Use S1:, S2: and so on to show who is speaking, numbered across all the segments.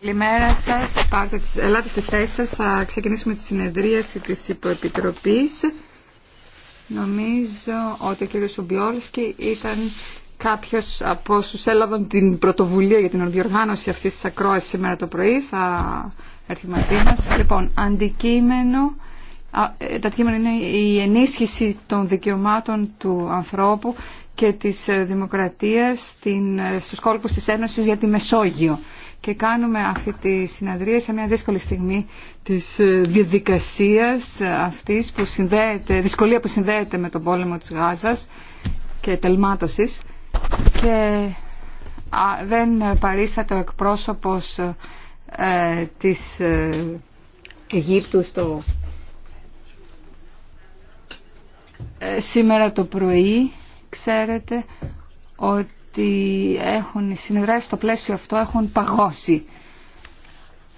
S1: Καλημέρα σα, Πάρτε, ελάτε στι θέσεις σα. Θα ξεκινήσουμε τη συνεδρίαση της Υποεπιτροπής. Νομίζω ότι ο κύριος Σουμπιόλσκι ήταν κάποιο από όσου έλαβαν την πρωτοβουλία για την οργάνωση αυτή τη ακρόαση σήμερα το πρωί. Θα έρθει μαζί μα. Λοιπόν, αντικείμενο... Ε, το αντικείμενο είναι η ενίσχυση των δικαιωμάτων του ανθρώπου και της ε, δημοκρατίας στην, ε, στους κόλπους της Ένωσης για τη Μεσόγειο. Και κάνουμε αυτή τη συναντρία σε μια δύσκολη στιγμή της ε, διαδικασίας αυτής που συνδέεται, δυσκολία που συνδέεται με τον πόλεμο της Γάζας και τελμάτωσης. Και δεν παρίσταται ο εκπρόσωπος ε, της Αιγύπτου στο... σήμερα το πρωί ξέρετε ότι έχουν, οι συνεδράσεις στο πλαίσιο αυτό έχουν παγώσει.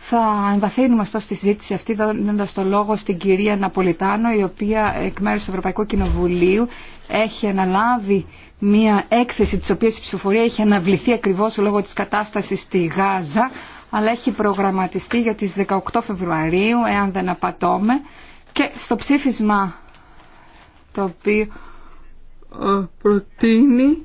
S1: Θα εμβαθύνουμε αυτό στη συζήτηση αυτή δίνοντα το λόγο στην κυρία Ναπολιτάνο η οποία εκ μέρους του Ευρωπαϊκού Κοινοβουλίου έχει αναλάβει μια έκθεση της οποίας η ψηφοφορία έχει αναβληθεί ακριβώς λόγω της κατάστασης στη Γάζα αλλά έχει προγραμματιστεί για τις 18 Φεβρουαρίου εάν δεν απατώμε και στο ψήφισμα το οποίο ε, προτείνει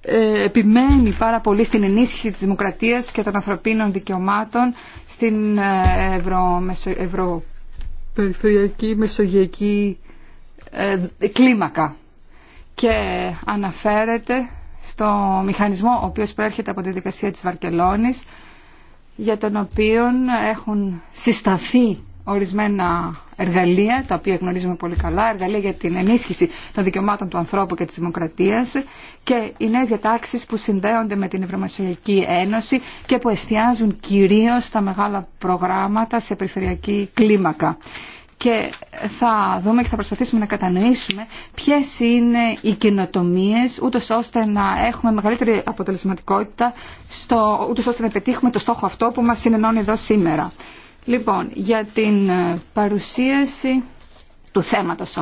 S1: ε, επιμένει πάρα πολύ στην ενίσχυση της δημοκρατίας και των ανθρωπίνων δικαιωμάτων στην ε, ευρω, ευρωπεριφερειακή μεσογειακή κλίμακα και αναφέρεται στο μηχανισμό ο οποίος προέρχεται από τη δικασία της Βαρκελόνης για τον οποίο έχουν συσταθεί ορισμένα εργαλεία, τα οποία γνωρίζουμε πολύ καλά, εργαλεία για την ενίσχυση των δικαιωμάτων του ανθρώπου και της δημοκρατίας και οι νέες διατάξεις που συνδέονται με την Ευρωμεσογειακή Ένωση και που εστιάζουν κυρίως στα μεγάλα προγράμματα σε περιφερειακή κλίμακα. Και θα δούμε και θα προσπαθήσουμε να κατανοήσουμε ποιες είναι οι καινοτομίε, ούτω ώστε να έχουμε μεγαλύτερη αποτελεσματικότητα, ούτω ώστε να πετύχουμε το στόχο αυτό που μας συνενώνει εδώ σήμερα. Λοιπόν, για την ε, παρουσίαση του θέματος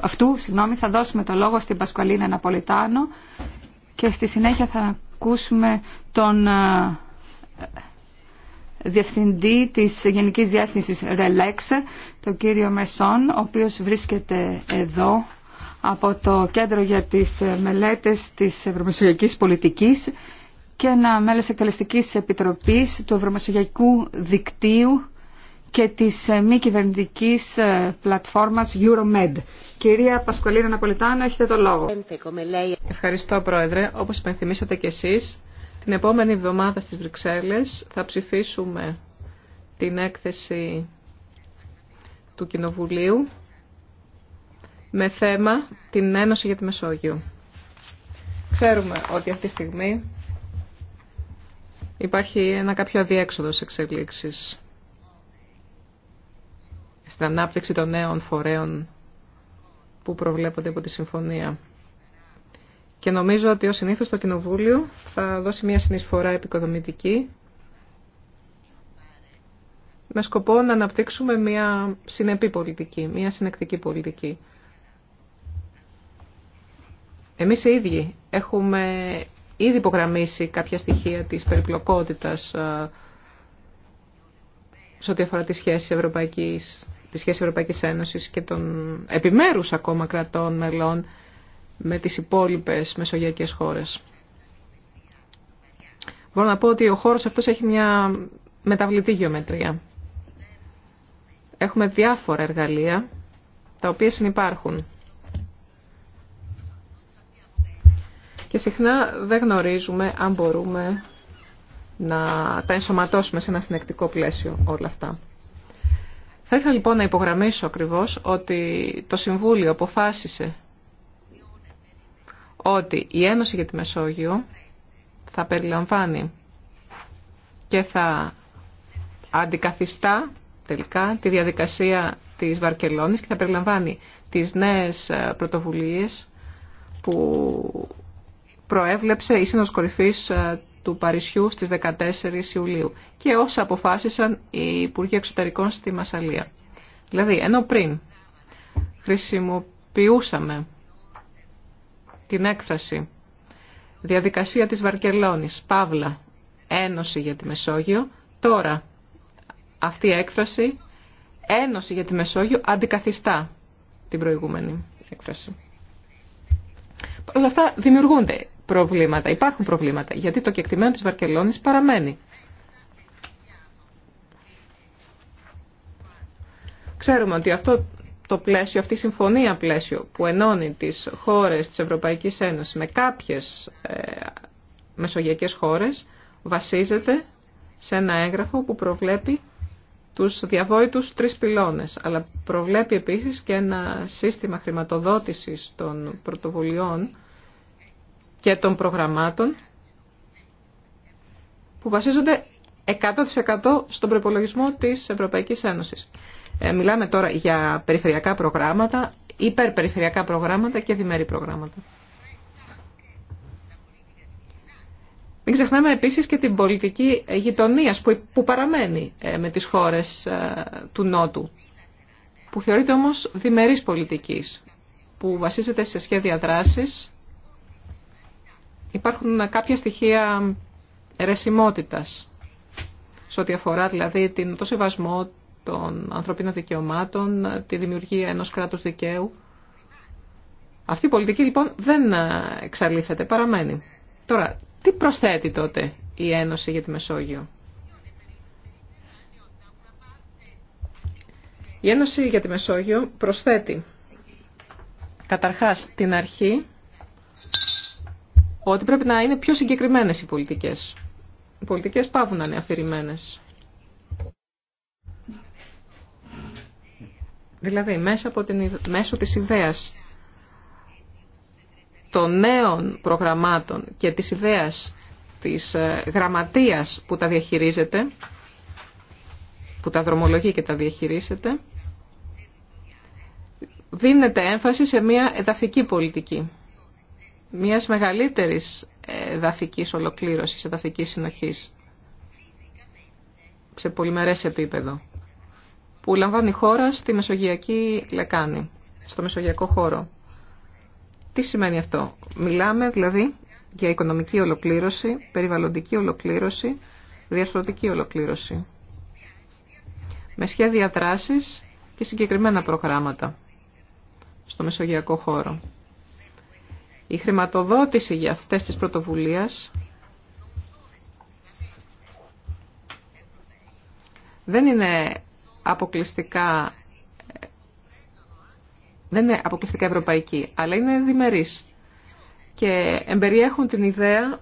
S1: αυτού, συγγνώμη, θα δώσουμε το λόγο στην Πασκαλίνα Ναπολιτάνο και στη συνέχεια θα ακούσουμε τον ε, Διευθυντή της Γενικής Διεύθυνσης ΡΕΛΕΞ, τον κύριο Μεσόν, ο οποίος βρίσκεται εδώ από το Κέντρο για τις ε, Μελέτες της Ευρωμεσογειακής Πολιτικής και ένα μέλος εκτελεστικής επιτροπής του Ευρωμεσογειακού Δικτύου και της ε, μη κυβερνητική ε, πλατφόρμας Euromed. Κυρία Πασκολίνα Ναπολιτάνο, έχετε το λόγο. Ευχαριστώ,
S2: Πρόεδρε. Όπως υπενθυμίσατε κι εσείς, την επόμενη εβδομάδα στις Βρυξέλλες θα ψηφίσουμε την έκθεση του Κοινοβουλίου με θέμα την Ένωση για τη Μεσόγειο. Ξέρουμε ότι αυτή τη στιγμή υπάρχει ένα κάποιο αδιέξοδος εξελίξης στην ανάπτυξη των νέων φορέων που προβλέπονται από τη Συμφωνία. Και νομίζω ότι ως συνήθως το Κοινοβούλιο θα δώσει μια συνεισφορά επικοδομητική με σκοπό να αναπτύξουμε μια συνεπή πολιτική, μια συνεκτική πολιτική. Εμείς οι ίδιοι έχουμε ήδη υπογραμμίσει κάποια στοιχεία της περιπλοκότητας ε, σε ό,τι αφορά τη σχέση Ευρωπαϊκής τη σχέση Ευρωπαϊκή Ένωση και των επιμέρου ακόμα κρατών μελών με τι υπόλοιπε μεσογειακές χώρες. Μπορώ να πω ότι ο χώρο αυτό έχει μια μεταβλητή γεωμετρία. Έχουμε διάφορα εργαλεία τα οποία συνυπάρχουν. Και συχνά δεν γνωρίζουμε αν μπορούμε να τα ενσωματώσουμε σε ένα συνεκτικό πλαίσιο όλα αυτά. Θα ήθελα λοιπόν να υπογραμμίσω ακριβώς ότι το Συμβούλιο αποφάσισε ότι η Ένωση για τη Μεσόγειο θα περιλαμβάνει και θα αντικαθιστά τελικά τη διαδικασία της Βαρκελόνης και θα περιλαμβάνει τις νέες ε, πρωτοβουλίες που προέβλεψε η Σύνοδος Κορυφής ε, του Παρισιού στις 14 Ιουλίου και όσα αποφάσισαν οι Υπουργοί Εξωτερικών στη Μασαλία. Δηλαδή, ενώ πριν χρησιμοποιούσαμε την έκφραση διαδικασία της Βαρκελόνης, Παύλα, Ένωση για τη Μεσόγειο, τώρα αυτή η έκφραση, Ένωση για τη Μεσόγειο, αντικαθιστά την προηγούμενη έκφραση. Όλα αυτά δημιουργούνται προβλήματα. Υπάρχουν προβλήματα, γιατί το κεκτημένο της Βαρκελόνης παραμένει. Ξέρουμε ότι αυτό το πλαίσιο, αυτή η συμφωνία πλαίσιο που ενώνει τις χώρες της Ευρωπαϊκής Ένωσης με κάποιες ε, μεσογειακές χώρες βασίζεται σε ένα έγγραφο που προβλέπει τους διαβόητους τρεις πυλώνες, αλλά προβλέπει επίσης και ένα σύστημα χρηματοδότησης των πρωτοβουλειών και των προγραμμάτων που βασίζονται 100% στον προπολογισμό της Ευρωπαϊκής Ένωσης. Ε, μιλάμε τώρα για περιφερειακά προγράμματα, υπερπεριφερειακά προγράμματα και διμερή προγράμματα. Μην ξεχνάμε επίσης και την πολιτική γειτονίας που, που παραμένει ε, με τις χώρες ε, του Νότου, που θεωρείται όμως διμερής πολιτικής, που βασίζεται σε σχέδια δράσης Υπάρχουν κάποια στοιχεία ρεσιμότητας σε ό,τι αφορά δηλαδή το σεβασμό των ανθρωπίνων δικαιωμάτων, τη δημιουργία ενός κράτους δικαίου. Αυτή η πολιτική λοιπόν δεν εξαλείφεται, παραμένει. Τώρα, τι προσθέτει τότε η Ένωση για τη Μεσόγειο. Η Ένωση για τη Μεσόγειο προσθέτει καταρχάς την αρχή ότι πρέπει να είναι πιο συγκεκριμένες οι πολιτικές. Οι πολιτικές πάβουν να είναι αφηρημένες. Δηλαδή, μέσα από την, μέσω της ιδέας των νέων προγραμμάτων και της ιδέας της ε, γραμματείας που τα διαχειρίζεται, που τα δρομολογεί και τα διαχειρίζεται, δίνεται έμφαση σε μια εδαφική πολιτική μιας μεγαλύτερης ε, δαφικής ολοκλήρωσης, εδαφική συνοχής σε πολυμερές επίπεδο που λαμβάνει η χώρα στη Μεσογειακή Λεκάνη, στο Μεσογειακό χώρο. Τι σημαίνει αυτό. Μιλάμε δηλαδή για οικονομική ολοκλήρωση, περιβαλλοντική ολοκλήρωση, διαφορετική ολοκλήρωση. Με σχέδια δράσης και συγκεκριμένα προγράμματα στο Μεσογειακό χώρο. Η χρηματοδότηση για αυτές τις πρωτοβουλίες δεν είναι αποκλειστικά δεν είναι αποκλειστικά ευρωπαϊκή, αλλά είναι διμερής. Και εμπεριέχουν την ιδέα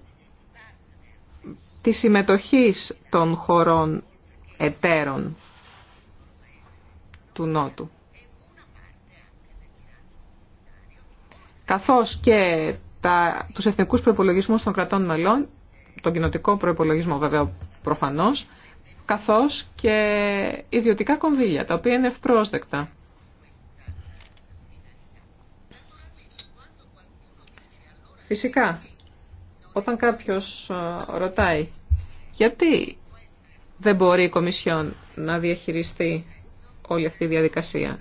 S2: της συμμετοχής των χωρών εταίρων του Νότου. καθώς και τα, τους εθνικούς προϋπολογισμούς των κρατών μελών, τον κοινοτικό προϋπολογισμό βέβαια προφανώς, καθώς και ιδιωτικά κονδύλια, τα οποία είναι ευπρόσδεκτα. Φυσικά, όταν κάποιος ε, ρωτάει γιατί δεν μπορεί η Κομισιόν να διαχειριστεί όλη αυτή η διαδικασία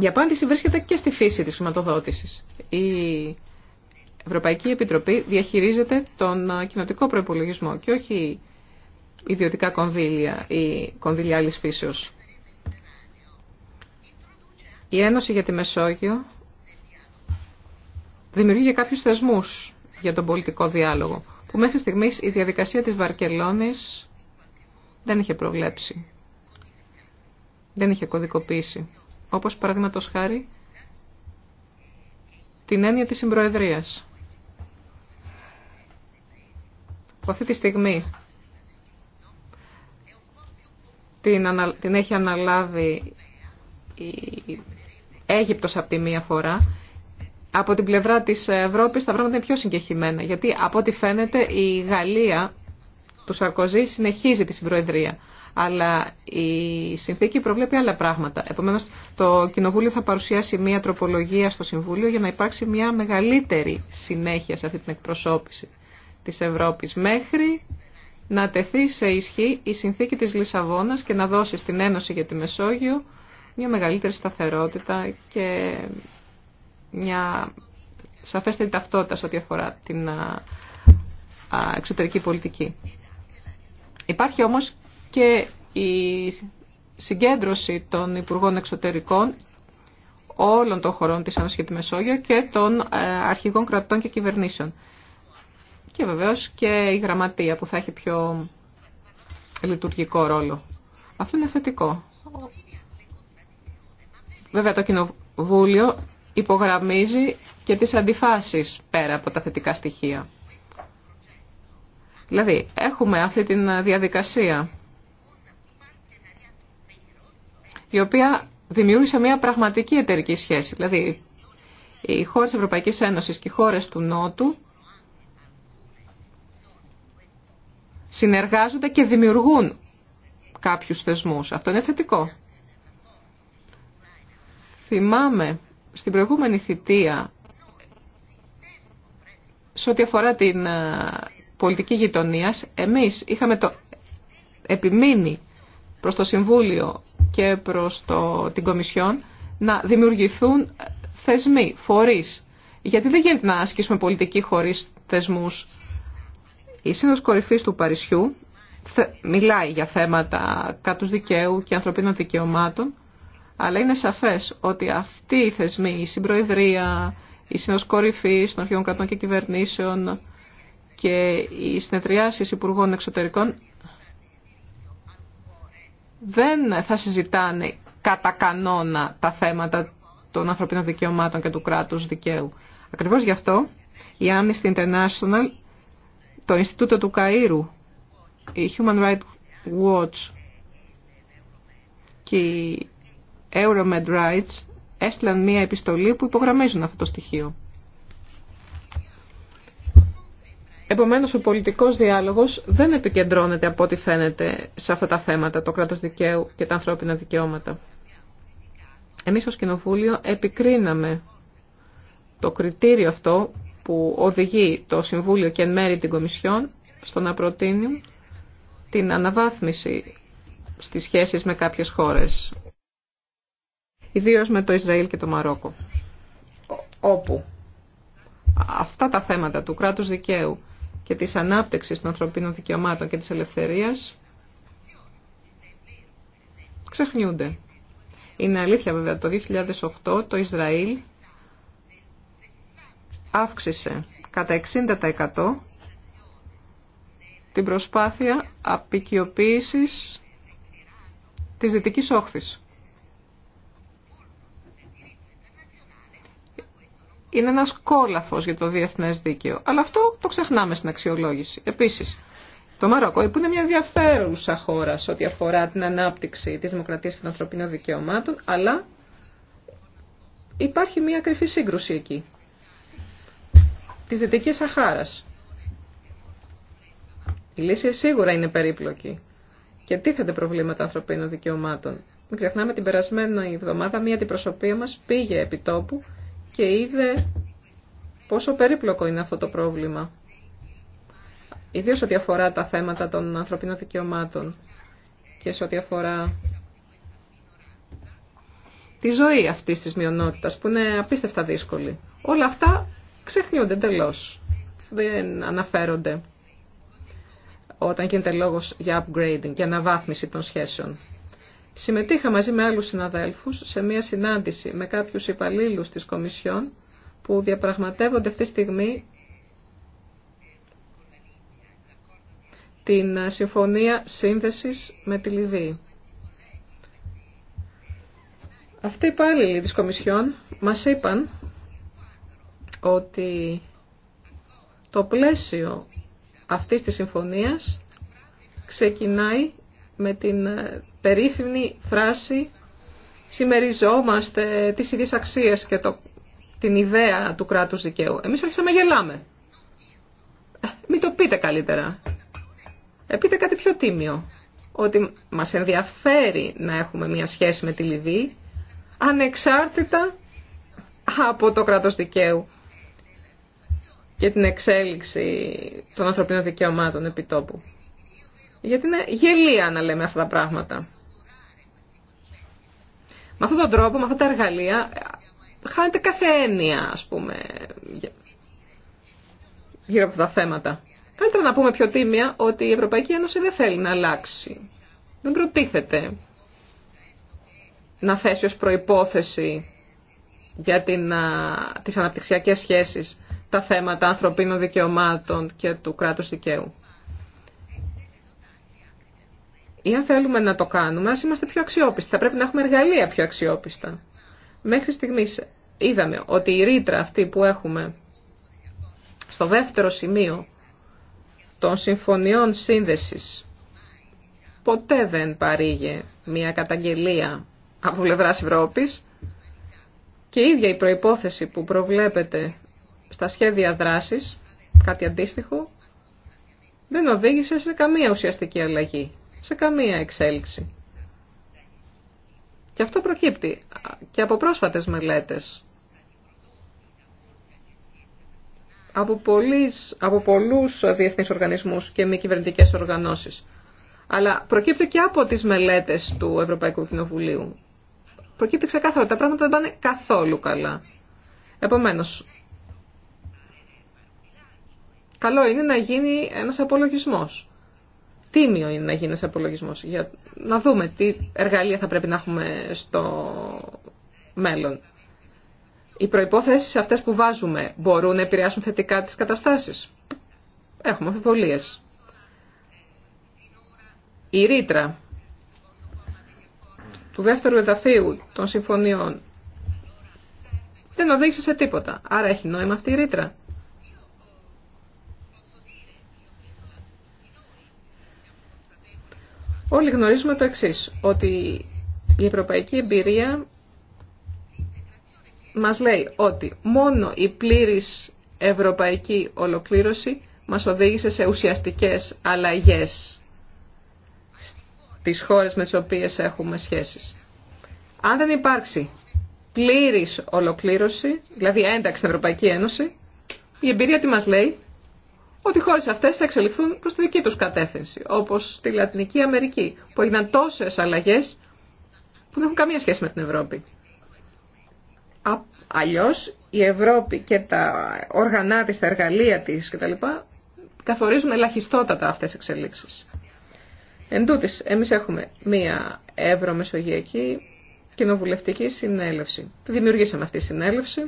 S2: η απάντηση βρίσκεται και στη φύση της χρηματοδότησης. Η Ευρωπαϊκή Επιτροπή διαχειρίζεται τον ε, κοινοτικό προπολογισμό και όχι ιδιωτικά κονδύλια ή κονδύλια άλλης φύσεως. Η Ένωση για τη Μεσόγειο δημιουργεί για κάποιους θεσμούς για τον πολιτικό διάλογο, που μέχρι στιγμής η διαδικασία της Βαρκελόνης δεν είχε προβλέψει, δεν είχε κωδικοποιήσει όπως παραδείγματος χάρη την έννοια της συμπροεδρίας. Που αυτή τη στιγμή την, την έχει αναλάβει η Αίγυπτος από τη μία φορά. Από την πλευρά της Ευρώπης τα πράγματα είναι πιο συγκεχημένα, γιατί από ό,τι φαίνεται η Γαλλία του Σαρκοζή συνεχίζει τη συμπροεδρία αλλά η συνθήκη προβλέπει άλλα πράγματα. Επομένως, το Κοινοβούλιο θα παρουσιάσει μια τροπολογία στο Συμβούλιο για να υπάρξει μια μεγαλύτερη συνέχεια σε αυτή την εκπροσώπηση της Ευρώπης μέχρι να τεθεί σε ισχύ η συνθήκη της Λισαβόνας και να δώσει στην Ένωση για τη Μεσόγειο μια μεγαλύτερη σταθερότητα και μια σαφέστερη ταυτότητα σε ό,τι αφορά την εξωτερική πολιτική. Υπάρχει όμως και η συγκέντρωση των Υπουργών Εξωτερικών όλων των χωρών της ανάσχετης Μεσόγειο και των ε, αρχηγών κρατών και κυβερνήσεων. Και βεβαίως και η γραμματεία που θα έχει πιο λειτουργικό ρόλο. Αυτό είναι θετικό. Βέβαια το Κοινοβούλιο υπογραμμίζει και τις αντιφάσεις πέρα από τα θετικά στοιχεία. Δηλαδή, έχουμε αυτή τη διαδικασία η οποία δημιούργησε μια πραγματική εταιρική σχέση. Δηλαδή, οι χώρες Ευρωπαϊκής Ένωσης και οι χώρες του Νότου συνεργάζονται και δημιουργούν κάποιους θεσμούς. Αυτό είναι θετικό. Θυμάμαι στην προηγούμενη θητεία σε ό,τι αφορά την ε, πολιτική γειτονία, εμείς είχαμε το επιμείνει προς το Συμβούλιο και προς το, την Κομισιόν να δημιουργηθούν θεσμοί, φορείς. Γιατί δεν γίνεται να ασκήσουμε πολιτική χωρίς θεσμούς. Η Σύνοδος Κορυφής του Παρισιού μιλάει για θέματα κάτους δικαίου και ανθρωπίνων δικαιωμάτων, αλλά είναι σαφές ότι αυτοί οι θεσμοί, η Συμπροεδρία, η Σύνοδος Κορυφής των αρχιών Κρατών και Κυβερνήσεων και οι συνεδριάσεις Υπουργών Εξωτερικών δεν θα συζητάνε κατά κανόνα τα θέματα των ανθρωπίνων δικαιωμάτων και του κράτους δικαίου. Ακριβώς γι' αυτό η Amnesty International, το Ινστιτούτο του Καΐρου, η Human Rights Watch και η Euromed Rights έστειλαν μία επιστολή που υπογραμμίζουν αυτό το στοιχείο. Επομένως, ο πολιτικός διάλογος δεν επικεντρώνεται από ό,τι φαίνεται σε αυτά τα θέματα, το κράτος δικαίου και τα ανθρώπινα δικαιώματα. Εμείς ως Κοινοβούλιο επικρίναμε το κριτήριο αυτό που οδηγεί το Συμβούλιο και εν μέρη την Κομισιόν στο να προτείνει την αναβάθμιση στις σχέσεις με κάποιες χώρες, ιδίως με το Ισραήλ και το Μαρόκο, όπου αυτά τα θέματα του κράτους δικαίου και της ανάπτυξης των ανθρωπίνων δικαιωμάτων και της ελευθερίας ξεχνιούνται. Είναι αλήθεια βέβαια, το 2008 το Ισραήλ αύξησε κατά 60% την προσπάθεια απικιοποίησης της δυτικής όχθης. είναι ένας κόλαφος για το διεθνές δίκαιο. Αλλά αυτό το ξεχνάμε στην αξιολόγηση. Επίσης, το Μαρόκο, που είναι μια ενδιαφέρουσα χώρα σε ό,τι αφορά την ανάπτυξη της δημοκρατίας και των ανθρωπίνων δικαιωμάτων, αλλά υπάρχει μια κρυφή σύγκρουση εκεί, της Δυτικής Σαχάρας. Η λύση σίγουρα είναι περίπλοκη και τίθενται προβλήματα ανθρωπίνων δικαιωμάτων. Μην ξεχνάμε την περασμένη εβδομάδα μία αντιπροσωπεία μας πήγε επί τόπου και είδε πόσο περίπλοκο είναι αυτό το πρόβλημα. Ιδίως ό,τι αφορά τα θέματα των ανθρωπίνων δικαιωμάτων και σε ό,τι αφορά τη ζωή αυτής της μειονότητας που είναι απίστευτα δύσκολη. Όλα αυτά ξεχνιούνται εντελώ. Δεν αναφέρονται όταν γίνεται λόγος για upgrading, για αναβάθμιση των σχέσεων. Συμμετείχα μαζί με άλλους συναδέλφους σε μια συνάντηση με κάποιους υπαλλήλους της Κομισιόν που διαπραγματεύονται αυτή τη στιγμή την Συμφωνία Σύνδεσης με τη Λιβύη. Αυτοί οι υπάλληλοι της Κομισιόν μας είπαν ότι το πλαίσιο αυτής της συμφωνίας ξεκινάει με την ε, περίφημη φράση «Συμμεριζόμαστε τις ίδιες αξίες και το, την ιδέα του κράτους δικαίου». Εμείς αρχίσαμε γελάμε. Ε, μην το πείτε καλύτερα. Ε, πείτε κάτι πιο τίμιο. Ότι μας ενδιαφέρει να έχουμε μια σχέση με τη Λιβύη ανεξάρτητα από το κράτος δικαίου και την εξέλιξη των ανθρωπίνων δικαιωμάτων επιτόπου. Γιατί είναι γελία να λέμε αυτά τα πράγματα. Με αυτόν τον τρόπο, με αυτά τα εργαλεία, χάνεται κάθε έννοια, ας πούμε, γύρω από αυτά τα θέματα. Καλύτερα να πούμε πιο τίμια ότι η Ευρωπαϊκή Ένωση δεν θέλει να αλλάξει. Δεν προτίθεται να θέσει ως προϋπόθεση για την, τις αναπτυξιακές σχέσεις τα θέματα ανθρωπίνων δικαιωμάτων και του κράτους δικαίου. Ή αν θέλουμε να το κάνουμε, ας είμαστε πιο αξιόπιστοι. Θα πρέπει να έχουμε εργαλεία πιο αξιόπιστα. Μέχρι στιγμής είδαμε ότι η ρήτρα αυτή που έχουμε στο δεύτερο σημείο των συμφωνιών σύνδεσης ποτέ δεν παρήγε μια καταγγελία από πλευρά Ευρώπη και η ίδια η προϋπόθεση που προβλέπεται στα σχέδια δράσης, κάτι αντίστοιχο, δεν οδήγησε σε καμία ουσιαστική αλλαγή σε καμία εξέλιξη. Και αυτό προκύπτει και από πρόσφατες μελέτες. Από, πολλούς, από πολλούς διεθνείς οργανισμούς και μη κυβερνητικέ οργανώσεις. Αλλά προκύπτει και από τις μελέτες του Ευρωπαϊκού Κοινοβουλίου. Προκύπτει ξεκάθαρα ότι τα πράγματα δεν πάνε καθόλου καλά. Επομένως, καλό είναι να γίνει ένας απολογισμός τίμιο είναι να γίνει σε απολογισμός. Για να δούμε τι εργαλεία θα πρέπει να έχουμε στο μέλλον. Οι προϋπόθεσεις αυτές που βάζουμε μπορούν να επηρεάσουν θετικά τις καταστάσεις. Έχουμε αμφιβολίες. Η ρήτρα του δεύτερου εδαφείου των συμφωνιών δεν οδήγησε σε τίποτα. Άρα έχει νόημα αυτή η ρήτρα. Όλοι γνωρίζουμε το εξή ότι η ευρωπαϊκή εμπειρία μας λέει ότι μόνο η πλήρης ευρωπαϊκή ολοκλήρωση μας οδήγησε σε ουσιαστικές αλλαγές στις χώρες με τις οποίες έχουμε σχέσεις. Αν δεν υπάρξει πλήρης ολοκλήρωση, δηλαδή ένταξη στην Ευρωπαϊκή Ένωση, η εμπειρία τι μας λέει, ότι οι χώρε αυτές θα εξελιχθούν προ τη δική του κατεύθυνση, όπως τη Λατινική Αμερική, που έγιναν τόσες αλλαγέ που δεν έχουν καμία σχέση με την Ευρώπη. Αλλιώ η Ευρώπη και τα όργανά της, τα εργαλεία τη κτλ. καθορίζουν ελαχιστότατα αυτές τι εξελίξεις. Εν τούτης, εμείς έχουμε μία ευρωμεσογειακή κοινοβουλευτική συνέλευση. Δημιουργήσαμε αυτή τη συνέλευση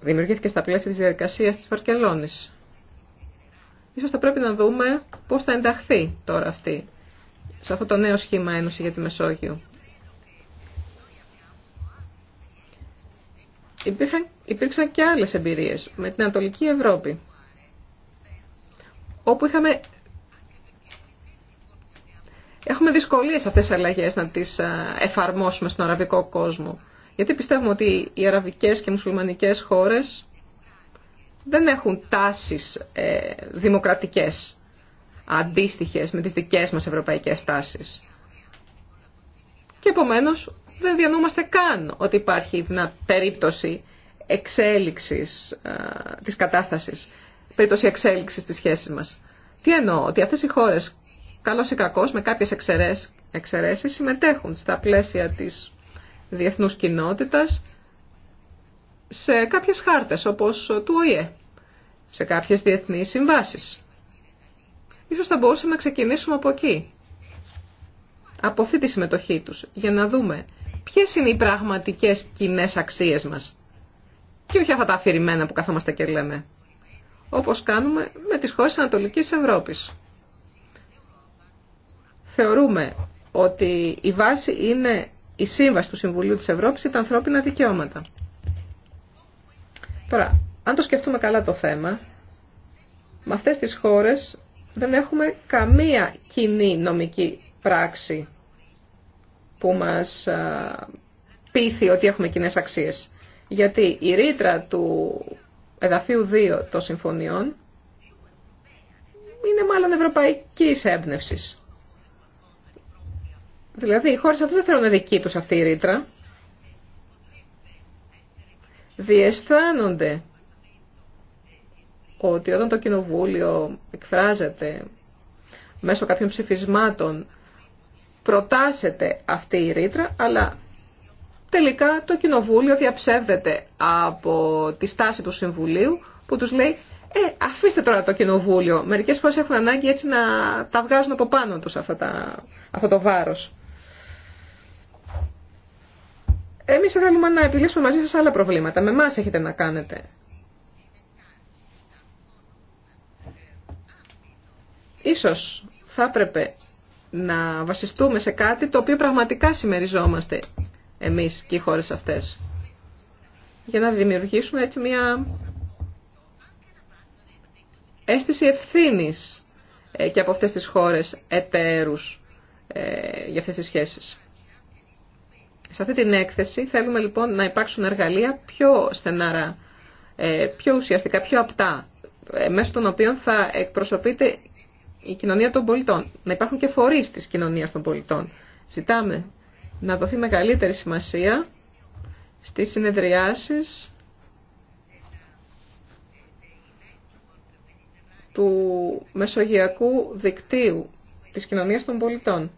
S2: δημιουργήθηκε στα πλαίσια της διαδικασίας της Βαρκελόνης. Ίσως θα πρέπει να δούμε πώς θα ενταχθεί τώρα αυτή σε αυτό το νέο σχήμα Ένωση για τη Μεσόγειο. Υπήρχαν, υπήρξαν και άλλες εμπειρίες με την Ανατολική Ευρώπη, όπου είχαμε Έχουμε δυσκολίες αυτές τις αλλαγές να τις εφαρμόσουμε στον αραβικό κόσμο. Γιατί πιστεύουμε ότι οι αραβικές και μουσουλμανικές χώρες δεν έχουν τάσεις ε, δημοκρατικές αντίστοιχες με τις δικές μας ευρωπαϊκές τάσεις. Και επομένως δεν διανόμαστε καν ότι υπάρχει μια περίπτωση εξέλιξης ε, της κατάστασης, περίπτωση εξέλιξης της σχέσης μας. Τι εννοώ, ότι αυτές οι χώρες, καλώς ή κακώς, με κάποιες εξαιρέσεις, συμμετέχουν στα πλαίσια της διεθνούς κοινότητας σε κάποιες χάρτες όπως του ΟΗΕ, σε κάποιες διεθνείς συμβάσεις. Ίσως θα μπορούσαμε να ξεκινήσουμε από εκεί, από αυτή τη συμμετοχή τους, για να δούμε ποιες είναι οι πραγματικές κοινέ αξίες μας και όχι αυτά τα αφηρημένα που καθόμαστε και λέμε, όπως κάνουμε με τις χώρες της Ανατολικής Ευρώπης. Θεωρούμε ότι η βάση είναι η σύμβαση του Συμβουλίου της Ευρώπης ήταν τα ανθρώπινα δικαιώματα. Τώρα, αν το σκεφτούμε καλά το θέμα, με αυτές τις χώρες δεν έχουμε καμία κοινή νομική πράξη που μας πείθει ότι έχουμε κοινέ αξίες. Γιατί η ρήτρα του εδαφίου 2 των συμφωνιών είναι μάλλον ευρωπαϊκής έμπνευσης. Δηλαδή οι χώρε αυτέ δεν θέλουν δική τους αυτή η ρήτρα. Διαισθάνονται ότι όταν το Κοινοβούλιο εκφράζεται μέσω κάποιων ψηφισμάτων προτάσεται αυτή η ρήτρα, αλλά τελικά το Κοινοβούλιο διαψεύδεται από τη στάση του Συμβουλίου που τους λέει «Ε, αφήστε τώρα το Κοινοβούλιο, μερικές φορές έχουν ανάγκη έτσι να τα βγάζουν από πάνω τους αυτά αυτό το βάρος». Εμείς θέλουμε να επιλύσουμε μαζί σας άλλα προβλήματα. Με εμά έχετε να κάνετε. Ίσως θα έπρεπε να βασιστούμε σε κάτι το οποίο πραγματικά συμμεριζόμαστε εμείς και οι χώρες αυτές. Για να δημιουργήσουμε έτσι μια αίσθηση ευθύνης ε, και από αυτές τις χώρες εταίρους ε, για αυτές τις σχέσεις. Σε αυτή την έκθεση θέλουμε λοιπόν να υπάρξουν εργαλεία πιο στενάρα, ε, πιο ουσιαστικά, πιο απτά, ε, μέσω των οποίων θα εκπροσωπείται η κοινωνία των πολιτών. Να υπάρχουν και φορείς της κοινωνίας των πολιτών. Ζητάμε να δοθεί μεγαλύτερη σημασία στις συνεδριάσεις του Μεσογειακού Δικτύου της Κοινωνίας των Πολιτών.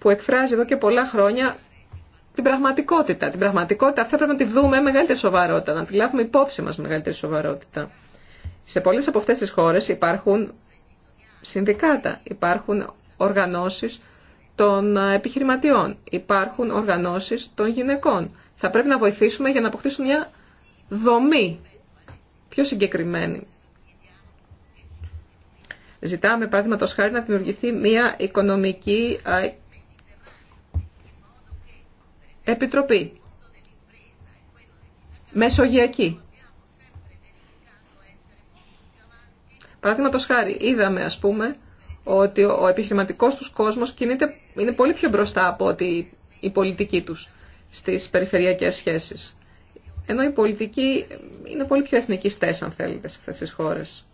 S2: που εκφράζει εδώ και πολλά χρόνια την πραγματικότητα. Την πραγματικότητα αυτή πρέπει να τη δούμε με μεγαλύτερη σοβαρότητα, να τη λάβουμε υπόψη μας με μεγαλύτερη σοβαρότητα. Σε πολλές από αυτές τις χώρες υπάρχουν συνδικάτα, υπάρχουν οργανώσεις των επιχειρηματιών, υπάρχουν οργανώσεις των γυναικών. Θα πρέπει να βοηθήσουμε για να αποκτήσουν μια δομή πιο συγκεκριμένη. Ζητάμε, παραδείγματο χάρη, να δημιουργηθεί μια οικονομική Επιτροπή. Μεσογειακή. Παραδείγματο χάρη, είδαμε ας πούμε ότι ο επιχειρηματικός τους κόσμος κινείται, είναι πολύ πιο μπροστά από ότι η πολιτική τους στις περιφερειακές σχέσεις. Ενώ η πολιτική είναι πολύ πιο εθνικιστές, αν θέλετε, σε αυτές τις χώρες.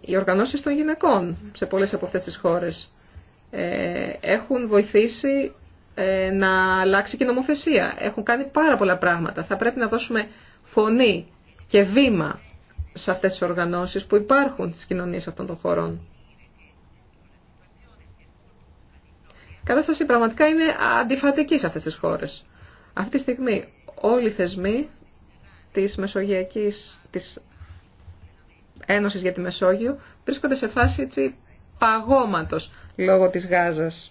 S2: Οι οργανώσεις των γυναικών σε πολλές από αυτές τις χώρες ε, έχουν βοηθήσει ε, να αλλάξει και η νομοθεσία. Έχουν κάνει πάρα πολλά πράγματα. Θα πρέπει να δώσουμε φωνή και βήμα σε αυτές τις οργανώσεις που υπάρχουν στις κοινωνίες αυτών των χωρών. Η κατάσταση πραγματικά είναι αντιφατική σε αυτές τις χώρες. Αυτή τη στιγμή όλοι οι θεσμοί της Μεσογειακής, της Ένωσης για τη Μεσόγειο βρίσκονται σε φάση έτσι, παγώματος λόγω της Γάζας.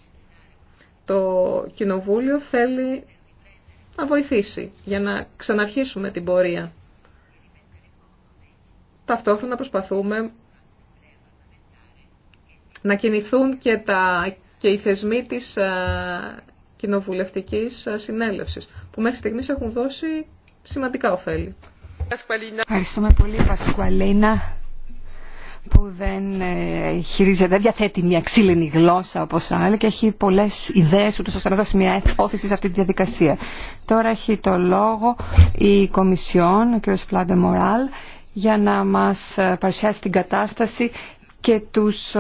S2: Το Κοινοβούλιο θέλει να βοηθήσει για να ξαναρχίσουμε την πορεία. Ταυτόχρονα προσπαθούμε να κινηθούν και, τα, και οι θεσμοί της α, κοινοβουλευτικής συνέλευσης, που μέχρι στιγμής έχουν δώσει σημαντικά ωφέλη.
S1: Ευχαριστούμε πολύ Πασκουαλίνα που δεν ε, χειρίζεται, δεν διαθέτει μια ξύλινη γλώσσα όπω άλλοι και έχει πολλέ ιδέε ούτω ώστε να δώσει μια όθηση σε αυτή τη διαδικασία. Τώρα έχει το λόγο η Κομισιόν, ο κ. Φλάντε Μοράλ, για να μα ε, παρουσιάσει την κατάσταση και τους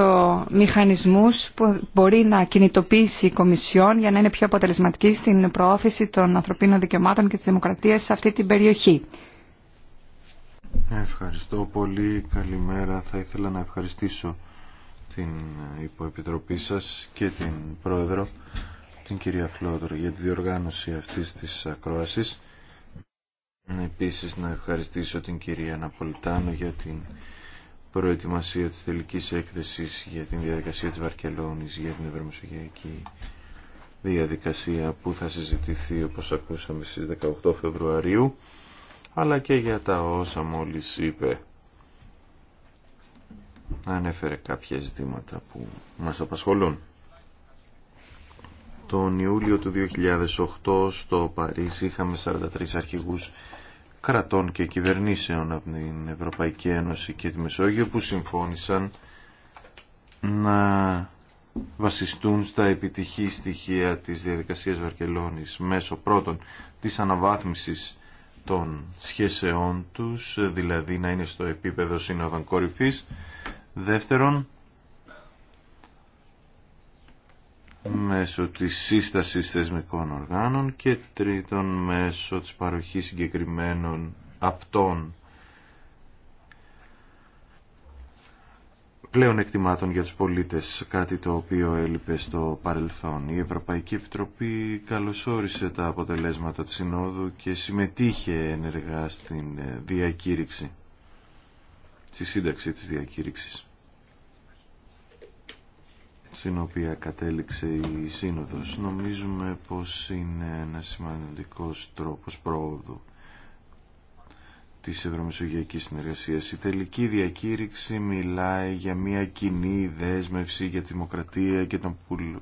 S1: μηχανισμούς που μπορεί να κινητοποιήσει η Κομισιόν για να είναι πιο αποτελεσματική στην προώθηση των ανθρωπίνων δικαιωμάτων και της δημοκρατίας σε αυτή την περιοχή.
S3: Ευχαριστώ πολύ. Καλημέρα. Θα ήθελα να ευχαριστήσω την υποεπιτροπή σας και την πρόεδρο, την κυρία Φλόδρο, για τη διοργάνωση αυτής της ακρόασης. Επίσης να ευχαριστήσω την κυρία Ναπολιτάνο για την προετοιμασία της τελικής έκθεσης για την διαδικασία της Βαρκελόνης για την ευρωμεσογειακή διαδικασία που θα συζητηθεί όπως ακούσαμε στις 18 Φεβρουαρίου αλλά και για τα όσα μόλις είπε. Ανέφερε κάποια ζητήματα που μας απασχολούν. Τον Ιούλιο του 2008 στο Παρίσι είχαμε 43 αρχηγούς κρατών και κυβερνήσεων από την Ευρωπαϊκή Ένωση και τη Μεσόγειο που συμφώνησαν να βασιστούν στα επιτυχή στοιχεία της διαδικασίας Βαρκελόνης μέσω πρώτων της αναβάθμισης των σχέσεών τους, δηλαδή να είναι στο επίπεδο σύνοδων κορυφής. Δεύτερον, μέσω της σύστασης θεσμικών οργάνων και τρίτον μέσω της παροχής συγκεκριμένων απτών πλέον εκτιμάτων για τους πολίτες, κάτι το οποίο έλειπε στο παρελθόν. Η Ευρωπαϊκή Επιτροπή καλωσόρισε τα αποτελέσματα της Συνόδου και συμμετείχε ενεργά στην ε, διακήρυξη, στη σύνταξη της διακήρυξης, στην οποία κατέληξε η Σύνοδος. Νομίζουμε πως είναι ένα σημαντικός τρόπος πρόοδου της Ευρωμεσογειακής Συνεργασίας. Η τελική διακήρυξη μιλάει για μια κοινή δέσμευση για τη δημοκρατία και τον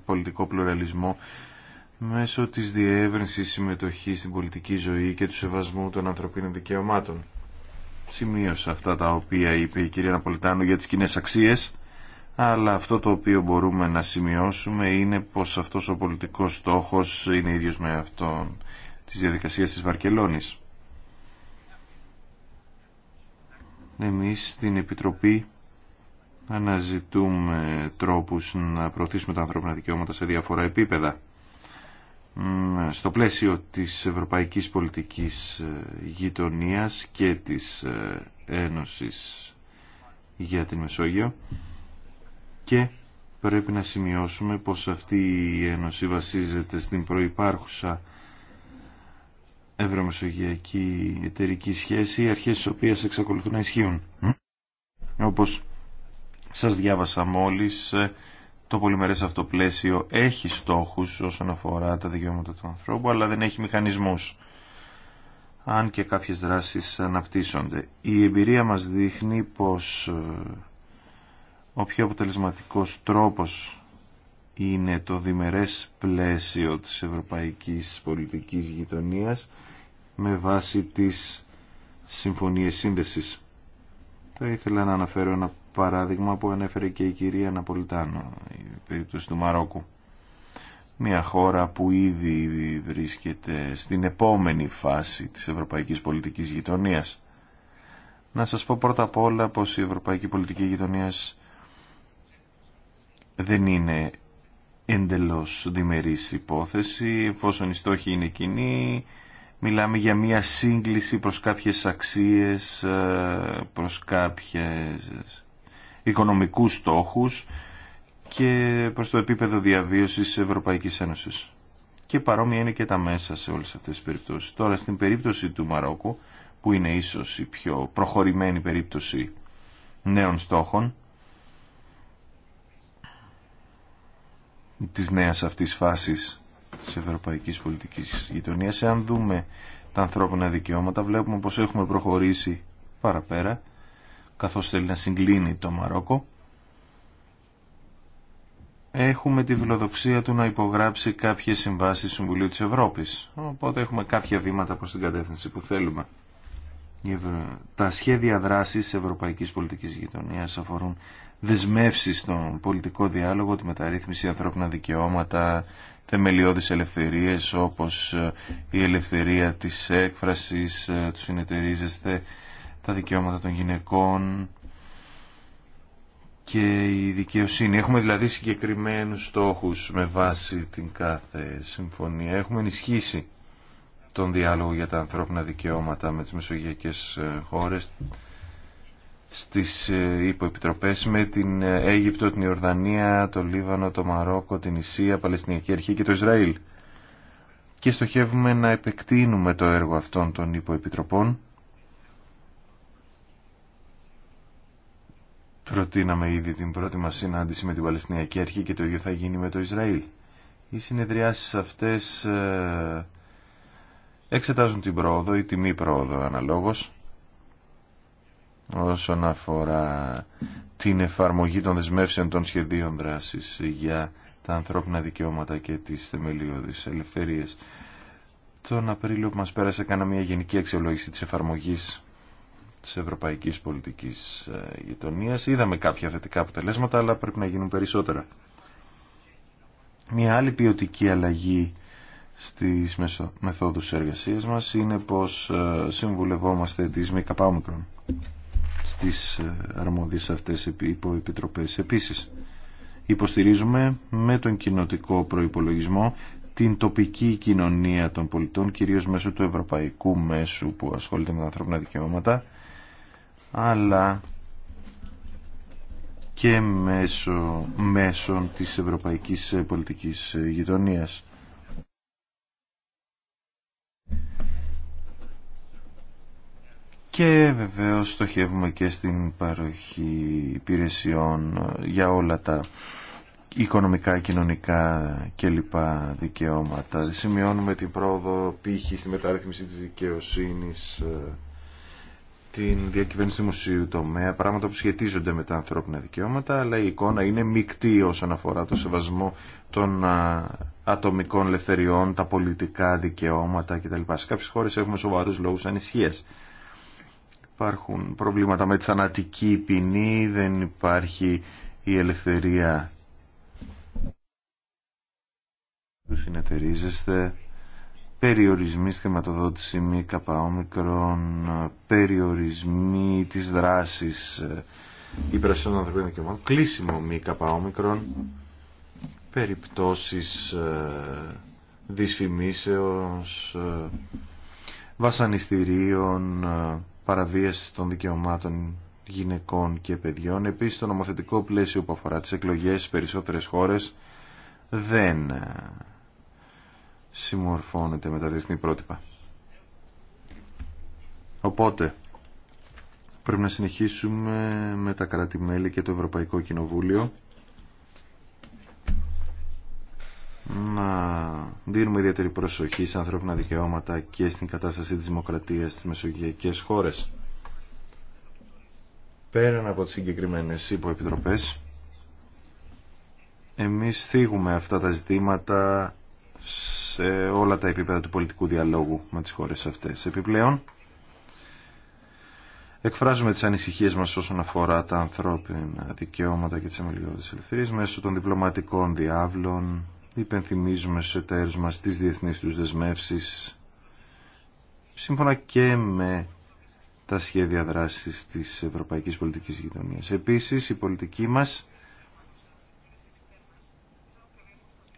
S3: πολιτικό πλουραλισμό μέσω της διεύρυνσης συμμετοχής στην πολιτική ζωή και του σεβασμού των ανθρωπίνων δικαιωμάτων. Σημείωσα αυτά τα οποία είπε η κυρία Ναπολιτάνου για τις κοινέ αξίες, αλλά αυτό το οποίο μπορούμε να σημειώσουμε είναι πως αυτός ο πολιτικός στόχος είναι ίδιος με αυτόν της διαδικασία της Βαρκελόνης. εμείς στην Επιτροπή αναζητούμε τρόπους να προωθήσουμε τα ανθρώπινα δικαιώματα σε διάφορα επίπεδα. Στο πλαίσιο της ευρωπαϊκής πολιτικής ε, γειτονίας και της ε, Ένωσης για την Μεσόγειο και πρέπει να σημειώσουμε πως αυτή η Ένωση βασίζεται στην προϋπάρχουσα ευρωμεσογειακή εταιρική σχέση, αρχές τις οποίες εξακολουθούν να ισχύουν. Όπως σας διάβασα μόλις, το πολυμερές αυτό πλαίσιο έχει στόχους όσον αφορά τα δικαιώματα του ανθρώπου, αλλά δεν έχει μηχανισμούς, αν και κάποιες δράσεις αναπτύσσονται. Η εμπειρία μας δείχνει πως ε, ο πιο αποτελεσματικός τρόπος είναι το διμερές πλαίσιο της ευρωπαϊκής πολιτικής γειτονίας με βάση τις συμφωνίες σύνδεσης. Θα ήθελα να αναφέρω ένα παράδειγμα που ανέφερε και η κυρία Ναπολιτάνο, η περίπτωση του Μαρόκου. Μια χώρα που ήδη βρίσκεται στην επόμενη φάση της ευρωπαϊκής πολιτικής γειτονίας. Να σας πω πρώτα απ' όλα πως η ευρωπαϊκή πολιτική γειτονίας δεν είναι εντελώς διμερής υπόθεση, εφόσον οι στόχοι είναι κοινοί, μιλάμε για μία σύγκληση προς κάποιες αξίες, ε, προς κάποιες οικονομικούς στόχους και προς το επίπεδο διαβίωσης Ευρωπαϊκής Ένωσης. Και παρόμοια είναι και τα μέσα σε όλες αυτές τις περιπτώσεις. Τώρα στην περίπτωση του Μαρόκου, που είναι ίσως η πιο προχωρημένη περίπτωση νέων στόχων, της νέας αυτής φάσης της ευρωπαϊκής πολιτικής γειτονίας. Εάν δούμε τα ανθρώπινα δικαιώματα βλέπουμε πως έχουμε προχωρήσει παραπέρα καθώς θέλει να συγκλίνει το Μαρόκο. Έχουμε τη φιλοδοξία του να υπογράψει κάποιες συμβάσεις Συμβουλίου της Ευρώπης. Οπότε έχουμε κάποια βήματα προς την κατεύθυνση που θέλουμε. Τα σχέδια δράσης ευρωπαϊκής πολιτικής γειτονίας αφορούν δεσμεύσει στον πολιτικό διάλογο, τη μεταρρύθμιση ανθρώπινα δικαιώματα, θεμελιώδεις ελευθερίες όπως ε, η ελευθερία της έκφρασης, ε, του συνεταιρίζεστε, τα δικαιώματα των γυναικών και η δικαιοσύνη. Έχουμε δηλαδή συγκεκριμένους στόχους με βάση την κάθε συμφωνία. Έχουμε ενισχύσει τον διάλογο για τα ανθρώπινα δικαιώματα με τις μεσογειακές ε, χώρες στις ε, υποεπιτροπές με την ε, Αίγυπτο, την Ιορδανία, το Λίβανο, το Μαρόκο, την Ισία, Παλαιστινιακή Αρχή και το Ισραήλ. Και στοχεύουμε να επεκτείνουμε το έργο αυτών των υποεπιτροπών. Προτείναμε ήδη την πρώτη μας συνάντηση με την Παλαιστινιακή Αρχή και το ίδιο θα γίνει με το Ισραήλ. Οι συνεδριάσεις αυτές ε, εξετάζουν την πρόοδο ή τιμή πρόοδο αναλόγως όσον αφορά την εφαρμογή των δεσμεύσεων των σχεδίων δράσης για τα ανθρώπινα δικαιώματα και τις θεμελιώδεις ελευθερίες. Τον Απρίλιο που μας πέρασε έκανα μια γενική αξιολόγηση της εφαρμογής της ευρωπαϊκής πολιτικής ε, γειτονίας. Είδαμε κάποια θετικά αποτελέσματα, αλλά πρέπει να γίνουν περισσότερα. Μια άλλη ποιοτική αλλαγή στις μεθόδους εργασίας μας είναι πως ε, συμβουλευόμαστε τις ΜΚΟ στις ε, αρμόδιες αυτές υποεπιτροπές. Επίσης, υποστηρίζουμε με τον κοινοτικό προϋπολογισμό την τοπική κοινωνία των πολιτών, κυρίως μέσω του ευρωπαϊκού μέσου που ασχολείται με τα ανθρώπινα δικαιώματα, αλλά και μέσω, μέσων της ευρωπαϊκής πολιτικής γειτονίας. Και βεβαίως στοχεύουμε και στην παροχή υπηρεσιών για όλα τα οικονομικά, κοινωνικά και λοιπά δικαιώματα. Σημειώνουμε την πρόοδο πύχη στη μεταρρύθμιση της δικαιοσύνης, ε, την διακυβέρνηση του τομέα, πράγματα που σχετίζονται με τα ανθρώπινα δικαιώματα, αλλά η εικόνα είναι μεικτή όσον αφορά το σεβασμό των ε, ατομικών ελευθεριών, τα πολιτικά δικαιώματα κτλ. Σε κάποιες χώρες έχουμε σοβαρούς λόγους ανησυχίας Υπάρχουν προβλήματα με τη θανατική ποινή, δεν υπάρχει η ελευθερία του συνεταιρίζεστε, περιορισμοί στη χρηματοδότηση μη καπαόμικρων, περιορισμοί της δράσης ε, υπηρεσιών των ανθρωπίνων δικαιωμάτων, κλείσιμο μη καπαόμικρων, περιπτώσεις ε, δυσφημίσεως, ε, βασανιστήριων, παραβίαση των δικαιωμάτων γυναικών και παιδιών. Επίσης το νομοθετικό πλαίσιο που αφορά τις εκλογές στις περισσότερες χώρες δεν ε, συμμορφώνεται με τα διεθνή πρότυπα. Οπότε πρέπει να συνεχίσουμε με τα κράτη-μέλη και το Ευρωπαϊκό Κοινοβούλιο να δίνουμε ιδιαίτερη προσοχή σε ανθρώπινα δικαιώματα και στην κατάσταση της δημοκρατίας στις μεσογειακές χώρες. Πέραν από τις συγκεκριμένες υποεπιτροπές, εμείς θίγουμε αυτά τα ζητήματα σε όλα τα επίπεδα του πολιτικού διαλόγου με τις χώρες αυτές. Επιπλέον, εκφράζουμε τις ανησυχίες μας όσον αφορά τα ανθρώπινα δικαιώματα και τις αμελιώδεις ελευθερίες μέσω των διπλωματικών διάβλων, υπενθυμίζουμε στους εταίρους μας τις διεθνείς τους δεσμεύσεις σύμφωνα και με τα σχέδια δράσης της ευρωπαϊκής πολιτικής γειτονίας. Επίσης η πολιτική μας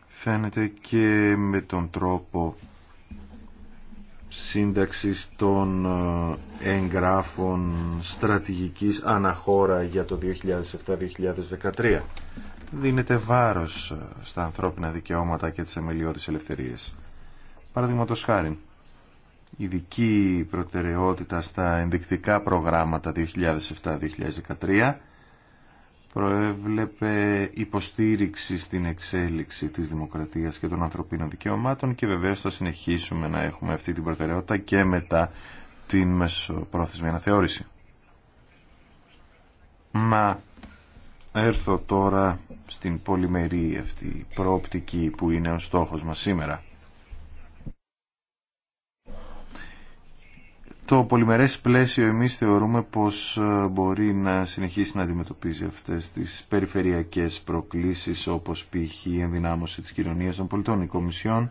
S3: φαίνεται και με τον τρόπο σύνταξης των ε, εγγράφων στρατηγικής αναχώρα για το 2007-2013 δίνεται βάρος στα ανθρώπινα δικαιώματα και τις αμελιώδεις ελευθερίες. Παραδείγματος χάρη, δική προτεραιότητα στα ενδεικτικά προγράμματα 2007-2013 προέβλεπε υποστήριξη στην εξέλιξη της δημοκρατίας και των ανθρωπίνων δικαιωμάτων και βεβαίως θα συνεχίσουμε να έχουμε αυτή την προτεραιότητα και μετά την μεσοπρόθεσμη αναθεώρηση. Μα έρθω τώρα στην πολυμερή αυτή προοπτική που είναι ο στόχος μας σήμερα. Το πολυμερές πλαίσιο εμείς θεωρούμε πως ε, μπορεί να συνεχίσει να αντιμετωπίζει αυτές τις περιφερειακές προκλήσεις όπως π.χ. η ενδυνάμωση της κοινωνίας των πολιτών. Η Κομισιόν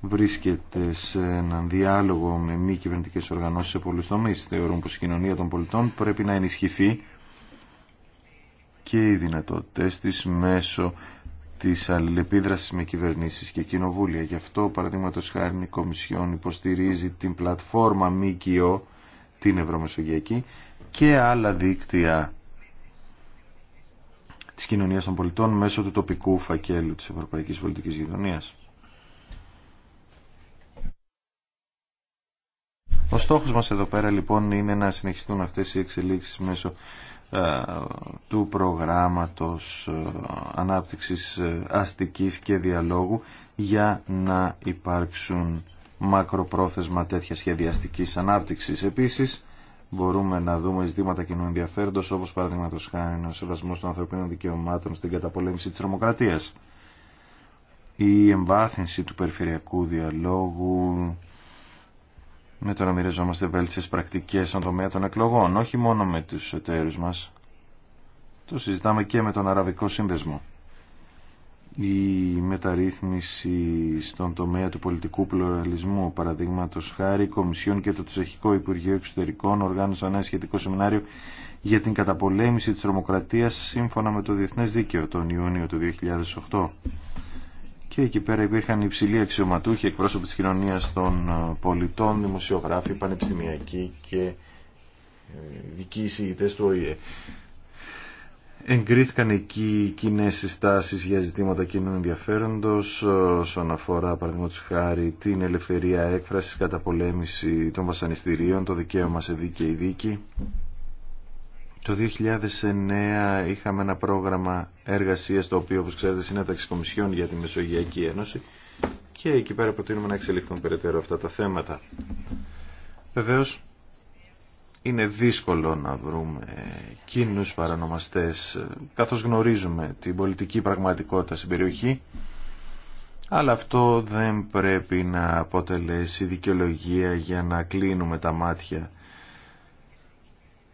S3: βρίσκεται σε έναν διάλογο με μη κυβερνητικέ οργανώσεις σε πολλούς τομείς. Θεωρούν πως η κοινωνία των πολιτών πρέπει να ενισχυθεί και οι δυνατότητές της μέσω της αλληλεπίδρασης με κυβερνήσεις και κοινοβούλια. Γι' αυτό, παραδείγματο χάρη, η Κομισιόν υποστηρίζει την πλατφόρμα ΜΚΟ, την Ευρωμεσογειακή, και άλλα δίκτυα της κοινωνίας των πολιτών μέσω του τοπικού φακέλου της Ευρωπαϊκής Πολιτικής Γειτονίας. Ο στόχος μας εδώ πέρα λοιπόν είναι να συνεχιστούν αυτές οι εξελίξεις μέσω ε, του προγράμματος ε, ανάπτυξης ε, αστικής και διαλόγου για να υπάρξουν μακροπρόθεσμα τέτοια σχεδιαστική ανάπτυξης. Επίσης, μπορούμε να δούμε ζητήματα κοινού ενδιαφέροντος, όπως παραδείγματο χάρη ο σεβασμός των ανθρωπίνων δικαιωμάτων στην καταπολέμηση της τρομοκρατίας, η εμβάθυνση του περιφερειακού διαλόγου, με το να μοιραζόμαστε βέλτιστε πρακτικές στον τομέα των εκλογών, όχι μόνο με του εταίρου μα. Το συζητάμε και με τον Αραβικό Σύνδεσμο. Η μεταρρύθμιση στον τομέα του πολιτικού πλουραλισμού, παραδείγματο χάρη, Κομισιόν και το Τσεχικό Υπουργείο Εξωτερικών οργάνωσαν ένα σχετικό σεμινάριο για την καταπολέμηση τη τρομοκρατία σύμφωνα με το Διεθνέ Δίκαιο τον Ιούνιο του 2008. Και εκεί πέρα υπήρχαν υψηλοί αξιωματούχοι, εκπρόσωποι της κοινωνίας των ε, πολιτών, δημοσιογράφοι, πανεπιστημιακοί και ε, δικοί εισηγητές του ΟΗΕ. Εγκρίθηκαν εκεί κοινέ συστάσεις για ζητήματα κοινού ενδιαφέροντος ε, όσον αφορά παραδείγματος χάρη την ελευθερία έκφρασης, πολέμηση των βασανιστήριων, το δικαίωμα σε δίκαιη δίκη το 2009 είχαμε ένα πρόγραμμα εργασίας το οποίο όπως ξέρετε συνέταξη κομισιόν για τη Μεσογειακή Ένωση και εκεί πέρα προτείνουμε να εξελιχθούν περαιτέρω αυτά τα θέματα. Βεβαίως είναι δύσκολο να βρούμε κοινούς παρανομαστές καθώς γνωρίζουμε την πολιτική πραγματικότητα στην περιοχή αλλά αυτό δεν πρέπει να αποτελέσει δικαιολογία για να κλείνουμε τα μάτια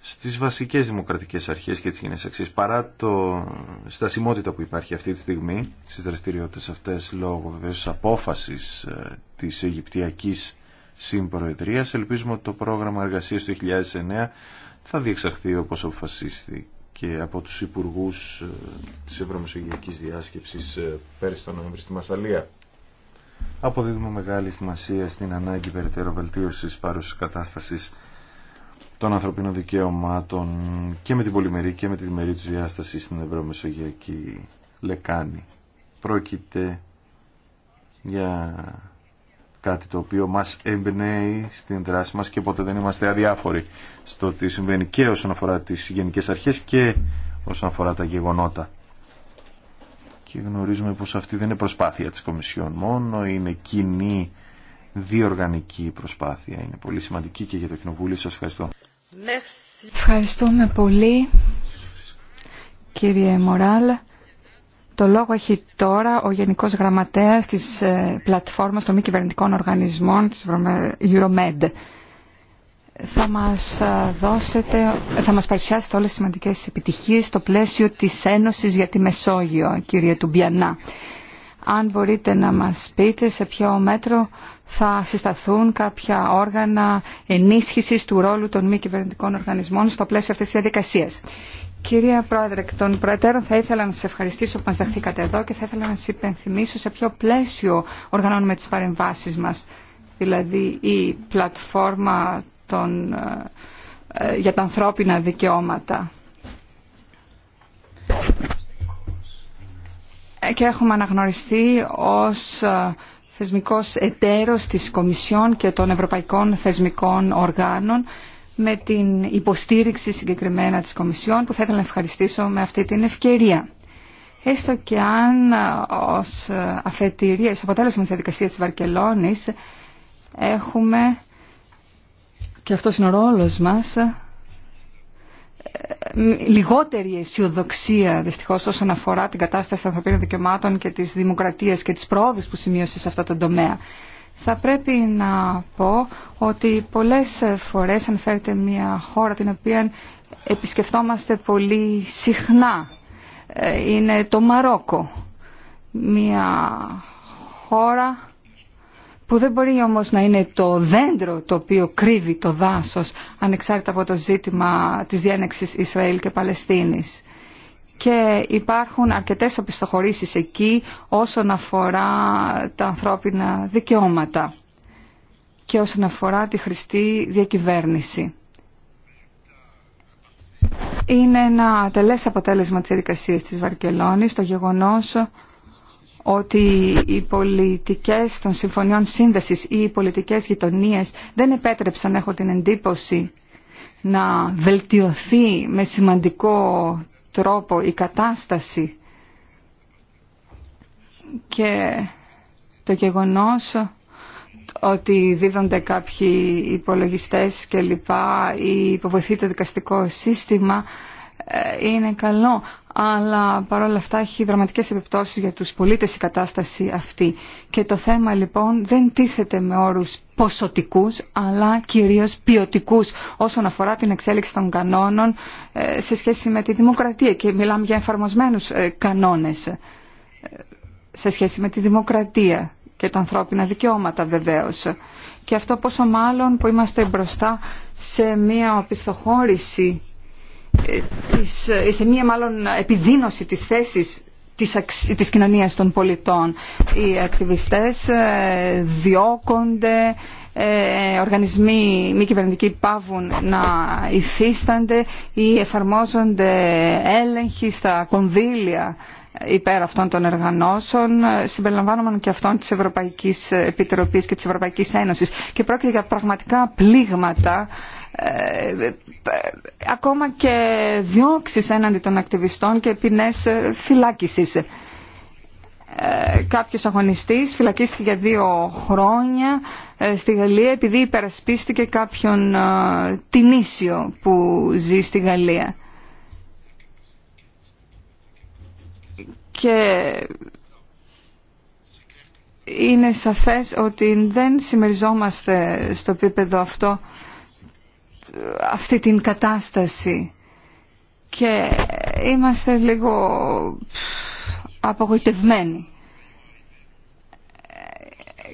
S3: στις βασικές δημοκρατικές αρχές και τις κοινές αξίες παρά το στασιμότητα που υπάρχει αυτή τη στιγμή στις δραστηριότητες αυτές λόγω βεβαίως τη απόφασης ε, της Αιγυπτιακής Συμπροεδρίας ελπίζουμε ότι το πρόγραμμα εργασίας του 2009 θα διεξαχθεί όπως αποφασίστηκε από τους υπουργούς ε, της Ευρωμεσογειακής Διάσκεψης ε, πέρυσι τον Νοέμβρη στη Μασαλία. Αποδίδουμε μεγάλη σημασία στην ανάγκη περαιτέρω βελτίωσης παρούσης κατάστασης των ανθρωπίνων δικαιωμάτων και με την πολυμερή και με τη διμερή του διάσταση στην Ευρωμεσογειακή Λεκάνη. Πρόκειται για κάτι το οποίο μας εμπνέει στην δράση μας και ποτέ δεν είμαστε αδιάφοροι στο τι συμβαίνει και όσον αφορά τις γενικές αρχές και όσον αφορά τα γεγονότα. Και γνωρίζουμε πως αυτή δεν είναι προσπάθεια της Κομισιόν μόνο, είναι κοινή διοργανική προσπάθεια. Είναι πολύ σημαντική και για το Κοινοβούλιο. Σας ευχαριστώ.
S1: Ευχαριστούμε πολύ κύριε Μοράλ. Το λόγο έχει τώρα ο Γενικός Γραμματέας της ε, πλατφόρμας των μη κυβερνητικών οργανισμών της Euromed. Θα μας, ε, δώσετε, ε, θα μας παρουσιάσετε όλες τις σημαντικές επιτυχίες στο πλαίσιο της Ένωσης για τη Μεσόγειο, κύριε Τουμπιανά αν μπορείτε να μας πείτε σε ποιο μέτρο θα συσταθούν κάποια όργανα ενίσχυσης του ρόλου των μη κυβερνητικών οργανισμών στο πλαίσιο αυτής της διαδικασίας. Κυρία Πρόεδρε, των Προετέρων θα ήθελα να σας ευχαριστήσω που μας δεχτήκατε εδώ και θα ήθελα να σας υπενθυμίσω σε ποιο πλαίσιο οργανώνουμε τις παρεμβάσεις μας. Δηλαδή η πλατφόρμα ε, ε, για τα ανθρώπινα δικαιώματα και έχουμε αναγνωριστεί ως ε, θεσμικός εταίρος της Κομισιόν και των Ευρωπαϊκών Θεσμικών Οργάνων με την υποστήριξη συγκεκριμένα της Κομισιόν που θα ήθελα να ευχαριστήσω με αυτή την ευκαιρία. Έστω και αν ε, ως ε, αφετηρία, ως αποτέλεσμα της διαδικασίας της Βαρκελόνης έχουμε, και αυτός είναι ο ρόλος μας, λιγότερη αισιοδοξία δυστυχώ όσον αφορά την κατάσταση των ανθρωπίνων δικαιωμάτων και τη δημοκρατία και της πρόοδου που σημείωσε σε αυτό το τομέα. Θα πρέπει να πω ότι πολλές φορές αναφέρεται μια χώρα την οποία επισκεφτόμαστε πολύ συχνά. Ε, είναι το Μαρόκο, μια χώρα που δεν μπορεί όμως να είναι το δέντρο το οποίο κρύβει το δάσος ανεξάρτητα από το ζήτημα της διένεξης Ισραήλ και Παλαιστίνης. Και υπάρχουν αρκετές οπισθοχωρήσεις εκεί όσον αφορά τα ανθρώπινα δικαιώματα και όσον αφορά τη χρηστή διακυβέρνηση. Είναι ένα τελές αποτέλεσμα της διαδικασία της Βαρκελόνης το γεγονός ότι οι πολιτικές των συμφωνιών σύνδεσης ή οι πολιτικές γειτονίες δεν επέτρεψαν, έχω την εντύπωση, να βελτιωθεί με σημαντικό τρόπο η κατάσταση και το γεγονός ότι δίδονται κάποιοι υπολογιστές και λοιπά ή υποβοηθεί το δικαστικό σύστημα ε, είναι καλό αλλά παρόλα αυτά έχει δραματικές επιπτώσεις για τους πολίτες η κατάσταση αυτή. Και το θέμα λοιπόν δεν τίθεται με όρους ποσοτικούς, αλλά κυρίως ποιοτικούς όσον αφορά την εξέλιξη των κανόνων ε, σε σχέση με τη δημοκρατία. Και μιλάμε για εφαρμοσμένους ε, κανόνες ε, σε σχέση με τη δημοκρατία και τα ανθρώπινα δικαιώματα βεβαίως. Και αυτό πόσο μάλλον που είμαστε μπροστά σε μια οπισθοχώρηση ε, σε μία μάλλον επιδίνωση της θέσης της κοινωνίας των πολιτών. Οι ακτιβιστές ε, διώκονται, ε, οργανισμοί μη κυβερνητικοί πάβουν να υφίστανται ή εφαρμόζονται έλεγχοι στα κονδύλια υπέρ αυτών των εργανώσεων, συμπεριλαμβάνομαι και αυτών της Ευρωπαϊκής Επιτροπής και της Ευρωπαϊκής Ένωσης. Και πρόκειται για πραγματικά πλήγματα, ε, ε, ακόμα και διώξεις έναντι των ακτιβιστών και ποινές ε, φυλάκισης. Ε, κάποιος αγωνιστής φυλακίστηκε για δύο χρόνια στη Γαλλία επειδή υπερασπίστηκε κάποιον ε, Τινήσιο που ζει στη Γαλλία. και είναι σαφές ότι δεν συμμεριζόμαστε στο επίπεδο αυτό αυτή την κατάσταση και είμαστε λίγο απογοητευμένοι.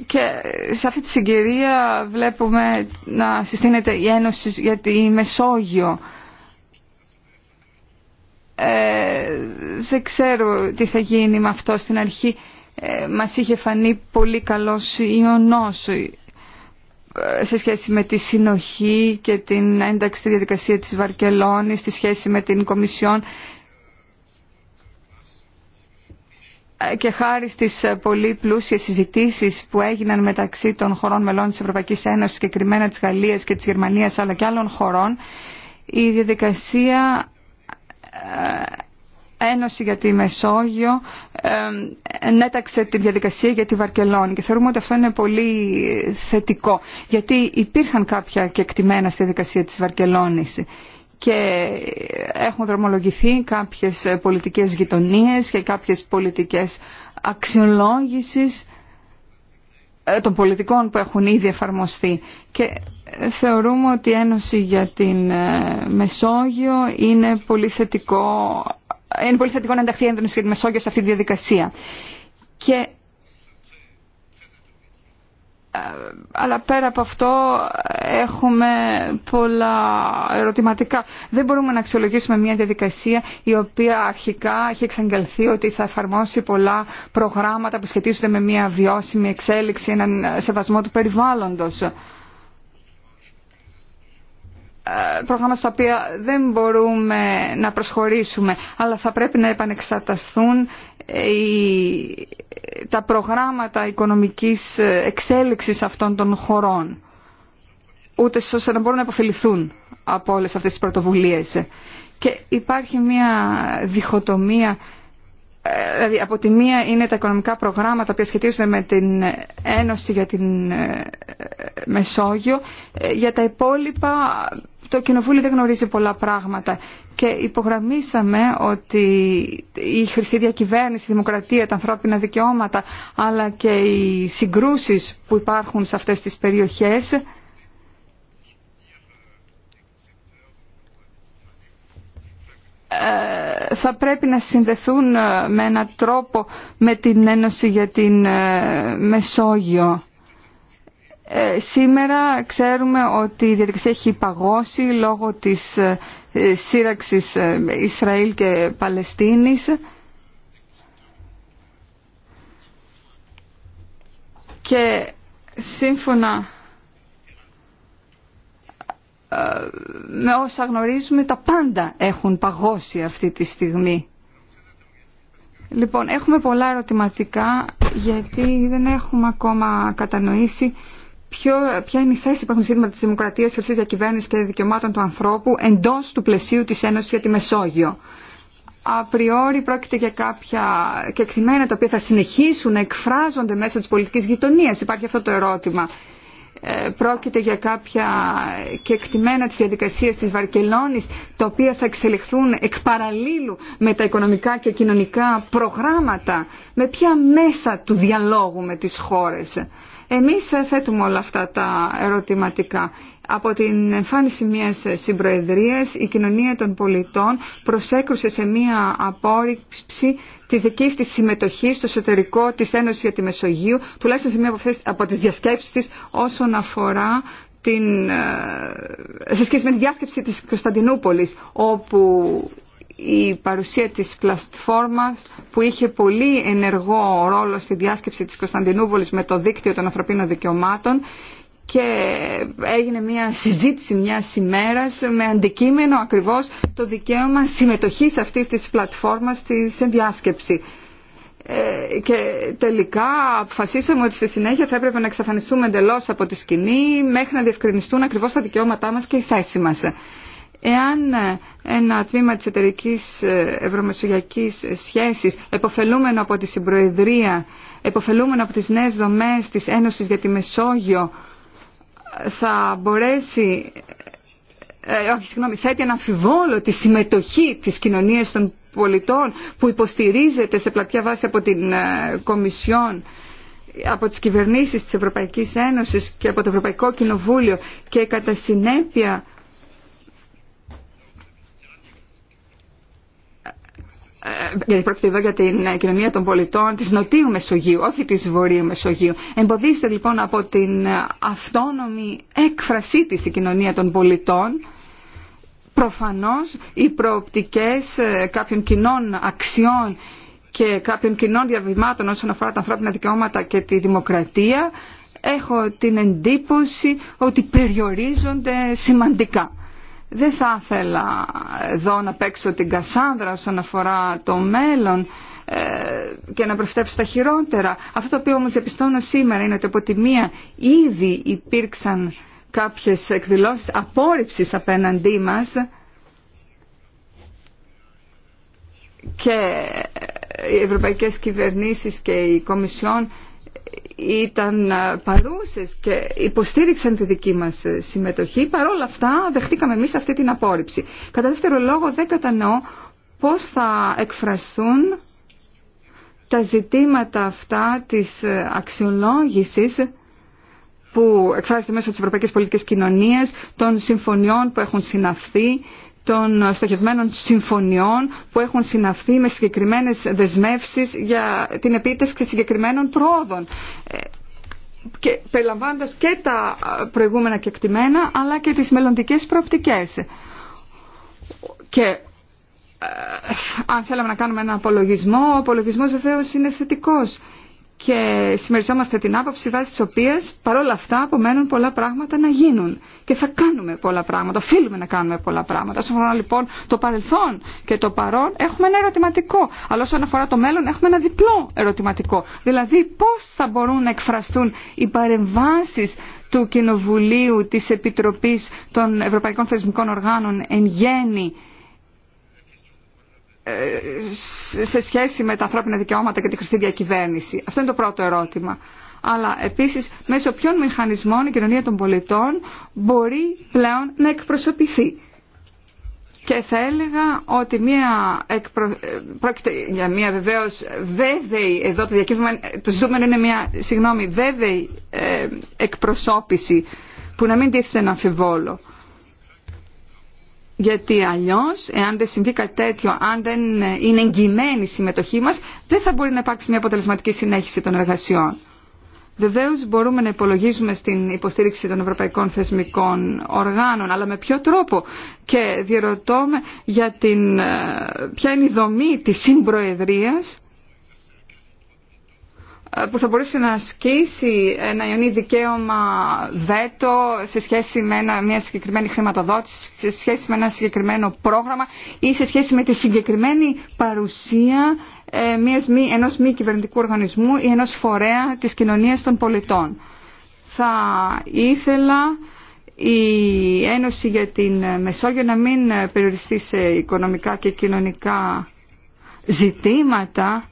S1: Και σε αυτή τη συγκυρία βλέπουμε να συστήνεται η Ένωση για τη Μεσόγειο. Ε, δεν ξέρω τι θα γίνει με αυτό στην αρχή. Ε, μας είχε φανεί πολύ καλός ιονός ε, σε σχέση με τη συνοχή και την ένταξη στη διαδικασία της Βαρκελόνης, στη σχέση με την Κομισιόν ε, και χάρη στις πολύ πλούσιες συζητήσεις που έγιναν μεταξύ των χωρών μελών της Ευρωπαϊκής Ένωσης, συγκεκριμένα της Γαλλίας και της Γερμανίας αλλά και άλλων χωρών, η διαδικασία Ένωση για τη Μεσόγειο ενέταξε τη διαδικασία για τη Βαρκελόνη και θεωρούμε ότι αυτό είναι πολύ θετικό γιατί υπήρχαν κάποια κεκτημένα στη διαδικασία της Βαρκελόνης και έχουν δρομολογηθεί κάποιες πολιτικές γειτονίες και κάποιες πολιτικές αξιολόγησης ε, των πολιτικών που έχουν ήδη εφαρμοστεί. Και θεωρούμε ότι η Ένωση για την ε, Μεσόγειο είναι πολύ θετικό είναι πολύ θετικό να ενταχθεί η Ένδονη τη Μεσόγειο σε αυτή τη διαδικασία. Και ε, αλλά πέρα από αυτό έχουμε πολλά ερωτηματικά. Δεν μπορούμε να αξιολογήσουμε μια διαδικασία η οποία αρχικά έχει εξαγγελθεί ότι θα εφαρμόσει πολλά προγράμματα που σχετίζονται με μια βιώσιμη εξέλιξη, έναν σεβασμό του περιβάλλοντος. Ε, προγράμματα στα οποία δεν μπορούμε να προσχωρήσουμε, αλλά θα πρέπει να επανεξαταστούν ε, τα προγράμματα οικονομικής ε, εξέλιξης αυτών των χωρών, ούτε ώστε να μπορούν να υποφεληθούν από όλες αυτές τις πρωτοβουλίες. Και υπάρχει μια διχοτομία δηλαδή από τη μία είναι τα οικονομικά προγράμματα που σχετίζονται με την Ένωση για την Μεσόγειο. Για τα υπόλοιπα το Κοινοβούλιο δεν γνωρίζει πολλά πράγματα και υπογραμμίσαμε ότι η χρηστή διακυβέρνηση, η δημοκρατία, τα ανθρώπινα δικαιώματα αλλά και οι συγκρούσεις που υπάρχουν σε αυτές τις περιοχές ε, θα πρέπει να συνδεθούν ε, με έναν τρόπο με την Ένωση για την ε, Μεσόγειο. Ε, σήμερα ξέρουμε ότι η διαδικασία έχει παγώσει λόγω της ε, σύραξης ε, Ισραήλ και Παλαιστίνης και σύμφωνα με όσα γνωρίζουμε τα πάντα έχουν παγώσει αυτή τη στιγμή. Λοιπόν, έχουμε πολλά ερωτηματικά γιατί δεν έχουμε ακόμα κατανοήσει ποιο, ποια είναι η θέση που έχουν ζήτημα της δημοκρατίας, της διακυβέρνησης και δικαιωμάτων του ανθρώπου εντός του πλαισίου της Ένωσης για τη Μεσόγειο. Απριόρι πρόκειται για κάποια κεκτημένα τα οποία θα συνεχίσουν να εκφράζονται μέσω της πολιτικής γειτονίας. Υπάρχει αυτό το ερώτημα. Ε, πρόκειται για κάποια κεκτημένα της διαδικασίας της Βαρκελόνης τα οποία θα εξελιχθούν εκ παραλίλου με τα οικονομικά και κοινωνικά προγράμματα με ποια μέσα του διαλόγου με τις χώρες εμείς ε, θέτουμε όλα αυτά τα ερωτηματικά. Από την εμφάνιση μιας συμπροεδρίας, η κοινωνία των πολιτών προσέκρουσε σε μια απόρριψη της δικής της συμμετοχής στο εσωτερικό της Ένωσης για τη Μεσογείου, τουλάχιστον σε μια από τις διασκέψεις της όσον αφορά την, ε, σε σχέση με τη διάσκεψη της Κωνσταντινούπολης, όπου η παρουσία της πλατφόρμας που είχε πολύ ενεργό ρόλο στη διάσκεψη της Κωνσταντινούπολης με το δίκτυο των ανθρωπίνων δικαιωμάτων και έγινε μια συζήτηση μια ημέρα με αντικείμενο ακριβώς το δικαίωμα συμμετοχής αυτής της πλατφόρμας στη διάσκεψη. Ε, και τελικά αποφασίσαμε ότι στη συνέχεια θα έπρεπε να εξαφανιστούμε εντελώ από τη σκηνή μέχρι να διευκρινιστούν ακριβώς τα δικαιώματά μας και η θέση μας. Εάν ε, ένα τμήμα της εταιρικής ε, ευρωμεσογειακής σχέσης, εποφελούμενο από τη συμπροεδρία, εποφελούμενο από τις νέες δομές της Ένωσης για τη Μεσόγειο, θα μπορέσει, ε, όχι συγγνώμη, θέτει ένα αμφιβόλο τη συμμετοχή της κοινωνίας των πολιτών που υποστηρίζεται σε πλατιά βάση από την ε, Κομισιόν από τις κυβερνήσεις της Ευρωπαϊκής Ένωσης και από το Ευρωπαϊκό Κοινοβούλιο και κατά συνέπεια γιατί πρόκειται εδώ για την κοινωνία των πολιτών της Νοτίου Μεσογείου, όχι της Βορείου Μεσογείου. Εμποδίζεται λοιπόν από την αυτόνομη έκφρασή της η κοινωνία των πολιτών προφανώς οι προοπτικές ε, κάποιων κοινών αξιών και κάποιων κοινών διαβημάτων όσον αφορά τα ανθρώπινα δικαιώματα και τη δημοκρατία έχω την εντύπωση ότι περιορίζονται σημαντικά. Δεν θα ήθελα εδώ να παίξω την Κασάνδρα όσον αφορά το μέλλον ε, και να προφητεύσω τα χειρότερα. Αυτό το οποίο όμως διαπιστώνω σήμερα είναι ότι από τη μία ήδη υπήρξαν κάποιες εκδηλώσεις απόρριψης απέναντί μας και οι ευρωπαϊκές κυβερνήσεις και οι κομισιόν ήταν ε, παρούσες και υποστήριξαν τη δική μας ε, συμμετοχή, όλα αυτά δεχτήκαμε εμείς αυτή την απόρριψη. Κατά δεύτερο λόγο δεν κατανοώ πώς θα εκφραστούν τα ζητήματα αυτά της ε, αξιολόγησης που εκφράζεται μέσω της Ευρωπαϊκής Πολιτικής Κοινωνίας, των συμφωνιών που έχουν συναυθεί των στοχευμένων συμφωνιών που έχουν συναυθεί με συγκεκριμένες δεσμεύσεις για την επίτευξη συγκεκριμένων πρόοδων ε, και περιλαμβάνοντας και τα προηγούμενα κεκτημένα αλλά και τις μελλοντικές προοπτικές. Και ε, αν θέλαμε να κάνουμε ένα απολογισμό, ο απολογισμός βεβαίως είναι θετικός και συμμεριζόμαστε την άποψη βάσει της οποίας παρόλα αυτά απομένουν πολλά πράγματα να γίνουν και θα κάνουμε πολλά πράγματα, οφείλουμε να κάνουμε πολλά πράγματα. Όσον αφορά λοιπόν το παρελθόν και το παρόν έχουμε ένα ερωτηματικό, αλλά όσον αφορά το μέλλον έχουμε ένα διπλό ερωτηματικό. Δηλαδή πώς θα μπορούν να εκφραστούν οι παρεμβάσεις του Κοινοβουλίου, της Επιτροπής των Ευρωπαϊκών Θεσμικών Οργάνων εν γέννη ε, σε σχέση με τα ανθρώπινα δικαιώματα και τη χρηστή διακυβέρνηση. Αυτό είναι το πρώτο ερώτημα. Αλλά επίσης μέσω ποιων μηχανισμών η κοινωνία των πολιτών μπορεί πλέον να εκπροσωπηθεί. Και θα έλεγα ότι μια εκπρο... Ε, πρόκειται για μια βεβαίως βέβαιη, εδώ το διακύβουμε, το είναι μια, συγγνώμη, βέβαιη ε, εκπροσώπηση που να μην τίθεται να αμφιβόλω. Γιατί αλλιώς, εάν δεν συμβεί κάτι τέτοιο, αν δεν είναι εγγυημένη η συμμετοχή μας, δεν θα μπορεί να υπάρξει μια αποτελεσματική συνέχιση των εργασιών. Βεβαίως μπορούμε να υπολογίζουμε στην υποστήριξη των ευρωπαϊκών θεσμικών οργάνων, αλλά με ποιο τρόπο. Και διερωτώ για την, ε, ποια είναι η δομή της συμπροεδρίας ε, που θα μπορούσε να ασκήσει ένα ιονί δικαίωμα βέτο σε σχέση με μια συγκεκριμένη χρηματοδότηση, σε σχέση με ένα συγκεκριμένο πρόγραμμα ή σε σχέση με τη συγκεκριμένη παρουσία ε, μιας, ενός μη κυβερνητικού οργανισμού ή ενός φορέα της κοινωνίας των πολιτών. Θα ήθελα η Ένωση για την Μεσόγειο να μην περιοριστεί σε οικονομικά και κοινωνικά ζητήματα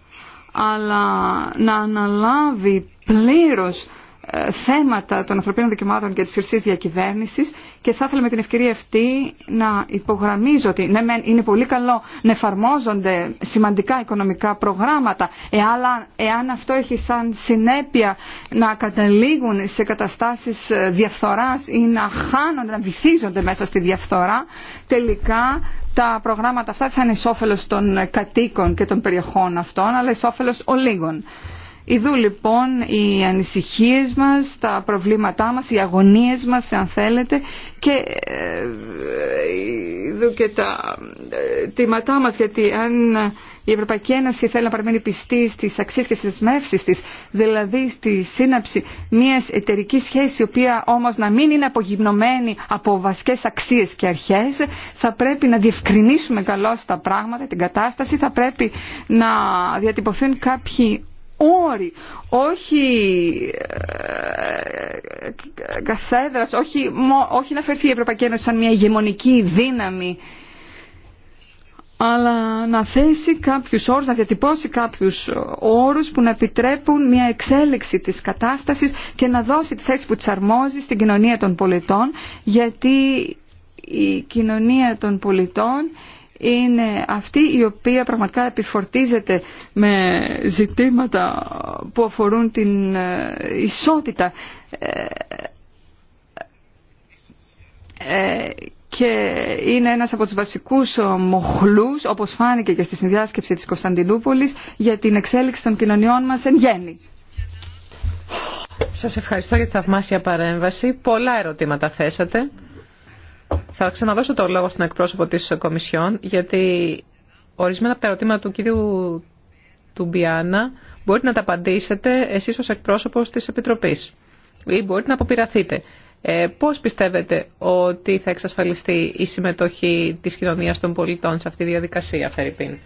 S1: αλλά να αναλάβει πλήρως ε, θέματα των ανθρωπίνων δικαιωμάτων και της χρυσής διακυβέρνησης και θα ήθελα με την ευκαιρία αυτή να υπογραμμίζω ότι ναι, είναι πολύ καλό να εφαρμόζονται σημαντικά οικονομικά προγράμματα εάν, εάν αυτό έχει σαν συνέπεια να καταλήγουν σε καταστάσεις ε, διαφθοράς ή να χάνονται, να βυθίζονται μέσα στη διαφθορά τελικά τα προγράμματα αυτά θα είναι εις των κατοίκων και των περιοχών αυτών αλλά εις ολίγων. Ιδού λοιπόν οι ανησυχίες μας, τα προβλήματά μας, οι αγωνίες μας αν θέλετε και ε, ιδού και τα ε, τιματά μας γιατί αν η Ευρωπαϊκή Ένωση θέλει να παραμένει πιστή στις αξίες και στις δεσμεύσεις της, δηλαδή στη σύναψη μιας εταιρικής σχέσης η οποία όμως να μην είναι απογυμνωμένη από βασικές αξίες και αρχές, θα πρέπει να διευκρινίσουμε καλώς τα πράγματα, την κατάσταση, θα πρέπει να διατυπωθούν κάποιοι όρι, όχι ε, καθέδρας, όχι, όχι να φερθεί η Ευρωπαϊκή Ένωση σαν μια ηγεμονική δύναμη, αλλά να θέσει κάποιους όρους, να διατυπώσει κάποιους όρους που να επιτρέπουν μια εξέλιξη της κατάστασης και να δώσει τη θέση που της αρμόζει στην κοινωνία των πολιτών, γιατί η κοινωνία των πολιτών είναι αυτή η οποία πραγματικά επιφορτίζεται με ζητήματα που αφορούν την ε, ισότητα ε, ε, και είναι ένας από τους βασικούς μοχλούς, όπως φάνηκε και στη συνδιάσκεψη της Κωνσταντινούπολης, για την εξέλιξη των κοινωνιών μας εν γέννη. Σας ευχαριστώ
S2: για τη θαυμάσια παρέμβαση. Πολλά ερωτήματα θέσατε. Θα ξαναδώσω το λόγο στον εκπρόσωπο της Κομισιόν, γιατί ορισμένα από τα ερωτήματα του κυρίου Τουμπιάννα μπορείτε να τα απαντήσετε εσείς ως εκπρόσωπος της Επιτροπής ή μπορείτε να αποπειραθείτε. Ε, πώς πιστεύετε ότι θα εξασφαλιστεί η συμμετοχή της κοινωνίας των πολιτών σε αυτή τη διαδικασία, Φερρυπίν.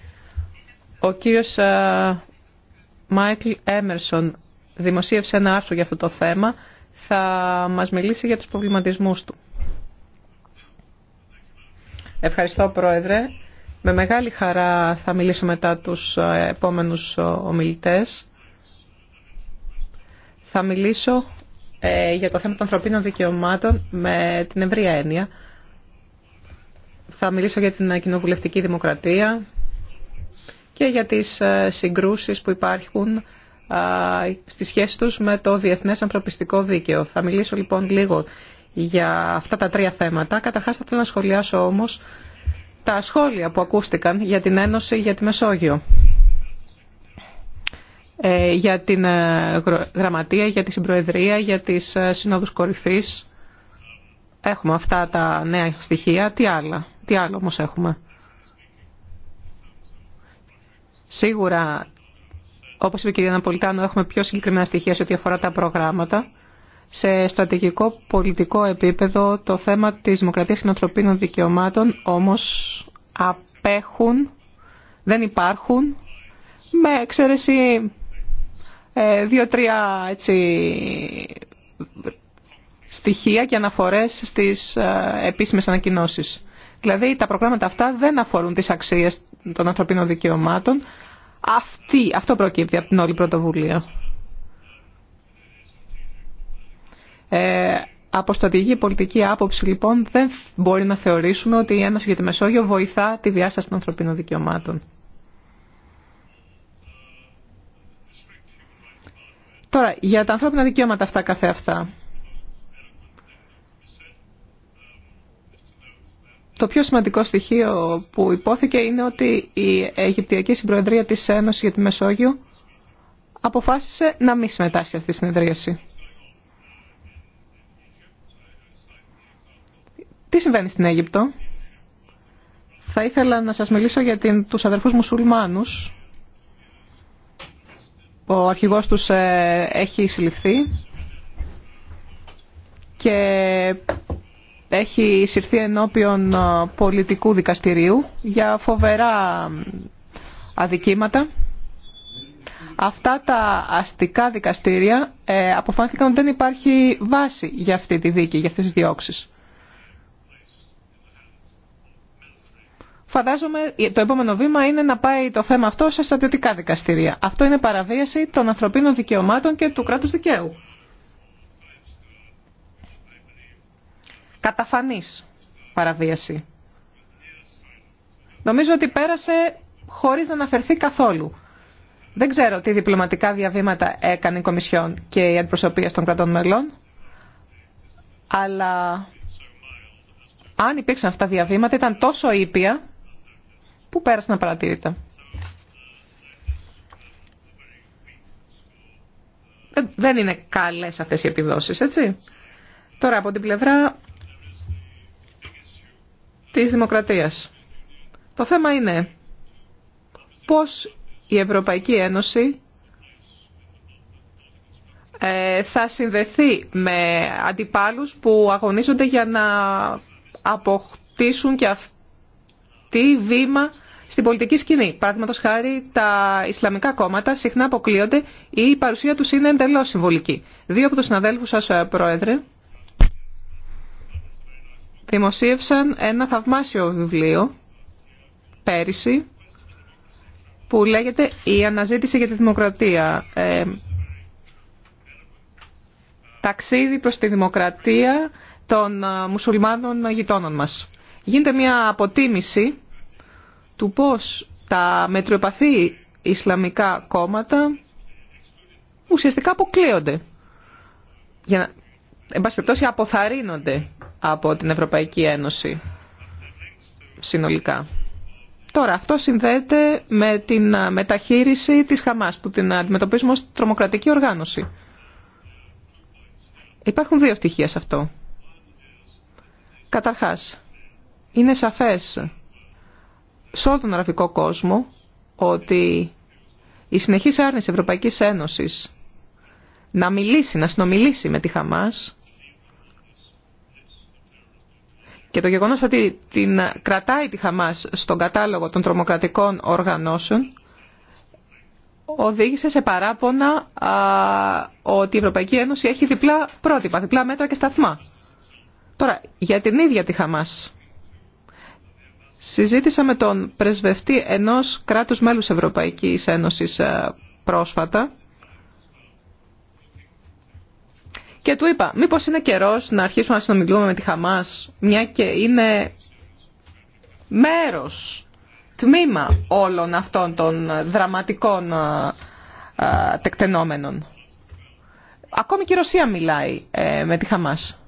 S2: Ο κύριος Μάικλ Έμερσον δημοσίευσε ένα άρθρο για αυτό το θέμα. Θα μας μιλήσει για τους προβληματισμούς του. Ευχαριστώ, Πρόεδρε. Με μεγάλη χαρά θα μιλήσω μετά τους ε, επόμενους ε, ομιλητές. Θα μιλήσω ε, για το θέμα των ανθρωπίνων δικαιωμάτων με την ευρία έννοια. Θα μιλήσω για την κοινοβουλευτική δημοκρατία και για τις συγκρούσεις που υπάρχουν στη σχέση τους με το διεθνές ανθρωπιστικό δίκαιο. Θα μιλήσω λοιπόν λίγο για αυτά τα τρία θέματα. Καταρχάς θα θέλω να σχολιάσω όμως τα σχόλια που ακούστηκαν για την Ένωση για τη Μεσόγειο, ε, για την ε, Γραμματεία, για τη Συμπροεδρία, για τις ε, Συνόδους Κορυφής. Έχουμε αυτά τα νέα στοιχεία. Τι, άλλα, τι άλλο όμως έχουμε. Σίγουρα, όπως είπε η κυρία Ναπολιτάνο, έχουμε πιο συγκεκριμένα στοιχεία σε ό,τι αφορά τα προγράμματα σε στρατηγικό πολιτικό επίπεδο το θέμα της δημοκρατίας και των ανθρωπίνων δικαιωμάτων όμως απέχουν, δεν υπάρχουν με εξαίρεση ε, δύο-τρία έτσι στοιχεία και αναφορές στις ε, επίσημες ανακοινώσεις. Δηλαδή τα προγράμματα αυτά δεν αφορούν τις αξίες των ανθρωπίνων δικαιωμάτων. Αυτή, αυτό προκύπτει από την όλη πρωτοβουλία. Ε, από στρατηγική πολιτική άποψη λοιπόν δεν μπορεί να θεωρήσουμε ότι η Ένωση για τη Μεσόγειο βοηθά τη διάσταση των ανθρωπίνων δικαιωμάτων. Τώρα, για τα ανθρώπινα δικαιώματα αυτά καθεαυτά. Το πιο σημαντικό στοιχείο που υπόθηκε είναι ότι η Αιγυπτιακή Συμπροεδρία της Ένωσης για τη Μεσόγειο αποφάσισε να μην συμμετάσχει αυτή τη συνεδρίαση. Τι συμβαίνει στην Αίγυπτο. Θα ήθελα να σας μιλήσω για την, τους αδερφούς μουσουλμάνους. Ο αρχηγός τους ε, έχει συλληφθεί και έχει συρθεί ενώπιον ε, πολιτικού δικαστηρίου για φοβερά αδικήματα. Αυτά τα αστικά δικαστήρια ε, αποφάνθηκαν ότι δεν υπάρχει βάση για αυτή τη δίκη, για αυτές τις διώξεις. Φαντάζομαι το επόμενο βήμα είναι να πάει το θέμα αυτό σε στατιωτικά δικαστηρία. Αυτό είναι παραβίαση των ανθρωπίνων δικαιωμάτων και του κράτους δικαίου. Καταφανής παραβίαση. Νομίζω ότι πέρασε χωρίς να αναφερθεί καθόλου. Δεν ξέρω τι διπλωματικά διαβήματα έκανε η Κομισιόν και η αντιπροσωπεία των κρατών μελών, αλλά αν υπήρξαν αυτά διαβήματα ήταν τόσο ήπια που πέρασαν απαρατήρητα. Ε, δεν είναι καλές αυτές οι επιδόσεις, έτσι. Τώρα από την πλευρά της δημοκρατίας. Το θέμα είναι πώς η Ευρωπαϊκή Ένωση ε, θα συνδεθεί με αντιπάλους που αγωνίζονται για να αποκτήσουν και αυτοί τι βήμα στην πολιτική σκηνή. Παραδείγματο χάρη, τα Ισλαμικά κόμματα συχνά αποκλείονται ή η παρουσία του είναι εντελώ συμβολική. Δύο από του συναδέλφου σα, ε, Πρόεδρε, δημοσίευσαν ένα θαυμάσιο βιβλίο πέρυσι που λέγεται «Η αναζήτηση για τη δημοκρατία». Ε, ταξίδι προς τη δημοκρατία των ε, μουσουλμάνων γειτόνων μας γίνεται μια αποτίμηση του πώς τα μετριοπαθή Ισλαμικά κόμματα ουσιαστικά αποκλείονται. Για να, εν πάση περιπτώσει αποθαρρύνονται από την Ευρωπαϊκή Ένωση συνολικά. Τώρα, αυτό συνδέεται με την ε, μεταχείριση της Χαμάς, που την αντιμετωπίζουμε ως τρομοκρατική οργάνωση. Υπάρχουν δύο στοιχεία σε αυτό. Καταρχάς, είναι σαφές σε όλο τον γραφικό κόσμο ότι η συνεχής άρνηση Ευρωπαϊκής Ένωσης να μιλήσει, να συνομιλήσει με τη Χαμάς και το γεγονός ότι την κρατάει τη Χαμάς στον κατάλογο των τρομοκρατικών οργανώσεων οδήγησε σε παράπονα α, ότι η Ευρωπαϊκή Ένωση έχει διπλά πρότυπα, διπλά μέτρα και σταθμά. Τώρα, για την ίδια τη Χαμάς Συζήτησα με τον πρεσβευτή ενός κράτους μέλους Ευρωπαϊκής Ένωσης ε, πρόσφατα και του είπα μήπως είναι καιρός να αρχίσουμε να συνομιλούμε με τη Χαμάς μια και είναι μέρος, τμήμα όλων αυτών των δραματικών ε, ε, τεκτενόμενων. Ακόμη και η Ρωσία μιλάει με τη Χαμάς.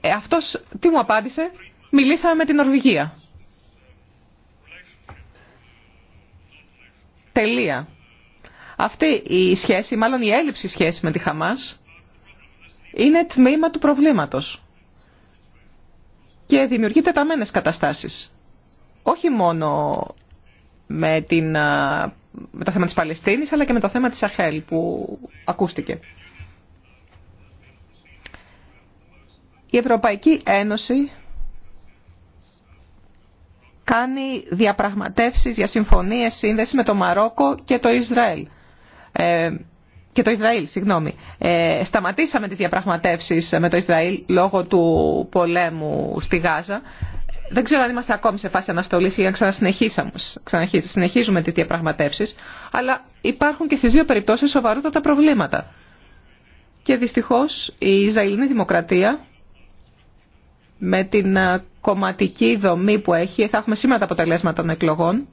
S2: Ε, αυτός τι μου απάντησε μιλήσαμε με την Νορβηγία. Τελεία. Αυτή η σχέση, μάλλον η έλλειψη σχέση με τη Χαμάς, είναι τμήμα του προβλήματος και δημιουργεί τεταμένες καταστάσεις. Όχι μόνο με, την, με το θέμα της Παλαιστίνης, αλλά και με το θέμα της Αχέλ που ακούστηκε. Η Ευρωπαϊκή Ένωση κάνει διαπραγματεύσεις για συμφωνίες σύνδεση με το Μαρόκο και το Ισραήλ. Ε, και το Ισραήλ, συγγνώμη. Ε, σταματήσαμε τις διαπραγματεύσεις με το Ισραήλ λόγω του πολέμου στη Γάζα. Δεν ξέρω αν είμαστε ακόμη σε φάση αναστολής ή αν ξανασυνεχίζουμε τις διαπραγματεύσεις, αλλά υπάρχουν και στις δύο περιπτώσεις σοβαρότατα προβλήματα. Και δυστυχώς η Ισραηλινή Δημοκρατία με την ε, κομματική δομή που έχει, θα έχουμε σήμερα τα αποτελέσματα των εκλογών.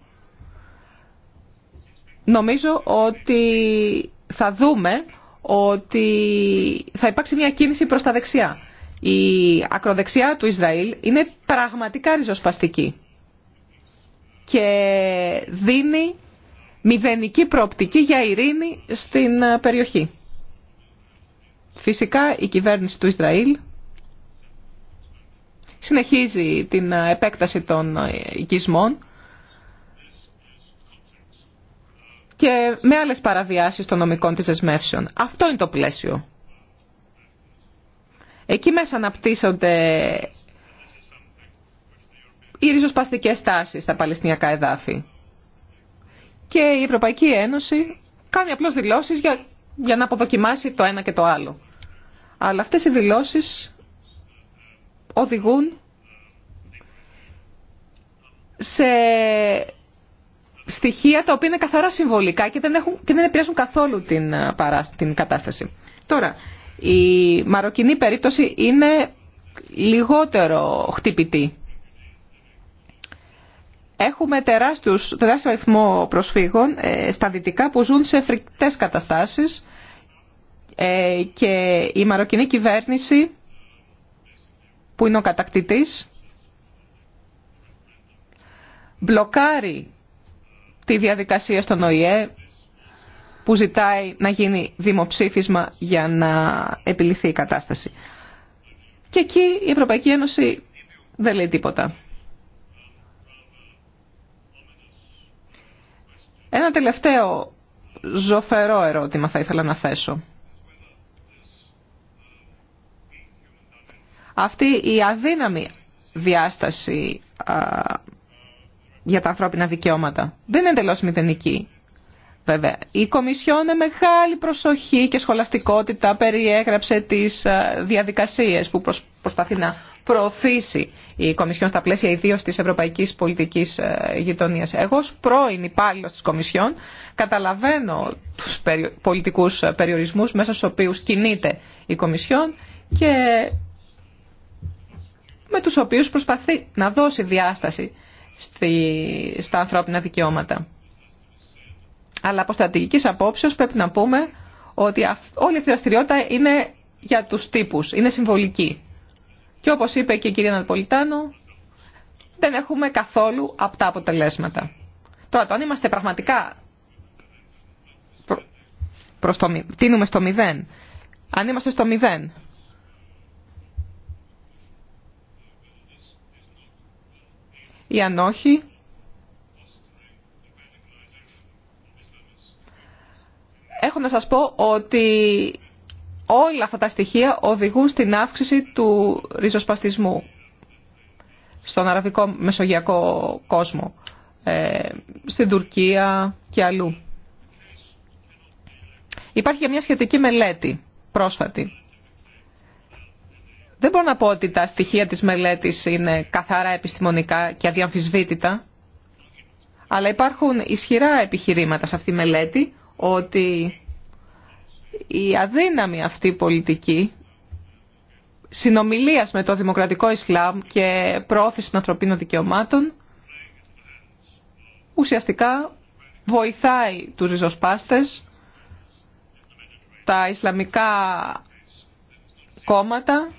S2: Νομίζω ότι θα δούμε ότι θα υπάρξει μια κίνηση προς τα δεξιά. Η ακροδεξιά του Ισραήλ είναι πραγματικά ριζοσπαστική και δίνει μηδενική προοπτική για ειρήνη στην ε, περιοχή. Φυσικά η κυβέρνηση του Ισραήλ συνεχίζει την ε, επέκταση των ε, οικισμών και με άλλες παραβιάσεις των νομικών της δεσμεύσεων. Αυτό είναι το πλαίσιο. Εκεί μέσα αναπτύσσονται οι ριζοσπαστικές τάσεις στα παλαιστινιακά εδάφη. Και η Ευρωπαϊκή Ένωση κάνει απλώς δηλώσεις για, για να αποδοκιμάσει το ένα και το άλλο. Αλλά αυτές οι δηλώσεις οδηγούν σε στοιχεία τα οποία είναι καθαρά συμβολικά και δεν, έχουν, και δεν επηρεάζουν καθόλου την, ε, την κατάσταση. Τώρα, η μαροκινή περίπτωση είναι λιγότερο χτυπητή. Έχουμε τεράστιους, τεράστιο αριθμό προσφύγων ε, στα δυτικά που ζουν σε φρικτές καταστάσεις ε, και η μαροκινή κυβέρνηση που είναι ο κατακτητής, μπλοκάρει τη διαδικασία στον ΟΗΕ που ζητάει να γίνει δημοψήφισμα για να επιληθεί η κατάσταση. Και εκεί η Ευρωπαϊκή Ένωση δεν λέει τίποτα. Ένα τελευταίο ζωφερό ερώτημα θα ήθελα να θέσω. Αυτή η αδύναμη διάσταση για τα ανθρώπινα δικαιώματα δεν είναι εντελώς μηδενική. Βέβαια, η Κομισιόν με μεγάλη προσοχή και σχολαστικότητα περιέγραψε τις διαδικασίες που προσπαθεί να προωθήσει η Κομισιόν στα πλαίσια ιδίως της ευρωπαϊκής πολιτικής γειτονίας. Εγώ ως πρώην υπάλληλος της Κομισιόν καταλαβαίνω τους πολιτικούς περιορισμούς μέσα στους οποίους κινείται η Κομισιόν και με τους οποίους προσπαθεί να δώσει διάσταση στη, στα ανθρώπινα δικαιώματα. Αλλά από στρατηγικής απόψεως πρέπει να πούμε ότι όλη αυτή η δραστηριότητα είναι για τους τύπους, είναι συμβολική. Και όπως είπε και η κυρία Ναπολιτάνο, δεν έχουμε καθόλου αυτά αποτελέσματα. Τώρα, το αν είμαστε πραγματικά προς το, τίνουμε στο μηδέν, αν είμαστε στο μηδέν, ή αν όχι έχω να σας πω ότι όλα αυτά τα στοιχεία οδηγούν στην αύξηση του ριζοσπαστισμού στον αραβικό μεσογειακό κόσμο, ε, στην Τουρκία και αλλού. Υπάρχει μια σχετική μελέτη πρόσφατη δεν μπορώ να πω ότι τα στοιχεία της μελέτης είναι καθαρά επιστημονικά και αδιαμφισβήτητα, αλλά υπάρχουν ισχυρά επιχειρήματα σε αυτή τη μελέτη ότι η αδύναμη αυτή πολιτική συνομιλίας με το δημοκρατικό Ισλάμ και προώθηση των ανθρωπίνων δικαιωμάτων ουσιαστικά βοηθάει τους ριζοσπάστες, τα Ισλαμικά κόμματα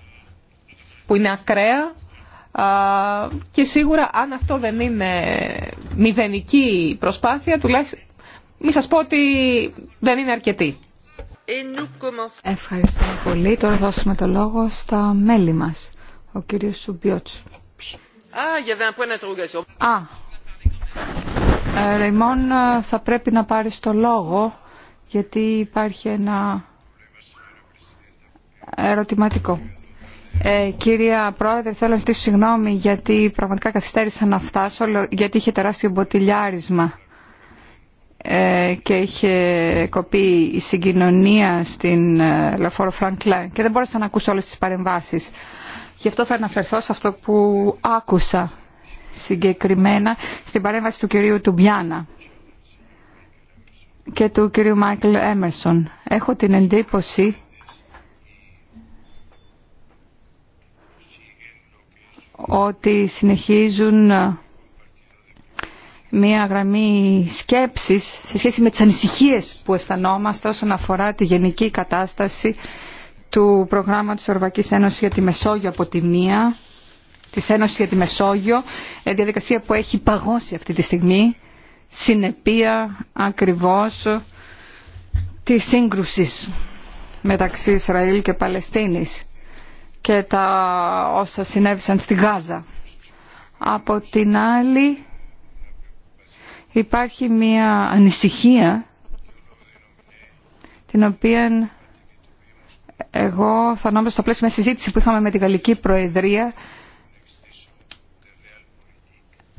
S2: που είναι ακραία και σίγουρα αν αυτό δεν είναι μηδενική προσπάθεια, τουλάχιστον μη
S1: σας πω ότι δεν είναι αρκετή. Ευχαριστώ πολύ. Τώρα δώσουμε το λόγο στα μέλη μας. Ο κύριος Σουμπιότς. Α, Ρεϊμόν ε, ε, θα πρέπει να πάρεις το λόγο γιατί υπάρχει ένα ερωτηματικό. Ε, κυρία Πρόεδρε, θέλω να ζητήσω συγγνώμη γιατί πραγματικά καθυστέρησα να φτάσω, γιατί είχε τεράστιο μποτιλιάρισμα ε, και είχε κοπεί η συγκοινωνία στην ε, Λεφόρο και δεν μπόρεσα να ακούσω όλες τις παρεμβάσεις. Γι' αυτό θα αναφερθώ σε αυτό που άκουσα συγκεκριμένα στην παρέμβαση του κυρίου Τουμπιάνα και του κυρίου Μάικλ Έμερσον. Έχω την εντύπωση ότι συνεχίζουν ε, μία γραμμή σκέψης σε σχέση με τις ανησυχίες που αισθανόμαστε όσον αφορά τη γενική κατάσταση του προγράμματος της Ευρωπαϊκής Ένωσης για τη Μεσόγειο από τη μία, της Ένωσης για τη Μεσόγειο, ε, διαδικασία που έχει παγώσει αυτή τη στιγμή, συνεπία ακριβώς της σύγκρουσης μεταξύ Ισραήλ και Παλαιστίνης και τα όσα συνέβησαν στη Γάζα. Από την άλλη υπάρχει μια ανησυχία την οποία εγώ θα νόμιζα στο πλαίσιο μια συζήτηση που είχαμε με την Γαλλική Προεδρία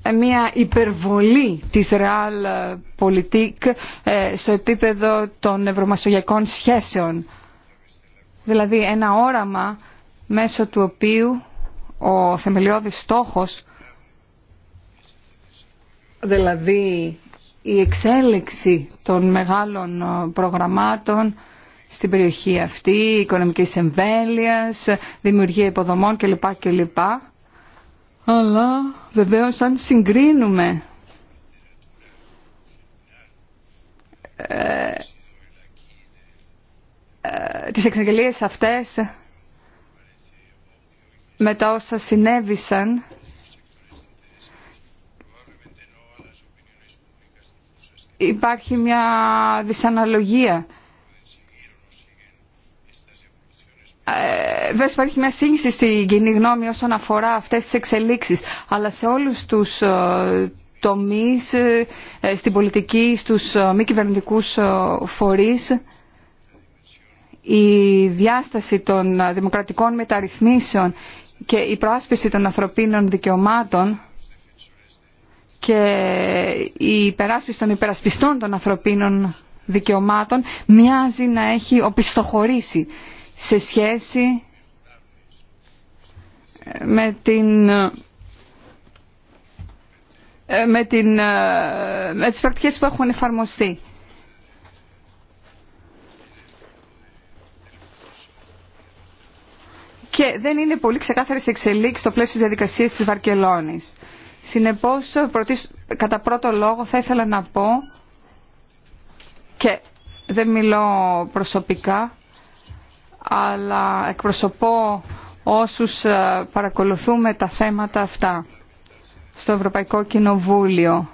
S1: ε, μια υπερβολή της Real Politik ε, στο επίπεδο των ευρωμασογειακών σχέσεων. Δηλαδή ένα όραμα μέσω του οποίου ο θεμελιώδης στόχος, δηλαδή η εξέλιξη των μεγάλων ε, προγραμμάτων στην περιοχή αυτή, οικονομικής εμβέλειας, δημιουργία υποδομών κλπ. κλπ. Αλλά βεβαίως αν συγκρίνουμε ε, ε, τις εξαγγελίες αυτές με τα όσα συνέβησαν υπάρχει μια δυσαναλογία. Ε, βέβαια υπάρχει μια σύγχυση στην κοινή γνώμη όσον αφορά αυτές τις εξελίξεις, αλλά σε όλους τους ε, τομείς, ε, στην πολιτική, στους μη κυβερνητικού φορείς, η διάσταση των δημοκρατικών μεταρρυθμίσεων και η προάσπιση των ανθρωπίνων δικαιωμάτων και η υπεράσπιση των υπερασπιστών των ανθρωπίνων δικαιωμάτων μοιάζει να έχει οπισθοχωρήσει σε σχέση ε, με την ε, με, την, ε, με τις πρακτικές που έχουν εφαρμοστεί. και δεν είναι πολύ ξεκάθαρη εξελίξη στο πλαίσιο τη διαδικασία τη Βαρκελόνη. Συνεπώ, κατά πρώτο λόγο θα ήθελα να πω και δεν μιλώ προσωπικά, αλλά εκπροσωπώ όσους ε, παρακολουθούμε τα θέματα αυτά στο Ευρωπαϊκό Κοινοβούλιο.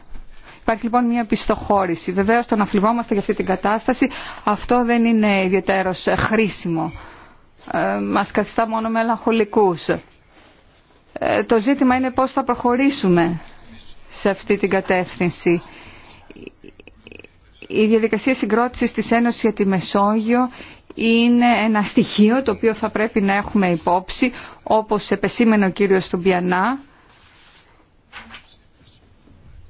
S1: Υπάρχει λοιπόν μια πιστοχώρηση. Βεβαίως το να θλιβόμαστε για αυτή την κατάσταση αυτό δεν είναι ιδιαίτερο ε, χρήσιμο. Ε, μας καθιστά μόνο μελαγχολικούς. Ε, το ζήτημα είναι πώς θα προχωρήσουμε σε αυτή την κατεύθυνση. Η διαδικασία συγκρότησης της Ένωσης για τη Μεσόγειο είναι ένα στοιχείο το οποίο θα πρέπει να έχουμε υπόψη, όπως επεσήμενε ο κύριος του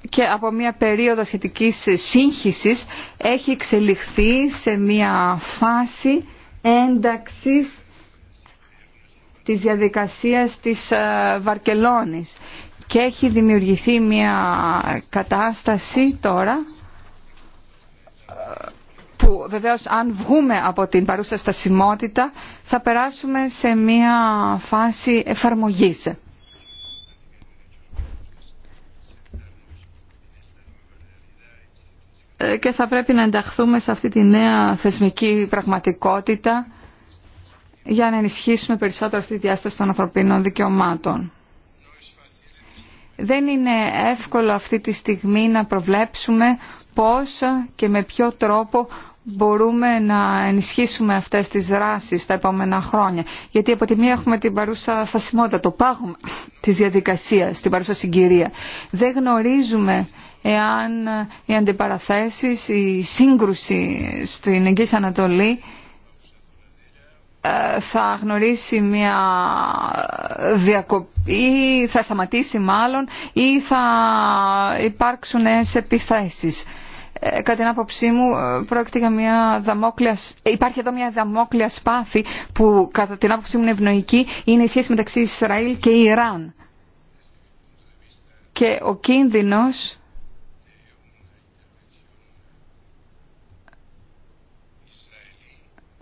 S1: και από μια περίοδο σχετικής σύγχυσης έχει εξελιχθεί σε μια φάση ένταξης της διαδικασίας της ε, Βαρκελόνης και έχει δημιουργηθεί μια κατάσταση τώρα ε, που βεβαίως αν βγούμε από την παρούσα στασιμότητα θα περάσουμε σε μια φάση εφαρμογής. Ε, και θα πρέπει να ενταχθούμε σε αυτή τη νέα θεσμική πραγματικότητα για να ενισχύσουμε περισσότερο αυτή τη διάσταση των ανθρωπίνων δικαιωμάτων. Δεν είναι εύκολο αυτή τη στιγμή να προβλέψουμε πώς και με ποιο τρόπο μπορούμε να ενισχύσουμε αυτές τις δράσεις τα επόμενα χρόνια. Γιατί από τη μία έχουμε την παρούσα στασιμότητα, το πάγωμα της διαδικασίας, την παρούσα συγκυρία. Δεν γνωρίζουμε εάν οι αντιπαραθέσεις, η σύγκρουση στην Εγγύης Ανατολή θα γνωρίσει μια διακοπή, θα σταματήσει μάλλον ή θα υπάρξουν νέες επιθέσεις. Ε, κατά την άποψή μου ε, πρόκειται για μια δαμόκλια, ε, υπάρχει εδώ μια δαμόκλια σπάθη που κατά την άποψή μου είναι ευνοϊκή, είναι η σχέση μεταξύ Ισραήλ και Ιράν. Και ο κίνδυνος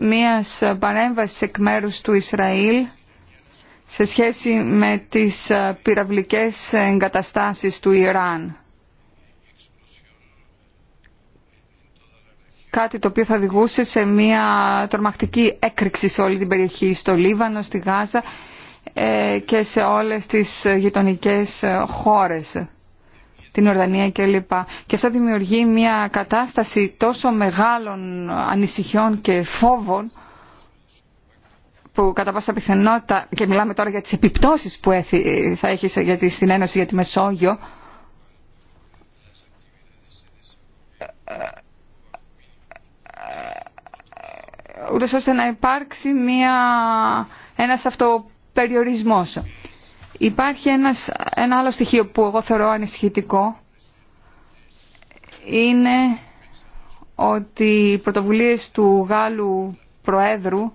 S1: μίας παρέμβασης εκ μέρους του Ισραήλ σε σχέση με τις ε, πυραυλικές εγκαταστάσεις του Ιράν. Κάτι το οποίο θα οδηγούσε σε μια τρομακτική έκρηξη σε όλη την περιοχή, στο Λίβανο, στη Γάζα ε, και σε όλες τις γειτονικές ε, χώρες την Ορδανία κλπ. Και αυτό δημιουργεί μια κατάσταση τόσο μεγάλων ανησυχιών και φόβων που κατά πάσα πιθανότητα, και μιλάμε τώρα για τις επιπτώσεις που θα έχει στην Ένωση για τη Μεσόγειο, ούτως ώστε να υπάρξει μια, ένας αυτοπεριορισμός. Υπάρχει ένας, ένα άλλο στοιχείο που εγώ θεωρώ ανησυχητικό. Είναι ότι οι πρωτοβουλίες του Γάλλου Προέδρου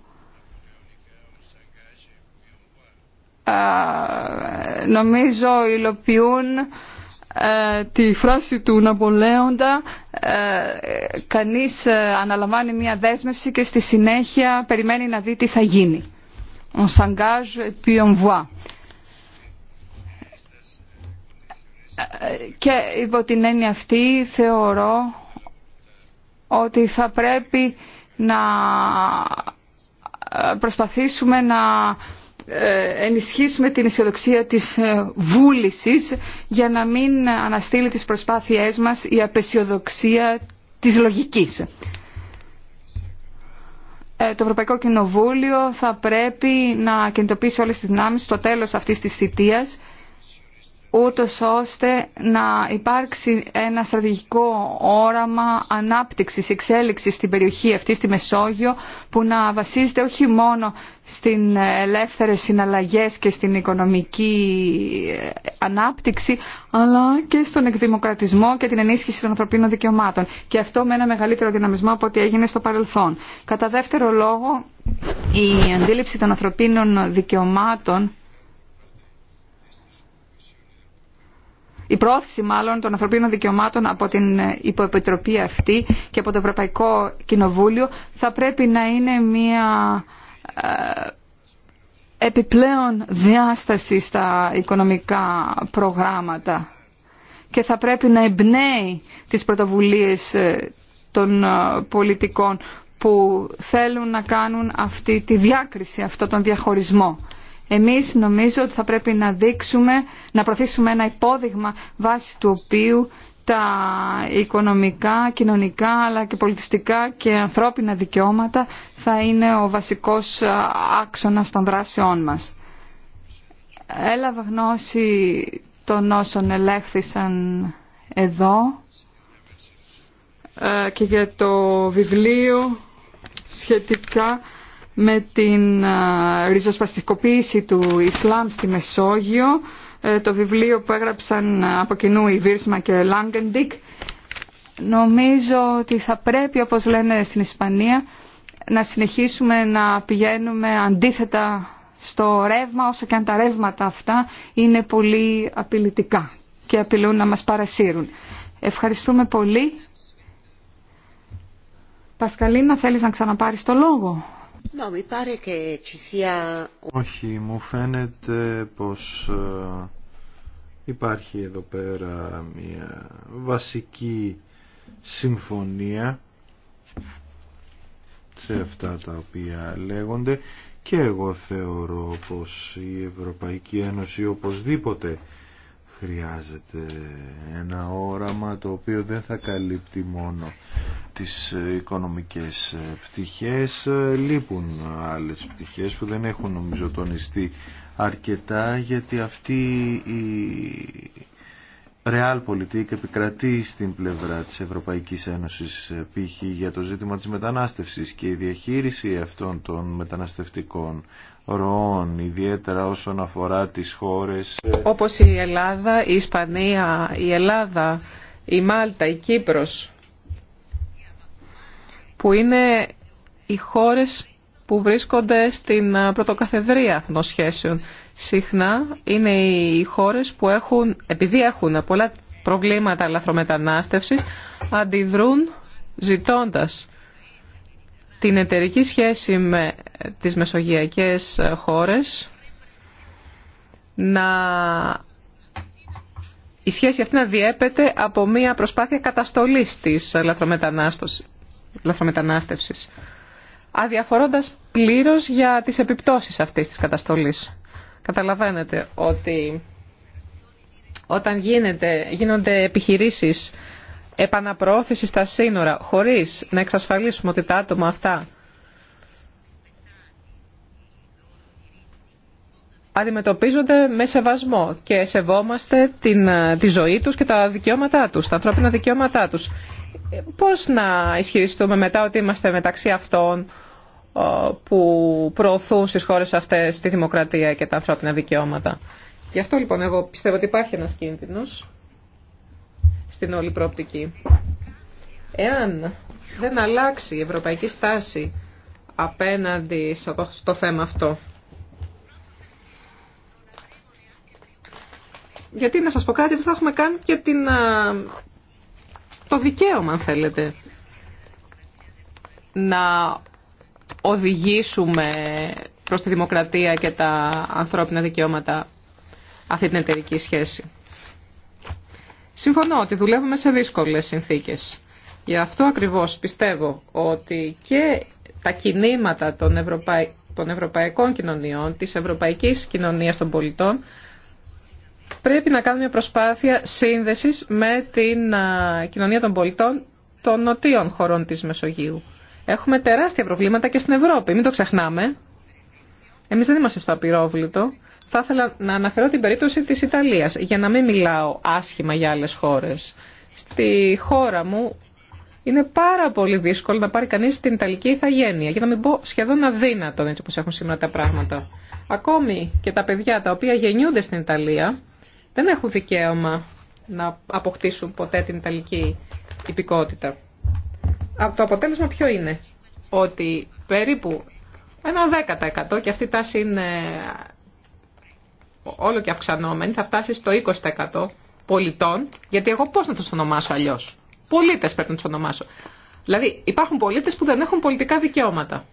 S1: νομίζω υλοποιούν ε, τη φράση του Ναπολέοντα ε, κανείς ε, αναλαμβάνει μια δέσμευση και στη συνέχεια περιμένει να δει τι θα γίνει. On s'engage puis και υπό την έννοια αυτή θεωρώ ότι θα πρέπει να προσπαθήσουμε να ε, ενισχύσουμε την αισιοδοξία της ε, βούλησης για να μην αναστείλει τις προσπάθειές μας η απεσιοδοξία της λογικής. Ε, το Ευρωπαϊκό Κοινοβούλιο θα πρέπει να κινητοποιήσει όλες τις δυνάμεις στο τέλος αυτής της θητείας ούτως ώστε να υπάρξει ένα στρατηγικό όραμα ανάπτυξης, εξέλιξης στην περιοχή αυτή, στη Μεσόγειο, που να βασίζεται όχι μόνο στην ελεύθερες συναλλαγές και στην οικονομική ανάπτυξη, αλλά και στον εκδημοκρατισμό και την ενίσχυση των ανθρωπίνων δικαιωμάτων. Και αυτό με ένα μεγαλύτερο δυναμισμό από ό,τι έγινε στο παρελθόν. Κατά δεύτερο λόγο, η αντίληψη των ανθρωπίνων δικαιωμάτων η πρόθεση μάλλον των ανθρωπίνων δικαιωμάτων από την υποεπιτροπή αυτή και από το Ευρωπαϊκό Κοινοβούλιο θα πρέπει να είναι μια ε, επιπλέον διάσταση στα οικονομικά προγράμματα και θα πρέπει να εμπνέει τις πρωτοβουλίες ε, των ε, πολιτικών που θέλουν να κάνουν αυτή τη διάκριση, αυτό τον διαχωρισμό. Εμείς νομίζω ότι θα πρέπει να δείξουμε, να προθίσουμε ένα υπόδειγμα βάσει του οποίου τα οικονομικά, κοινωνικά αλλά και πολιτιστικά και ανθρώπινα δικαιώματα θα είναι ο βασικός άξονας των δράσεών μας. Έλαβα γνώση των όσων ελέγχθησαν εδώ ε, και για το βιβλίο σχετικά με την ριζοσπαστικοποίηση του Ισλάμ στη Μεσόγειο, ε, το βιβλίο που έγραψαν από κοινού η Βίρσμα και Λάγκεντικ. Νομίζω ότι θα πρέπει, όπως λένε στην Ισπανία, να συνεχίσουμε να πηγαίνουμε αντίθετα στο ρεύμα, όσο και αν τα ρεύματα αυτά είναι πολύ απειλητικά και απειλούν να μας παρασύρουν. Ευχαριστούμε πολύ. Πασκαλίνα, θέλεις να ξαναπάρεις το λόγο.
S3: Όχι, μου φαίνεται πως ε, υπάρχει εδώ πέρα μια βασική συμφωνία σε αυτά τα οποία λέγονται και εγώ θεωρώ πως η Ευρωπαϊκή Ένωση οπωσδήποτε χρειάζεται ένα όραμα το οποίο δεν θα καλύπτει μόνο τις οικονομικές πτυχές λείπουν άλλες πτυχές που δεν έχουν νομίζω τονιστεί αρκετά γιατί αυτή η ρεάλ πολιτική επικρατεί στην πλευρά της Ευρωπαϊκής Ένωσης π.χ. για το ζήτημα της μετανάστευσης και η διαχείριση αυτών των μεταναστευτικών ροών, ιδιαίτερα όσον αφορά τις χώρες...
S2: Όπως η Ελλάδα, η Ισπανία, η Ελλάδα, η Μάλτα, η Κύπρος, που είναι οι χώρες που βρίσκονται στην πρωτοκαθεδρία αθνοσχέσεων. Συχνά είναι οι χώρες που έχουν, επειδή έχουν πολλά προβλήματα λαθρομετανάστευσης, αντιδρούν ζητώντας την εταιρική σχέση με τις μεσογειακές χώρες να η σχέση αυτή να διέπεται από μια προσπάθεια καταστολής της λαθρομετανάστευσης αδιαφορώντας πλήρως για τις επιπτώσεις αυτής της καταστολής. Καταλαβαίνετε ότι όταν γίνεται, γίνονται επιχειρήσεις επαναπροώθηση στα σύνορα χωρίς να εξασφαλίσουμε ότι τα άτομα αυτά αντιμετωπίζονται με σεβασμό και σεβόμαστε την, ε, τη ζωή τους και τα δικαιώματά τους, τα ανθρώπινα δικαιώματά τους. Πώς να ισχυριστούμε μετά ότι είμαστε μεταξύ αυτών ε, που προωθούν στις χώρες αυτές τη δημοκρατία και τα ανθρώπινα δικαιώματα. Γι' αυτό λοιπόν εγώ πιστεύω ότι υπάρχει ένας κίνδυνος στην όλη πρόπτικη. Εάν δεν αλλάξει η ευρωπαϊκή στάση απέναντι στο θέμα αυτό, γιατί να σας πω κάτι, δεν θα έχουμε καν και το δικαίωμα, αν θέλετε, να οδηγήσουμε προς τη δημοκρατία και τα ανθρώπινα δικαιώματα αυτή την εταιρική σχέση. Συμφωνώ ότι δουλεύουμε σε δύσκολες συνθήκες. Γι' αυτό ακριβώς πιστεύω ότι και τα κινήματα των, ευρωπαϊκών κοινωνιών, της ευρωπαϊκής κοινωνίας των πολιτών, πρέπει να κάνουν μια προσπάθεια σύνδεσης με την κοινωνία των πολιτών των νοτίων χωρών της Μεσογείου. Έχουμε τεράστια προβλήματα και στην Ευρώπη, μην το ξεχνάμε. Εμείς δεν είμαστε στο απειρόβλητο. Θα ήθελα να αναφέρω την περίπτωση της Ιταλίας, για να μην μιλάω άσχημα για άλλες χώρες. Στη χώρα μου είναι πάρα πολύ δύσκολο να πάρει κανείς την Ιταλική ηθαγένεια, για να μην πω σχεδόν αδύνατο έτσι όπως έχουν σήμερα τα πράγματα. Ακόμη και τα παιδιά τα οποία γεννιούνται στην Ιταλία δεν έχουν δικαίωμα να αποκτήσουν ποτέ την Ιταλική υπηκότητα. Το αποτέλεσμα ποιο είναι, ότι περίπου ένα 10% και αυτή η τάση είναι όλο και αυξανόμενη θα φτάσει στο 20% πολιτών, γιατί εγώ πώς να τους ονομάσω αλλιώς. Πολίτες πρέπει να τους ονομάσω. Δηλαδή υπάρχουν πολίτες που δεν έχουν πολιτικά δικαιώματα.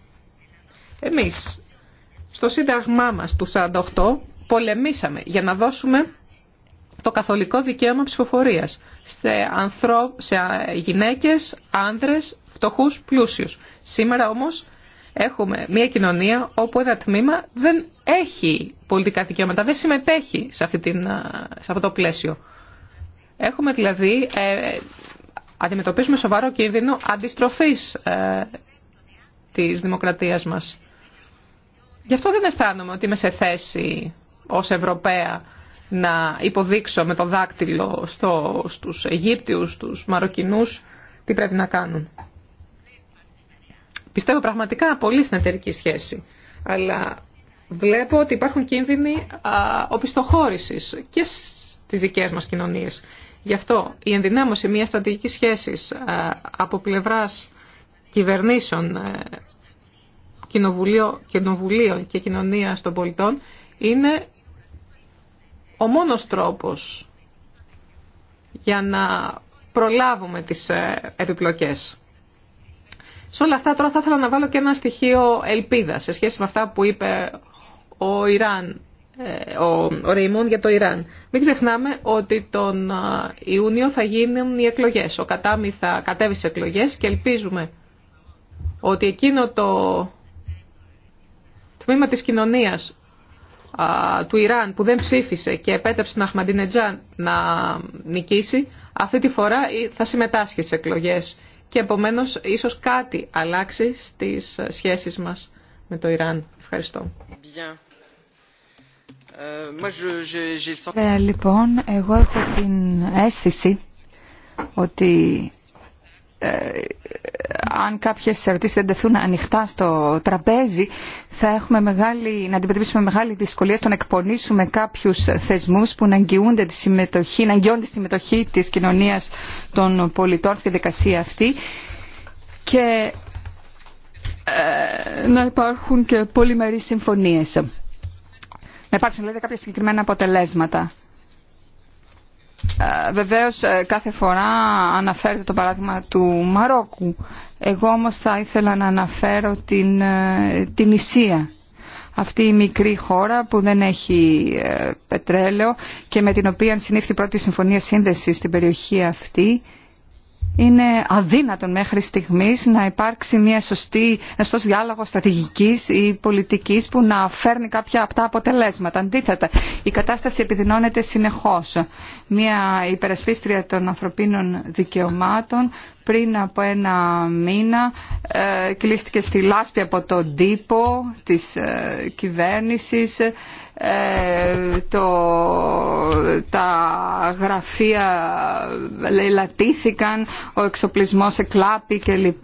S2: Εμείς στο σύνταγμά μας του 48 πολεμήσαμε για να δώσουμε το καθολικό δικαίωμα ψηφοφορίας σε, ανθρω... σε γυναίκες, άνδρες, φτωχούς, πλούσιους. Σήμερα όμως Έχουμε μια κοινωνία όπου ένα τμήμα δεν έχει πολιτικά δικαιώματα, δεν συμμετέχει σε, αυτή την, σε αυτό το πλαίσιο. Έχουμε δηλαδή, ε, αντιμετωπίζουμε σοβαρό κίνδυνο αντιστροφής ε, της δημοκρατίας μας. Γι' αυτό δεν αισθάνομαι ότι είμαι σε θέση ως Ευρωπαία να υποδείξω με το δάκτυλο στο, στους Αιγύπτιους, στους Μαροκινούς τι πρέπει να κάνουν. Πιστεύω πραγματικά πολύ στην εταιρική σχέση. Αλλά βλέπω ότι υπάρχουν κίνδυνοι οπισθοχώρησης και στις δικές μας κοινωνίες. Γι' αυτό η ενδυνάμωση μια στρατηγική σχέση από πλευράς κυβερνήσεων, ε, κοινοβουλίων και κοινωνία των πολιτών είναι ο μόνος τρόπος για να προλάβουμε τις ε, επιπλοκές. Σε όλα αυτά τώρα θα ήθελα να βάλω και ένα στοιχείο ελπίδα σε σχέση με αυτά που είπε ο Ιράν, ε, ο, ο Ρεϊμούν για το Ιράν. Μην ξεχνάμε ότι τον ε, Ιούνιο θα γίνουν οι εκλογές. Ο Κατάμι θα κατέβει στις εκλογές και ελπίζουμε ότι εκείνο το τμήμα της κοινωνίας του Ιράν που δεν ψήφισε και επέτρεψε τον Αχμαντινετζάν να νικήσει, αυτή τη φορά θα συμμετάσχει στις εκλογές και επομένως ίσως κάτι αλλάξει στις σχέσεις μας με το Ιράν. Ευχαριστώ. Euh, ε, λοιπόν,
S1: εγώ έχω την αίσθηση ότι ε, αν κάποιες ερωτήσεις δεν τεθούν ανοιχτά στο τραπέζι θα έχουμε μεγάλη, να αντιμετωπίσουμε μεγάλη δυσκολία στο να εκπονήσουμε κάποιους θεσμούς που να αγγιούνται τη συμμετοχή, να τη συμμετοχή της κοινωνίας των πολιτών στη δικασία αυτή και ε, να υπάρχουν και πολυμερείς συμφωνίες. Να υπάρξουν δηλαδή, κάποια συγκεκριμένα αποτελέσματα. Ε, Βεβαίω, ε, κάθε φορά αναφέρεται το παράδειγμα του Μαρόκου. Εγώ όμω θα ήθελα να αναφέρω την, ε, την Ισία. Αυτή η μικρή χώρα που δεν έχει πετρέλαιο και με την οποία συνήφθη η πρώτη συμφωνία σύνδεση στην περιοχή αυτή είναι αδύνατον μέχρι στιγμής να υπάρξει μια σωστή, ένα σωστός στρατηγικής ή πολιτικής που να φέρνει κάποια από τα αποτελέσματα. Αντίθετα, η κατάσταση επιδεινώνεται συνεχώς. Μια υπερασπίστρια των ανθρωπίνων δικαιωμάτων πριν από ένα μήνα ε, κλείστηκε στη λάσπη από τον τύπο της ε, κυβέρνησης ε, το, τα γραφεία λατήθηκαν, ο εξοπλισμός εκλάπη κλπ.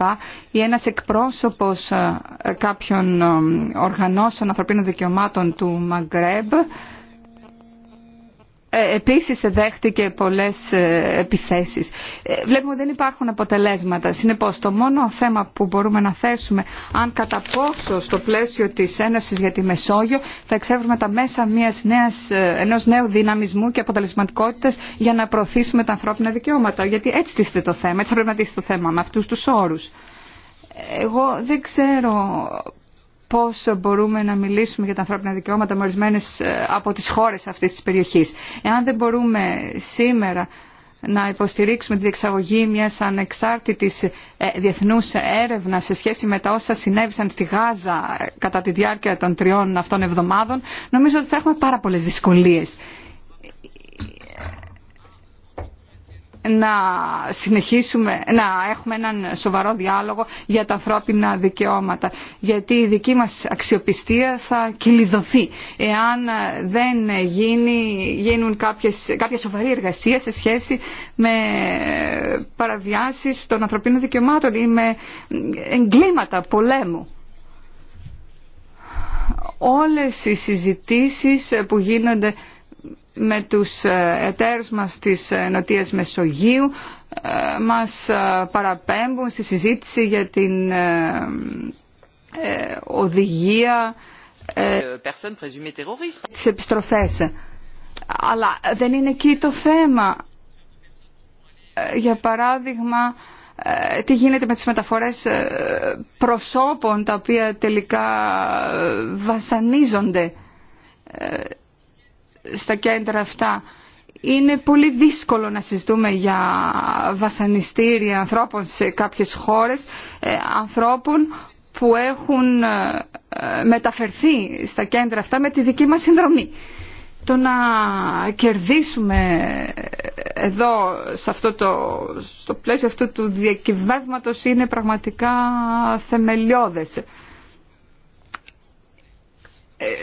S1: Ή ένας εκπρόσωπος ε, κάποιων ε, οργανώσεων ανθρωπίνων δικαιωμάτων του Μαγκρέμπ ε, επίσης δέχτηκε πολλές ε, επιθέσεις. Ε, βλέπουμε ότι δεν υπάρχουν αποτελέσματα. Συνεπώς το μόνο θέμα που μπορούμε να θέσουμε αν κατά πόσο στο πλαίσιο της Ένωσης για τη Μεσόγειο θα εξεύρουμε τα μέσα μιας νέας, ενός νέου δυναμισμού και αποτελεσματικότητας για να προωθήσουμε τα ανθρώπινα δικαιώματα. Γιατί έτσι τίθεται το θέμα, έτσι θα πρέπει να τίθεται το θέμα με αυτούς τους όρους. Εγώ δεν ξέρω πώς μπορούμε να μιλήσουμε για τα ανθρώπινα δικαιώματα με ορισμένε ε, από τις χώρες αυτή τη περιοχή. Εάν δεν μπορούμε σήμερα να υποστηρίξουμε τη διεξαγωγή μιας ανεξάρτητης ε, διεθνούς έρευνας σε σχέση με τα όσα συνέβησαν στη Γάζα ε, κατά τη διάρκεια των τριών αυτών εβδομάδων, νομίζω ότι θα έχουμε πάρα πολλές δυσκολίες να συνεχίσουμε να έχουμε έναν σοβαρό διάλογο για τα ανθρώπινα δικαιώματα. Γιατί η δική μας αξιοπιστία θα κυλιδωθεί εάν δεν γίνει, γίνουν κάποιες, κάποια σοβαρή εργασία σε σχέση με παραβιάσεις των ανθρωπίνων δικαιωμάτων ή με εγκλήματα πολέμου όλες οι συζητήσεις που γίνονται με τους ε, εταίρους μας της ε, Νοτίας Μεσογείου ε, μας παραπέμπουν στη συζήτηση για την οδηγία τις επιστροφές. Αλλά δεν είναι εκεί το θέμα. Για παράδειγμα, τι γίνεται με τις μεταφορές προσώπων τα οποία τελικά βασανίζονται στα κέντρα αυτά. Είναι πολύ δύσκολο να συζητούμε για βασανιστήρια ανθρώπων σε κάποιες χώρες, ε, ανθρώπων που έχουν ε, μεταφερθεί στα κέντρα αυτά με τη δική μας συνδρομή. Το να κερδίσουμε εδώ, σε αυτό το, στο πλαίσιο αυτού του διακυβεύματος είναι πραγματικά θεμελιώδες. Ε,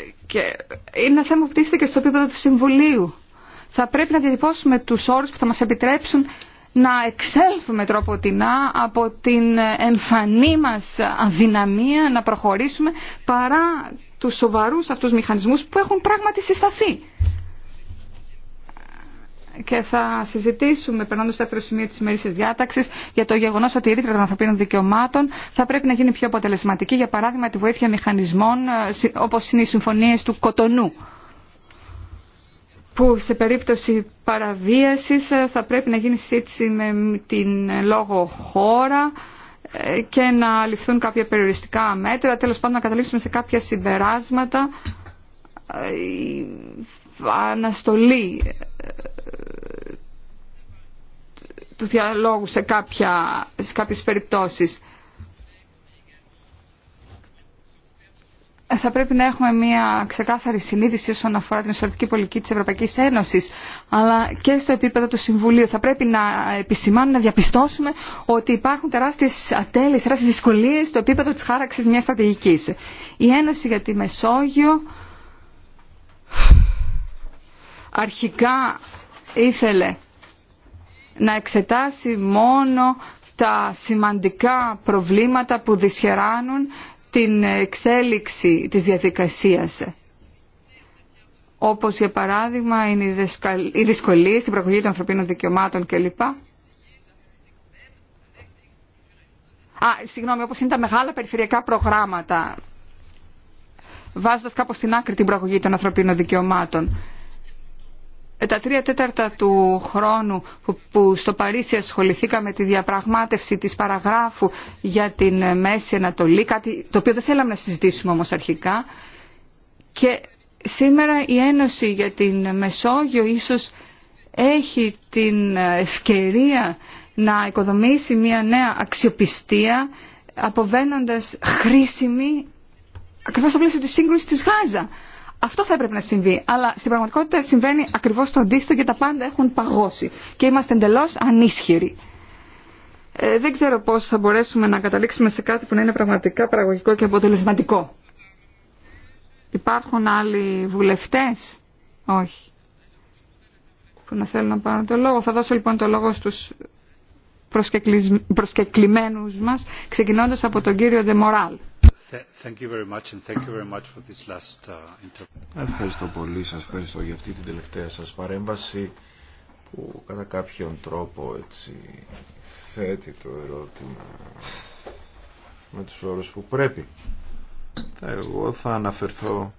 S1: είναι ένα θέμα που τίθεται στο επίπεδο του Συμβουλίου. Θα πρέπει να διατυπώσουμε τους όρους που θα μας επιτρέψουν να εξέλθουμε τροποτινά από την εμφανή μας αδυναμία να προχωρήσουμε παρά τους σοβαρούς αυτούς μηχανισμούς που έχουν πράγματι συσταθεί και θα συζητήσουμε, περνώντα στο δεύτερο σημείο τη ημερήσια διάταξη, για το γεγονό ότι η ρήτρα των ανθρωπίνων δικαιωμάτων θα πρέπει να γίνει πιο αποτελεσματική, για παράδειγμα τη βοήθεια μηχανισμών ε, όπω είναι οι συμφωνίε του Κοτονού που σε περίπτωση παραβίασης ε, θα πρέπει να γίνει σύντηση με την λόγο χώρα ε, και να ληφθούν κάποια περιοριστικά μέτρα, τέλος πάντων να καταλήξουμε σε κάποια συμπεράσματα αναστολή ε, του διαλόγου σε, κάποια, σε κάποιες περιπτώσεις. Ε, θα πρέπει να έχουμε μια ξεκάθαρη συνείδηση όσον αφορά την ισορροπική πολιτική της Ευρωπαϊκής Ένωσης αλλά και στο επίπεδο του Συμβουλίου θα πρέπει να επισημάνουμε, να διαπιστώσουμε ότι υπάρχουν τεράστιες ατέλειες, τεράστιες δυσκολίες στο επίπεδο της χάραξης μιας στρατηγικής. Η Ένωση για τη Μεσόγειο αρχικά ήθελε να εξετάσει μόνο τα σημαντικά προβλήματα που δυσχεράνουν την εξέλιξη της διαδικασίας. Όπως για παράδειγμα είναι οι δυσκολία στην προχωρή των ανθρωπίνων δικαιωμάτων κλπ. Α, συγγνώμη, όπως είναι τα μεγάλα περιφερειακά προγράμματα, βάζοντας κάπως στην άκρη την προαγωγή των ανθρωπίνων δικαιωμάτων. Ε, τα τρία τέταρτα του χρόνου που, στο Παρίσι ασχοληθήκαμε με τη διαπραγμάτευση της παραγράφου για την ε, Μέση Ανατολή, κάτι το οποίο δεν θέλαμε να συζητήσουμε όμως αρχικά. Και σήμερα η Ένωση για την Μεσόγειο ίσως έχει την ε, ευκαιρία να οικοδομήσει μια νέα αξιοπιστία αποβαίνοντας χρήσιμη ακριβώς στο πλαίσιο της σύγκρουσης της Γάζα. Αυτό θα έπρεπε να συμβεί. Αλλά στην πραγματικότητα συμβαίνει ακριβώ το αντίθετο και τα πάντα έχουν παγώσει. Και είμαστε εντελώ ανίσχυροι. Ε, δεν ξέρω πώ θα μπορέσουμε να καταλήξουμε σε κάτι που να είναι πραγματικά παραγωγικό και αποτελεσματικό. Υπάρχουν άλλοι βουλευτέ. Όχι. Που να θέλουν να πάρουν το λόγο. Θα δώσω λοιπόν το λόγο στου προσκεκλημένους μα, ξεκινώντα από τον κύριο Δεμοράλ.
S3: Ευχαριστώ πολύ, σας ευχαριστώ για αυτή την τελευταία σας παρέμβαση που κατά κάποιον τρόπο έτσι θέτει το ερώτημα με τους όρους που πρέπει. Εγώ θα αναφερθώ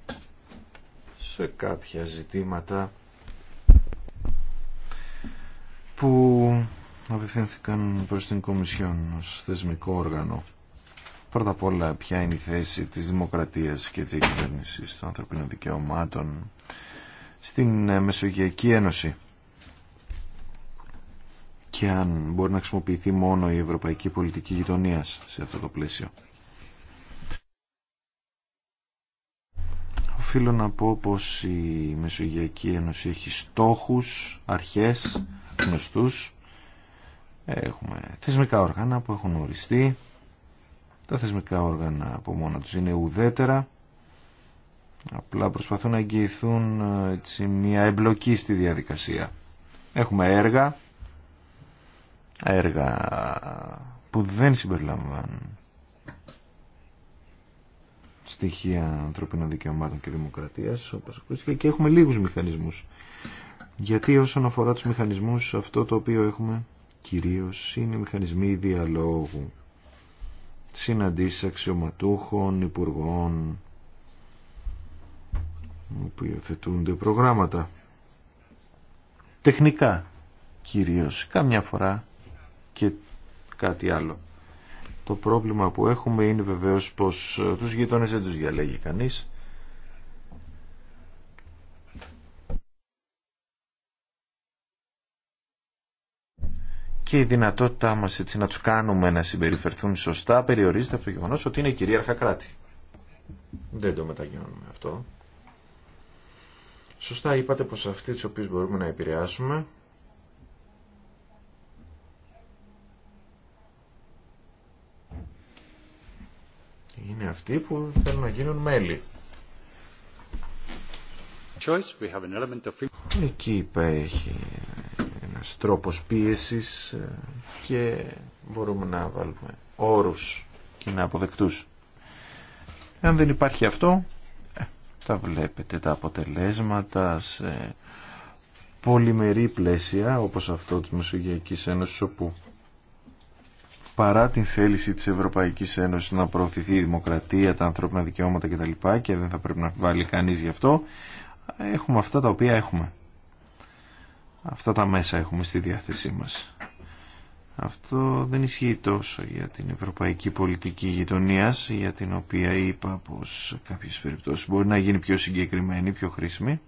S3: σε κάποια ζητήματα που απευθύνθηκαν προς την Κομισιόν ως θεσμικό όργανο. Πρώτα απ' όλα, ποια είναι η θέση της δημοκρατίας και της κυβέρνηση των ανθρωπίνων δικαιωμάτων στην ε, Μεσογειακή Ένωση. Και αν μπορεί να χρησιμοποιηθεί μόνο η ευρωπαϊκή πολιτική γειτονία σε αυτό το πλαίσιο. Οφείλω να πω πως η Μεσογειακή Ένωση έχει στόχους, αρχές, γνωστούς. Έχουμε θεσμικά οργάνα που έχουν οριστεί τα θεσμικά όργανα από μόνα τους είναι ουδέτερα. Απλά προσπαθούν να εγγυηθούν ε, έτσι, μια εμπλοκή στη διαδικασία. Έχουμε έργα, έργα που δεν συμπεριλαμβάνουν στοιχεία ανθρωπίνων δικαιωμάτων και δημοκρατίας, όπως ακούστηκε, και έχουμε λίγους μηχανισμούς. Γιατί όσον αφορά τους μηχανισμούς, αυτό το οποίο έχουμε κυρίως είναι μηχανισμοί διαλόγου συναντήσεις αξιωματούχων, υπουργών που υιοθετούνται προγράμματα τεχνικά κυρίως καμιά φορά και κάτι άλλο το πρόβλημα που έχουμε είναι βεβαίως πως ε, τους γείτονες δεν τους διαλέγει κανείς και η δυνατότητά μας έτσι να τους κάνουμε να συμπεριφερθούν σωστά περιορίζεται από το γεγονός ότι είναι κυρίαρχα κράτη. Δεν το μεταγιώνουμε αυτό. Σωστά είπατε πως αυτοί τις οποίες μπορούμε να επηρεάσουμε είναι αυτοί που θέλουν να γίνουν μέλη. Εκεί ένας τρόπος πίεσης ε, και μπορούμε να βάλουμε όρους και να αποδεκτούς. Αν δεν υπάρχει αυτό, τα ε, βλέπετε τα αποτελέσματα σε πολυμερή πλαίσια όπως αυτό της Μεσογειακής Ένωσης όπου παρά την θέληση της Ευρωπαϊκής Ένωσης να προωθηθεί η δημοκρατία, τα ανθρώπινα δικαιώματα κτλ. και δεν θα πρέπει να βάλει κανείς γι' αυτό, έχουμε αυτά τα οποία έχουμε. Αυτά τα μέσα έχουμε στη διάθεσή μας. Αυτό δεν ισχύει τόσο για την ευρωπαϊκή πολιτική γειτονία, για την οποία είπα πως κάποιες περιπτώσεις μπορεί να γίνει πιο συγκεκριμένη, πιο χρήσιμη.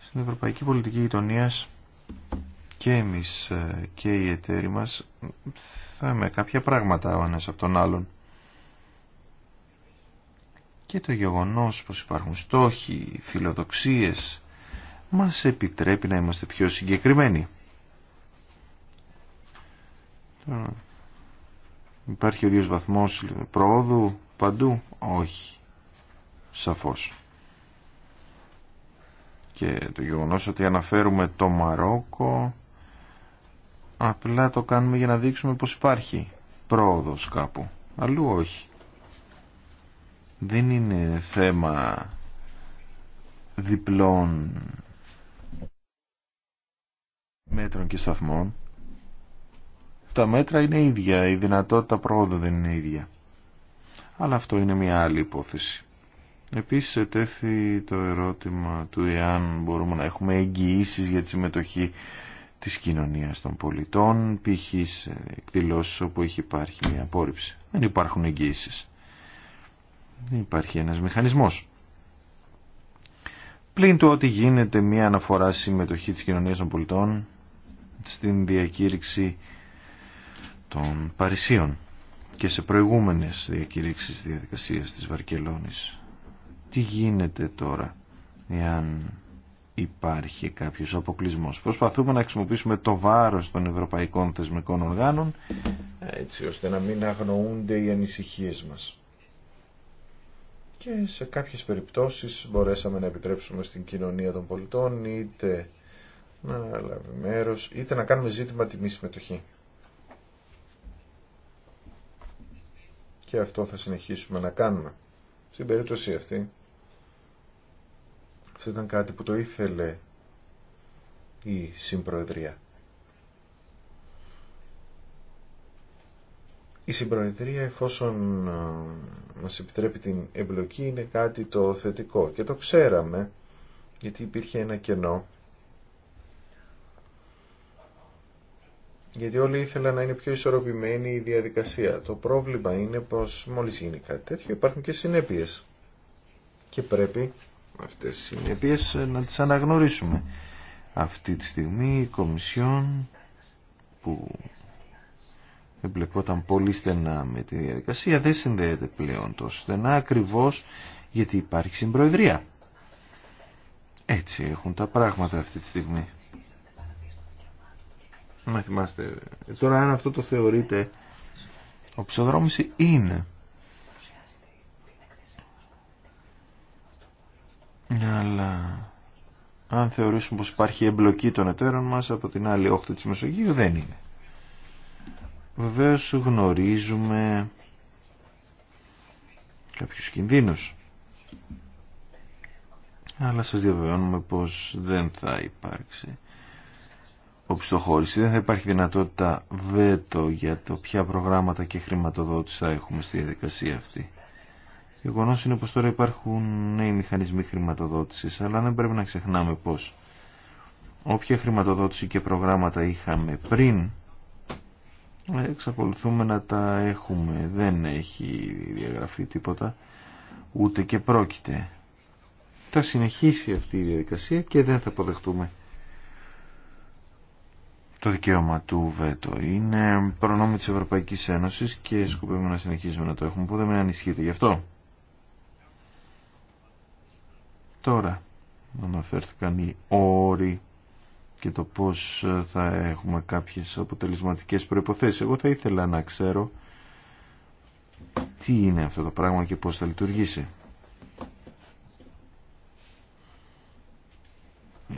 S3: Στην ευρωπαϊκή πολιτική γειτονία και εμείς ε, και οι εταίροι μας θα με κάποια πράγματα ο ένας από τον άλλον. Και το γεγονός πως υπάρχουν στόχοι, φιλοδοξίες, μας επιτρέπει να είμαστε πιο συγκεκριμένοι. Υπάρχει ο ίδιος βαθμός προόδου παντού. Όχι. Σαφώς. Και το γεγονός ότι αναφέρουμε το Μαρόκο απλά το κάνουμε για να δείξουμε πως υπάρχει πρόοδος κάπου. Αλλού όχι. Δεν είναι θέμα διπλών μέτρων και σταθμών, τα μέτρα είναι ίδια, η δυνατότητα πρόοδου δεν είναι ίδια. Αλλά αυτό είναι μια άλλη υπόθεση. Επίσης ετέθη το ερώτημα του εάν μπορούμε να έχουμε εγγυήσει για τη συμμετοχή της κοινωνίας των πολιτών, π.χ. σε εκδηλώσεις όπου έχει υπάρχει μια απόρριψη. Δεν υπάρχουν εγγυήσει. Δεν υπάρχει ένας μηχανισμός. Πλην του ότι γίνεται μια αναφορά συμμετοχή της κοινωνίας των πολιτών, στην διακήρυξη των Παρισίων και σε προηγούμενες διακήρυξεις διαδικασίας της Βαρκελόνης. Τι γίνεται τώρα εάν υπάρχει κάποιος αποκλεισμός. Προσπαθούμε να χρησιμοποιήσουμε το βάρος των ευρωπαϊκών θεσμικών οργάνων έτσι ώστε να μην αγνοούνται οι ανησυχίες μας. Και σε κάποιες περιπτώσεις μπορέσαμε να επιτρέψουμε στην κοινωνία των πολιτών είτε να λάβει μέρος, είτε να κάνουμε ζήτημα τιμή συμμετοχή. Και αυτό θα συνεχίσουμε να κάνουμε. Στην περίπτωση αυτή, αυτό ήταν κάτι που το ήθελε η Συμπροεδρία. Η συμπροεδρία εφόσον ε, μας επιτρέπει την εμπλοκή είναι κάτι το θετικό και το ξέραμε γιατί υπήρχε ένα κενό γιατί όλοι ήθελαν να είναι πιο ισορροπημένη η διαδικασία. Το πρόβλημα είναι πως μόλις γίνει κάτι τέτοιο υπάρχουν και συνέπειες. Και πρέπει αυτές τις συνέπειες ε, να τις αναγνωρίσουμε. Αυτή τη στιγμή η Κομισιόν που εμπλεκόταν πολύ στενά με τη διαδικασία δεν συνδέεται πλέον τόσο στενά ακριβώς γιατί υπάρχει συμπροεδρία. Έτσι έχουν τα πράγματα αυτή τη στιγμή. Να θυμάστε. Ε, τώρα αν αυτό το θεωρείτε, οψοδρόμηση είναι. Αλλά αν θεωρήσουμε πως υπάρχει εμπλοκή των εταίρων μας από την άλλη όχθη της Μεσογείου δεν είναι. Βεβαίως γνωρίζουμε κάποιους κινδύνους. Αλλά σας διαβεβαιώνουμε πως δεν θα υπάρξει οπισθοχώρηση. Δεν θα υπάρχει δυνατότητα βέτο για το ποια προγράμματα και χρηματοδότηση έχουμε στη διαδικασία αυτή. Γεγονό είναι πως τώρα υπάρχουν νέοι μηχανισμοί χρηματοδότησης, αλλά δεν πρέπει να ξεχνάμε πως όποια χρηματοδότηση και προγράμματα είχαμε πριν, ε, εξακολουθούμε να τα έχουμε. Δεν έχει διαγραφεί τίποτα, ούτε και πρόκειται. Θα συνεχίσει αυτή η διαδικασία και δεν θα αποδεχτούμε το δικαίωμα του ΒΕΤΟ. Είναι προνόμιο της Ευρωπαϊκής Ένωσης και σκοπεύουμε να συνεχίζουμε να το έχουμε. Που δεν με ανησυχείτε γι' αυτό. Τώρα αναφέρθηκαν οι όροι και το πώς θα έχουμε κάποιες αποτελεσματικές προϋποθέσεις. Εγώ θα ήθελα να ξέρω τι είναι αυτό το πράγμα και πώς θα λειτουργήσει.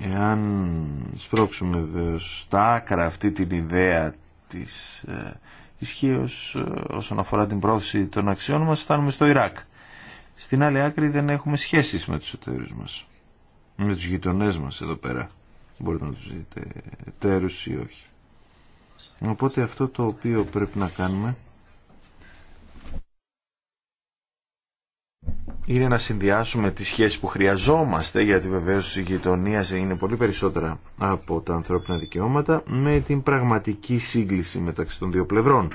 S3: Εάν σπρώξουμε βεβαίω στα άκρα αυτή την ιδέα της ε, ισχύω ε, όσον αφορά την πρόθεση των αξιών μας φτάνουμε στο Ιράκ. Στην άλλη άκρη δεν έχουμε σχέσεις με τους εταίρους μας, με τους γειτονές μας εδώ πέρα. Μπορείτε να τους δείτε εταίρους ή όχι. Οπότε αυτό το οποίο πρέπει να κάνουμε είναι να συνδυάσουμε τις σχέσεις που χρειαζόμαστε, γιατί βεβαίως η γειτονία είναι πολύ περισσότερα από τα ανθρώπινα δικαιώματα, με την πραγματική σύγκληση μεταξύ των δύο πλευρών.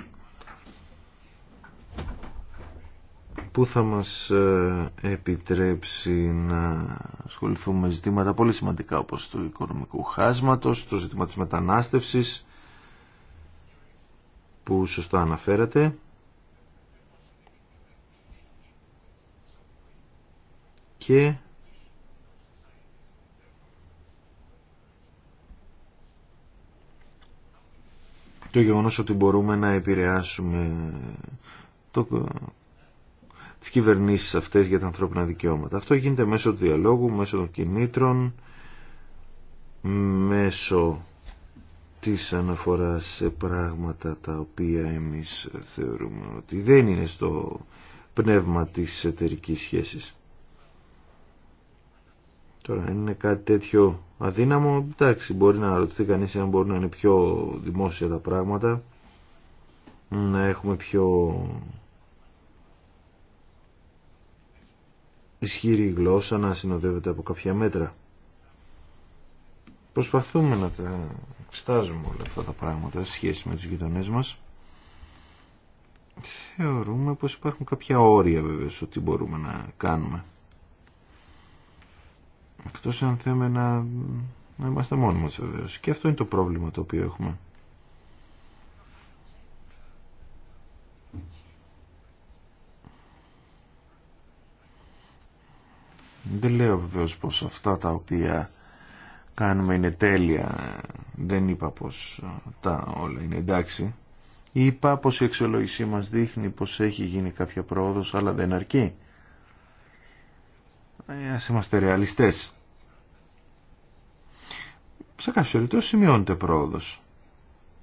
S3: Που θα μας ε, επιτρέψει να ασχοληθούμε με ζητήματα πολύ σημαντικά όπως το οικονομικό χάσματος, το ζήτημα της μετανάστευσης, που σωστά αναφέρατε, και το γεγονός ότι μπορούμε να επηρεάσουμε το, τις κυβερνήσεις αυτές για τα ανθρώπινα δικαιώματα. Αυτό γίνεται μέσω του διαλόγου, μέσω των κινήτρων, μέσω της αναφοράς σε πράγματα τα οποία εμείς θεωρούμε ότι δεν είναι στο πνεύμα της εταιρικής σχέσης. Τώρα, είναι κάτι τέτοιο αδύναμο, εντάξει, μπορεί να ρωτηθεί κανείς αν μπορεί να είναι πιο δημόσια τα πράγματα, να έχουμε πιο ισχύρη γλώσσα να συνοδεύεται από κάποια μέτρα. Προσπαθούμε να τα εξετάζουμε όλα αυτά τα πράγματα σε σχέση με τους γειτονές μας. Θεωρούμε πως υπάρχουν κάποια όρια βέβαια στο τι μπορούμε να κάνουμε. Εκτός αν θέμε να, να είμαστε μόνοι μας βεβαίως. Και αυτό είναι το πρόβλημα το οποίο έχουμε. Δεν λέω βεβαίω πως αυτά τα οποία κάνουμε είναι τέλεια. Δεν είπα πως ε, τα όλα είναι εντάξει. Είπα πως η εξολόγησή μας δείχνει πως έχει γίνει κάποια πρόοδος αλλά δεν αρκεί ας είμαστε ρεαλιστές. Σε κάποιες περιπτώσεις σημειώνεται πρόοδος.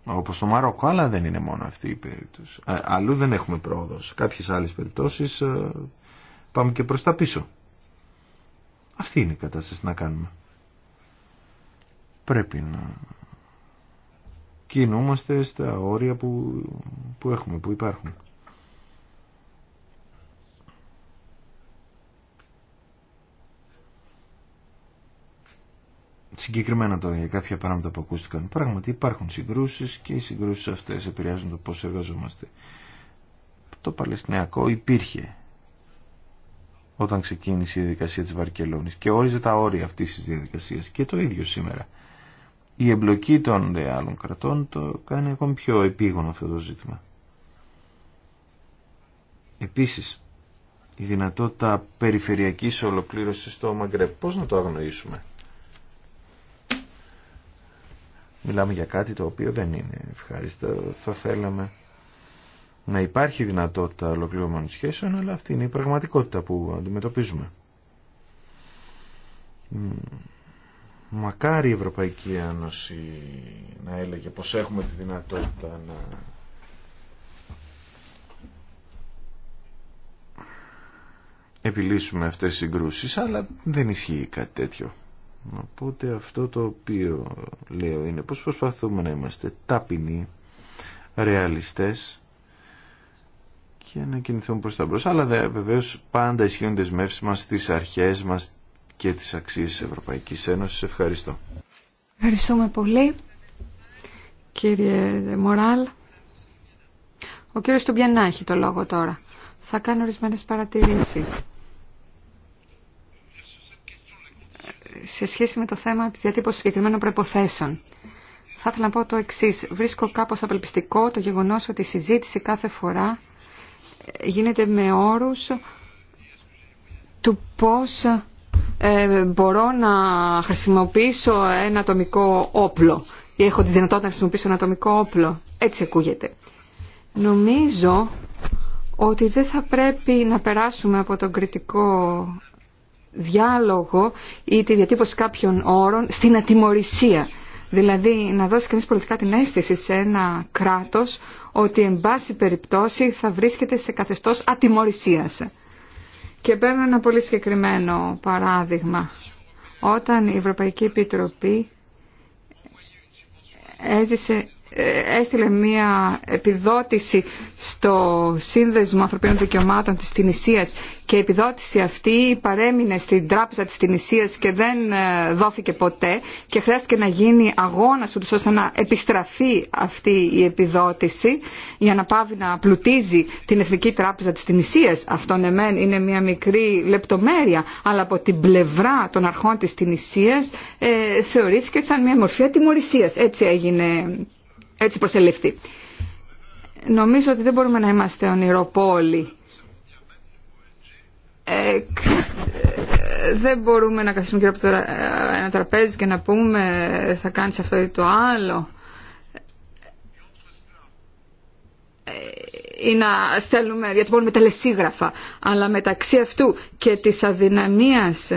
S3: Όπως το Μαρόκο, αλλά δεν είναι μόνο αυτή η περίπτωση. αλλού δεν έχουμε πρόοδο. Σε κάποιες άλλες περιπτώσεις ε, πάμε και προς τα πίσω. Αυτή είναι η κατάσταση να κάνουμε. Πρέπει να κινούμαστε στα όρια που, που έχουμε, που υπάρχουν. συγκεκριμένα τώρα για κάποια πράγματα που ακούστηκαν. Πράγματι υπάρχουν συγκρούσεις και οι συγκρούσεις αυτές επηρεάζουν το πώς εργαζόμαστε. Το Παλαιστινιακό υπήρχε όταν ξεκίνησε η διαδικασία της Βαρκελόνης και όριζε τα όρια αυτής της διαδικασίας και το ίδιο σήμερα. Η εμπλοκή των άλλων κρατών το κάνει ακόμη πιο επίγον αυτό το ζήτημα. Επίσης, η δυνατότητα περιφερειακής ολοκλήρωσης στο Μαγκρέπ, Πώ να το αγνοήσουμε. Μιλάμε για κάτι το οποίο δεν είναι ευχάριστο. Θα θέλαμε να υπάρχει δυνατότητα ολοκληρωμένων σχέσεων, αλλά αυτή είναι η πραγματικότητα που αντιμετωπίζουμε. Μακάρι η Ευρωπαϊκή Ένωση να έλεγε πως έχουμε τη δυνατότητα να επιλύσουμε αυτές τις συγκρούσεις, αλλά δεν ισχύει κάτι τέτοιο. Οπότε αυτό το οποίο λέω είναι πως προσπαθούμε να είμαστε ταπεινοί, ρεαλιστές και να κινηθούμε προς τα μπρος. Αλλά δε, βεβαίως πάντα ισχύουν μεύσεις μας, τις αρχές μας και τις αξίες της Ευρωπαϊκής Ένωσης. Ευχαριστώ.
S1: Ευχαριστούμε πολύ κύριε Μοράλ. Ο κύριος Τουμπιανά έχει το λόγο τώρα. Θα κάνω ορισμένες παρατηρήσεις. σε σχέση με το θέμα της διατύπωσης συγκεκριμένων προϋποθέσεων. Θα ήθελα να πω το εξή. Βρίσκω κάπως απελπιστικό το γεγονός ότι η συζήτηση κάθε φορά ε, γίνεται με όρους του πώς ε, μπορώ να χρησιμοποιήσω ένα ατομικό όπλο ή έχω τη δυνατότητα να χρησιμοποιήσω ένα ατομικό όπλο. Έτσι ακούγεται. Νομίζω ότι δεν θα πρέπει να περάσουμε από τον κριτικό διάλογο ή τη διατύπωση κάποιων όρων στην ατιμορρησία. Δηλαδή να δώσει κανείς πολιτικά την αίσθηση σε ένα κράτος ότι εν πάση περιπτώσει θα βρίσκεται σε καθεστώς ατιμορρησίας. Και παίρνω ένα πολύ συγκεκριμένο παράδειγμα. Όταν η Ευρωπαϊκή Επιτροπή έζησε ε, έστειλε μία επιδότηση στο Σύνδεσμο Ανθρωπίνων Δικαιωμάτων της Τινησίας και η επιδότηση αυτή παρέμεινε στην τράπεζα της Τινησίας και δεν ε, δόθηκε ποτέ και χρειάστηκε να γίνει αγώνας ούτως ώστε να επιστραφεί αυτή η επιδότηση για να πάβει να πλουτίζει την Εθνική Τράπεζα της Τινησίας. Αυτόν ναι, εμέν είναι μία μικρή λεπτομέρεια αλλά από την πλευρά των αρχών της Τινησίας ε, θεωρήθηκε σαν μία μορφή ατιμορρησίας. Έτσι έγινε έτσι προσελήφθη. Νομίζω ότι δεν μπορούμε να είμαστε ονειροπόλοι. Ε, δεν μπορούμε να καθίσουμε και από ε, ένα τραπέζι και να πούμε ε, θα κάνεις αυτό ή το άλλο. Ε, ή να στέλνουμε, γιατί μπορούμε τελεσίγραφα, αλλά μεταξύ αυτού και της αδυναμίας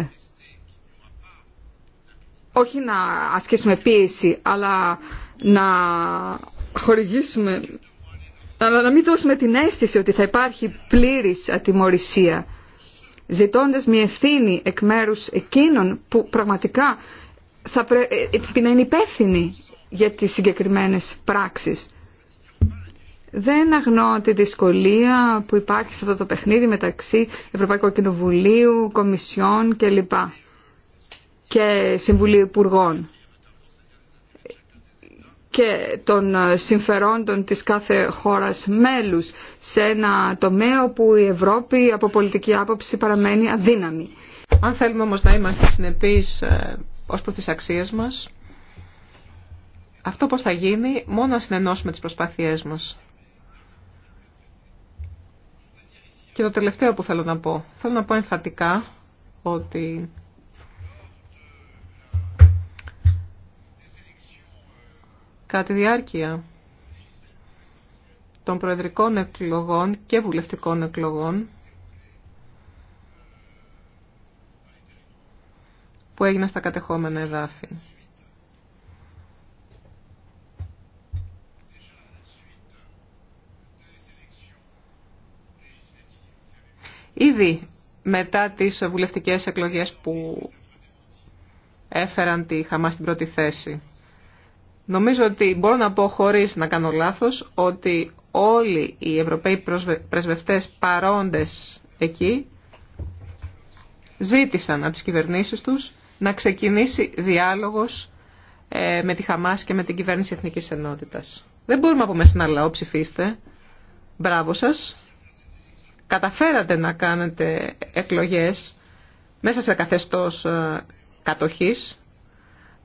S1: όχι να ασκήσουμε πίεση, αλλά να χορηγήσουμε, αλλά να μην δώσουμε την αίσθηση ότι θα υπάρχει πλήρης ατιμορρησία, ζητώντας μια ευθύνη εκ μέρους εκείνων που πραγματικά θα πρέπει να είναι υπεύθυνοι για τις συγκεκριμένες πράξεις. Δεν αγνώ τη δυσκολία που υπάρχει σε αυτό το παιχνίδι μεταξύ Ευρωπαϊκού Κοινοβουλίου, Κομισιών κλπ. Και, και Συμβουλίου Υπουργών και των ε, συμφερόντων της κάθε χώρας μέλους σε ένα τομέα όπου η Ευρώπη από πολιτική άποψη παραμένει αδύναμη. Αν θέλουμε όμως
S2: να είμαστε συνεπείς ε, ως προς τις αξίες μας, αυτό πώς θα γίνει μόνο να συνενώσουμε τις προσπάθειές μας. Και το τελευταίο που θέλω να πω. Θέλω να πω εμφατικά ότι Κατά τη διάρκεια των προεδρικών εκλογών και βουλευτικών εκλογών που έγιναν στα κατεχόμενα εδάφη. Ήδη μετά τις βουλευτικές εκλογές που έφεραν τη Χαμά στην πρώτη θέση Νομίζω ότι μπορώ να πω χωρίς να κάνω λάθος ότι όλοι οι Ευρωπαίοι πρεσβευτές παρόντες εκεί ζήτησαν από τις κυβερνήσεις τους να ξεκινήσει διάλογος ε, με τη Χαμάς και με την κυβέρνηση Εθνικής Ενότητας. Δεν μπορούμε να πούμε στην λαό ψηφίστε. Μπράβο σας. Καταφέρατε να κάνετε εκλογές μέσα σε καθεστώς ε, κατοχής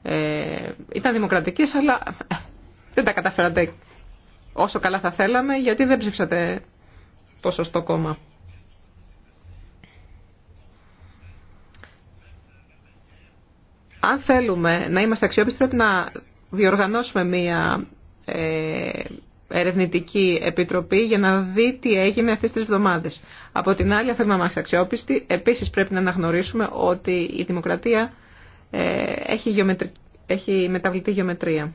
S2: ε, ήταν δημοκρατικές, αλλά ε, δεν τα καταφέρατε όσο καλά θα θέλαμε, γιατί δεν ψήφισατε το σωστό κόμμα. Αν θέλουμε να είμαστε αξιόπιστοι, πρέπει να διοργανώσουμε μία ε, ερευνητική επιτροπή για να δει τι έγινε αυτές τις εβδομάδες. Από την άλλη, αν θέλουμε να είμαστε αξιόπιστοι, επίσης πρέπει να αναγνωρίσουμε ότι η δημοκρατία ε, έχει, γεωμετρι... μεταβλητή γεωμετρία.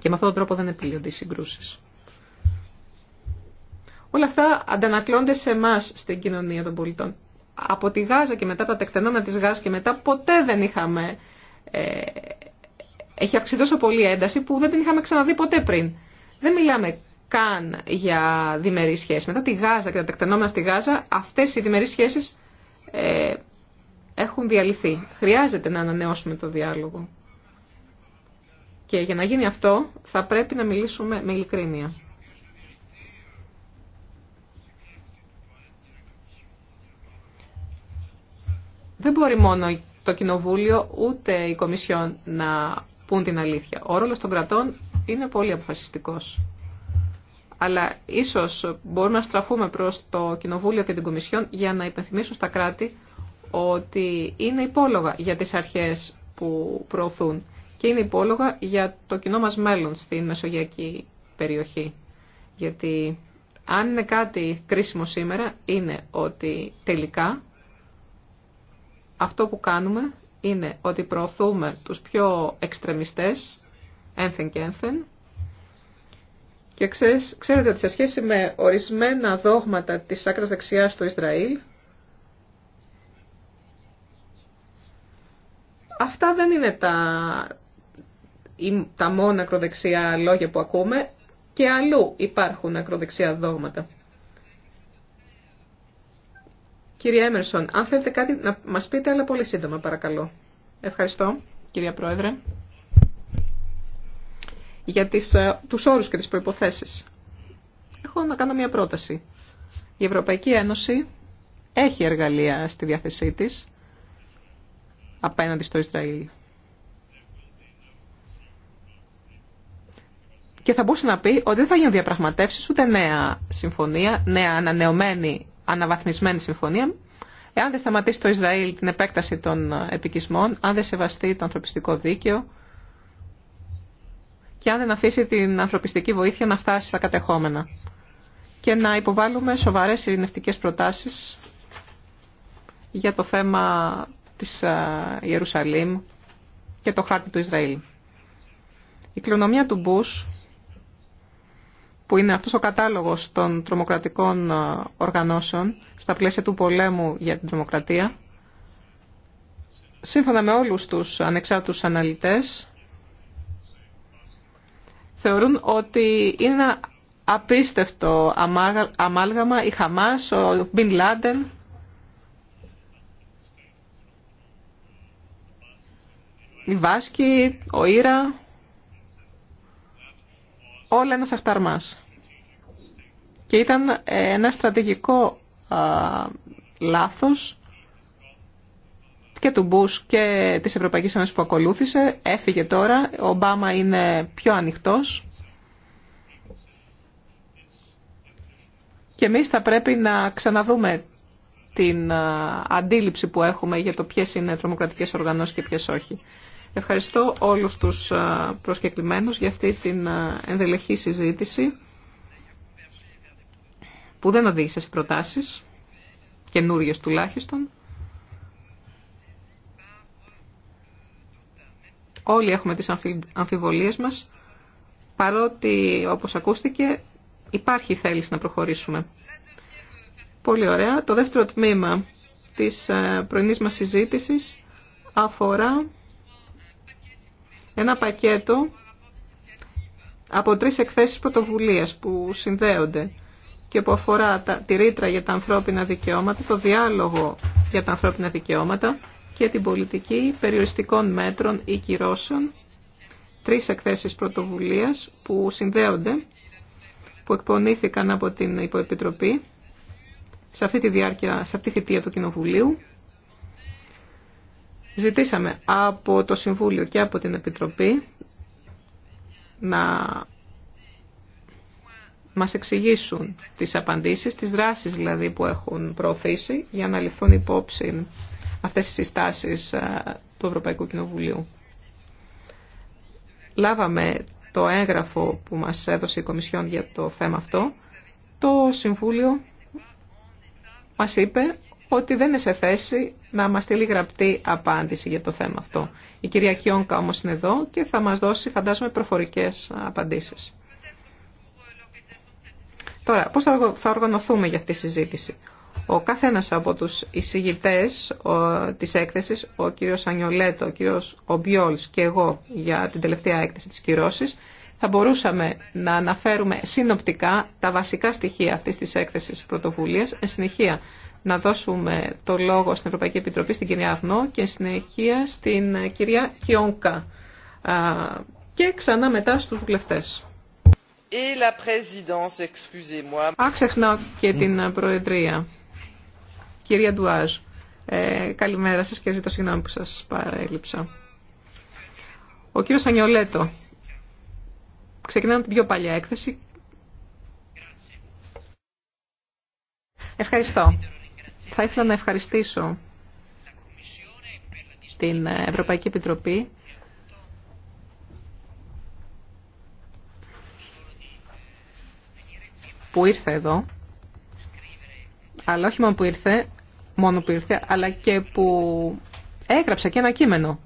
S2: Και με αυτόν τον τρόπο δεν επιλύονται οι συγκρούσεις. Όλα αυτά αντανακλώνται σε εμά στην κοινωνία των πολιτών. Από τη Γάζα και μετά τα τεκτενόμενα της Γάζας και μετά ποτέ δεν είχαμε... Ε, έχει αυξηθεί τόσο πολύ ένταση που δεν την είχαμε ξαναδεί ποτέ πριν. Δεν μιλάμε καν για διμερείς σχέσεις. Μετά τη Γάζα και τα τεκτενόμενα στη Γάζα, αυτές οι διμερείς σχέσεις ε, έχουν διαλυθεί. Χρειάζεται να ανανεώσουμε το διάλογο. Και για να γίνει αυτό θα πρέπει να μιλήσουμε με ειλικρίνεια. Δεν μπορεί μόνο το Κοινοβούλιο ούτε η Κομισιόν να πούν την αλήθεια. Ο ρόλος των κρατών είναι πολύ αποφασιστικός. Αλλά ίσως μπορούμε να στραφούμε προς το Κοινοβούλιο και την Κομισιόν για να υπενθυμίσουν στα κράτη ότι είναι υπόλογα για τις αρχές που προωθούν και είναι υπόλογα για το κοινό μας μέλλον στην Μεσογειακή περιοχή. Γιατί αν είναι κάτι κρίσιμο σήμερα είναι ότι τελικά αυτό που κάνουμε είναι ότι προωθούμε τους πιο εξτρεμιστές ένθεν και ένθεν και ξέρετε ότι σε σχέση με ορισμένα δόγματα της άκρας δεξιάς του Ισραήλ Αυτά δεν είναι τα, τα μόνα ακροδεξιά λόγια που ακούμε και αλλού υπάρχουν ακροδεξιά δόγματα. Κύριε Έμερσον, αν θέλετε κάτι να μας πείτε, αλλά πολύ σύντομα παρακαλώ. Ευχαριστώ, κυρία Πρόεδρε, για τις, ε, τους όρους και τις προϋποθέσεις. Έχω να κάνω μια πρόταση. Η Ευρωπαϊκή Ένωση έχει εργαλεία στη διάθεσή της απέναντι στο Ισραήλ. Και θα μπορούσε να πει ότι δεν θα γίνουν διαπραγματεύσεις ούτε νέα συμφωνία, νέα ανανεωμένη, αναβαθμισμένη συμφωνία, εάν δεν σταματήσει το Ισραήλ την επέκταση των επικισμών, αν δεν σεβαστεί το ανθρωπιστικό δίκαιο και αν δεν αφήσει την ανθρωπιστική βοήθεια να φτάσει στα κατεχόμενα. Και να υποβάλουμε σοβαρές ειρηνευτικές προτάσεις για το θέμα της Ιερουσαλήμ και το χάρτη του Ισραήλ. Η κληρονομιά του Μπούς, που είναι αυτός ο κατάλογος των τρομοκρατικών οργανώσεων στα πλαίσια του πολέμου για την τρομοκρατία, σύμφωνα με όλους τους ανεξάρτητους αναλυτές, θεωρούν ότι είναι ένα απίστευτο αμάλγαμα η Χαμάς, ο Μπιν Λάντεν Η Βάσκοι, ο Ήρα, όλα ένας αχταρμάς. Και ήταν ε, ένα στρατηγικό α, λάθος και του Μπούς και της Ευρωπαϊκής Ένωσης που ακολούθησε. Έφυγε τώρα, ο Ομπάμα είναι πιο ανοιχτός. Και εμείς θα πρέπει να ξαναδούμε την αντίληψη που έχουμε για το ποιες είναι τρομοκρατικές οργανώσεις και ποιες όχι. Ευχαριστώ όλους τους ε, προσκεκλημένους για αυτή την ε, ενδελεχή συζήτηση που δεν οδήγησε σε προτάσεις, καινούργιες τουλάχιστον. Όλοι έχουμε τις αμφιβολίες μας, παρότι όπως ακούστηκε υπάρχει θέληση να προχωρήσουμε. Πολύ ωραία. Το δεύτερο τμήμα της ε, πρωινής μας συζήτησης αφορά ένα πακέτο από τρεις εκθέσεις πρωτοβουλίας που συνδέονται και που αφορά τα, τη ρήτρα για τα ανθρώπινα δικαιώματα, το διάλογο για τα ανθρώπινα δικαιώματα και την πολιτική περιοριστικών μέτρων ή κυρώσεων, τρεις εκθέσεις πρωτοβουλίας που συνδέονται, που εκπονήθηκαν από την Υποεπιτροπή σε αυτή τη διάρκεια, σε αυτή τη θητεία του Κοινοβουλίου Ζητήσαμε από το Συμβούλιο και από την Επιτροπή να μας εξηγήσουν τις απαντήσεις, τις δράσεις δηλαδή που έχουν προωθήσει για να ληφθούν υπόψη αυτές οι συστάσεις ε, του Ευρωπαϊκού Κοινοβουλίου. Λάβαμε το έγγραφο που μας έδωσε η Κομισιόν για το θέμα αυτό. Το Συμβούλιο μας είπε ότι δεν είναι σε θέση να μας στείλει γραπτή απάντηση για το θέμα αυτό. Η κυρία Κιόνκα όμως είναι εδώ και θα μας δώσει φαντάζομαι προφορικές απαντήσεις. Τώρα, πώς θα οργανωθούμε για αυτή τη συζήτηση. Ο καθένας από τους εισηγητές της έκθεσης, ο κύριος Ανιολέτο, ο κύριος Ομπιόλς και εγώ για την τελευταία έκθεση της κυρώσης, θα μπορούσαμε να αναφέρουμε συνοπτικά τα βασικά στοιχεία αυτής της έκθεσης πρωτοβουλίας. Εν συνεχεία, να δώσουμε το λόγο στην Ευρωπαϊκή Επιτροπή, στην κυρία Αυνό και συνεχεία στην κυρία Κιόνκα. Και ξανά μετά στους βουλευτέ. Άξεχνα και την Προεδρία. Κυρία Ντουάζ, ε, καλημέρα σας και ζητώ συγγνώμη που σας παρέλειψα. Ο κύριος Ανιολέτο. Ξεκινάμε την πιο παλιά έκθεση. Ευχαριστώ. Θα ήθελα να ευχαριστήσω την Ευρωπαϊκή Επιτροπή που ήρθε εδώ, αλλά όχι μόνο που ήρθε, μόνο που ήρθε, αλλά και που έγραψε και ένα κείμενο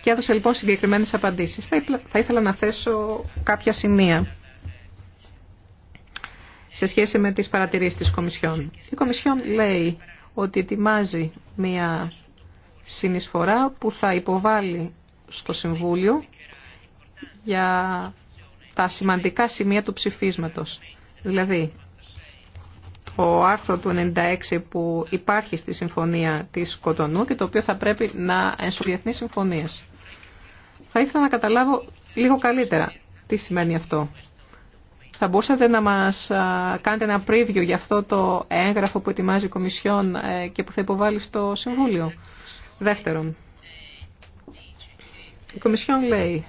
S2: και έδωσε λοιπόν συγκεκριμένες απαντήσεις. Θα ήθελα να θέσω κάποια σημεία σε σχέση με τις παρατηρήσεις της Κομισιόν. Η Κομισιόν λέει ότι ετοιμάζει μια συνεισφορά που θα υποβάλει στο Συμβούλιο για τα σημαντικά σημεία του ψηφίσματος. Δηλαδή, το άρθρο του 96 που υπάρχει στη Συμφωνία της Κοτονού και το οποίο θα πρέπει να ενσωδιεθνεί συμφωνίες. Θα ήθελα να καταλάβω λίγο καλύτερα τι σημαίνει αυτό. Θα μπορούσατε να μας κάνετε ένα πρίβιο για αυτό το έγγραφο που ετοιμάζει η Κομισιόν ε, και που θα υποβάλει στο Συμβούλιο. Δεύτερον, η Κομισιόν λέει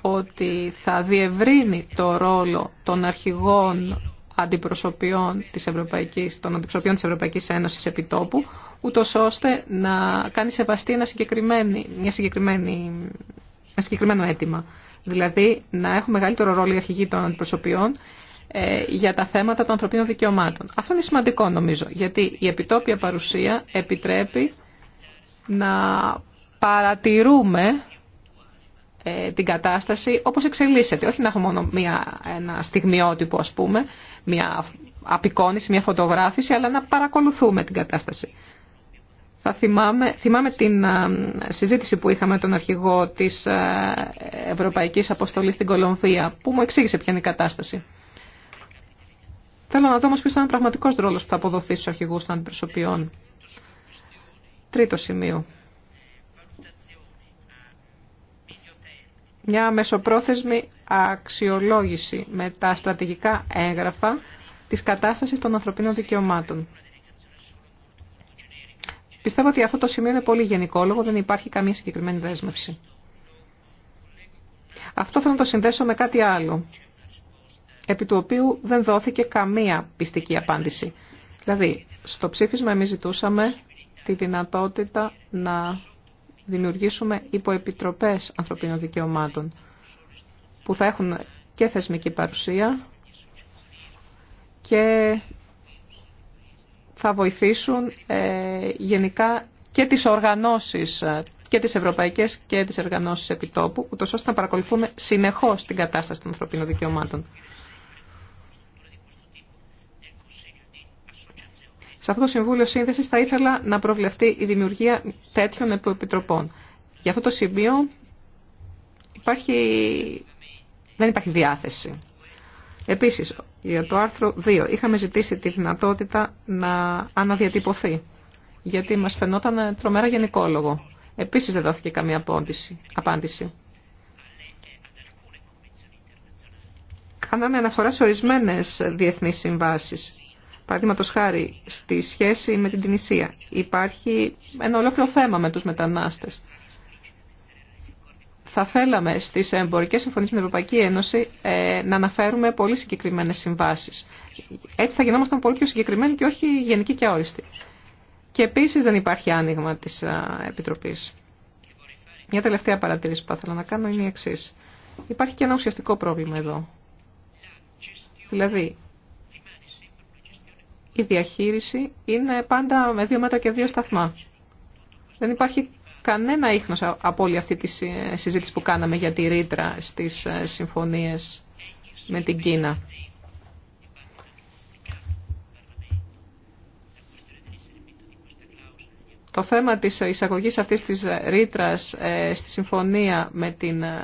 S2: ότι θα διευρύνει το ρόλο των αρχηγών αντιπροσωπιών της Ευρωπαϊκής, των αντιπροσωπιών της Ευρωπαϊκής Ένωσης επιτόπου, ούτω ώστε να κάνει σεβαστή ένα, μια ένα συγκεκριμένο αίτημα δηλαδή να έχουν μεγαλύτερο ρόλο οι αρχηγοί των αντιπροσωπιών ε, για τα θέματα των ανθρωπίνων δικαιωμάτων. Αυτό είναι σημαντικό νομίζω, γιατί η επιτόπια παρουσία επιτρέπει να παρατηρούμε ε, την κατάσταση όπως εξελίσσεται. Όχι να έχουμε μόνο μια, ένα στιγμιότυπο, ας πούμε, μια απεικόνηση, μια φωτογράφηση, αλλά να παρακολουθούμε την κατάσταση. Θα θυμάμαι, την ε, συζήτηση που είχαμε με τον αρχηγό της ε, Ευρωπαϊκής Αποστολής στην Κολομβία, που μου εξήγησε ποια είναι η κατάσταση. Θέλω να δω όμως ποιος είναι ο πραγματικός ρόλος που θα αποδοθεί στους αρχηγούς των αντιπροσωπιών. Τρίτο σημείο. Μια μεσοπρόθεσμη αξιολόγηση με τα στρατηγικά έγγραφα της κατάστασης των ανθρωπίνων δικαιωμάτων. Πιστεύω ότι αυτό το σημείο είναι πολύ γενικό, λόγω δεν υπάρχει καμία συγκεκριμένη δέσμευση. Αυτό θέλω να το συνδέσω με κάτι άλλο, επί του οποίου δεν δόθηκε καμία πιστική απάντηση. Δηλαδή, στο ψήφισμα εμείς ζητούσαμε τη δυνατότητα να δημιουργήσουμε υποεπιτροπές ανθρωπίνων δικαιωμάτων, που θα έχουν και θεσμική παρουσία και θα βοηθήσουν ε, γενικά και τις οργανώσεις ε, και τις ευρωπαϊκές και τις οργανώσεις επιτόπου, ούτως ώστε να παρακολουθούμε συνεχώς την κατάσταση των ανθρωπίνων δικαιωμάτων. Σε αυτό το Συμβούλιο Σύνθεσης θα ήθελα να προβλεφτεί η δημιουργία τέτοιων επιτροπών. Για αυτό το σημείο υπάρχει... δεν υπάρχει διάθεση. Επίσης, για το άρθρο 2 είχαμε ζητήσει τη δυνατότητα να αναδιατυπωθεί, γιατί μας φαινόταν τρομερά γενικόλογο. Επίσης δεν δόθηκε καμία απάντηση. Κάναμε αναφορά σε ορισμένε διεθνεί συμβάσεις. Παραδείγματο χάρη στη σχέση με την Τινησία. Υπάρχει ένα ολόκληρο θέμα με τους μετανάστες θα θέλαμε στις εμπορικές συμφωνίες με την Ευρωπαϊκή Ένωση ε, να αναφέρουμε πολύ συγκεκριμένες συμβάσει. Έτσι θα γινόμασταν πολύ πιο συγκεκριμένοι και όχι γενικοί και αόριστοι. Και επίσης δεν υπάρχει άνοιγμα της Επιτροπής. Μια τελευταία παρατήρηση που θα ήθελα να κάνω είναι η εξή. Υπάρχει και ένα ουσιαστικό πρόβλημα εδώ. Δηλαδή, η διαχείριση είναι πάντα με δύο μέτρα και δύο σταθμά. Δεν υπάρχει κανένα ίχνος από όλη αυτή τη συζήτηση που κάναμε για τη ρήτρα στις ε, συμφωνίες με την Κίνα. Το θέμα της εισαγωγής αυτής της ρήτρα ε, στη συμφωνία με την ε,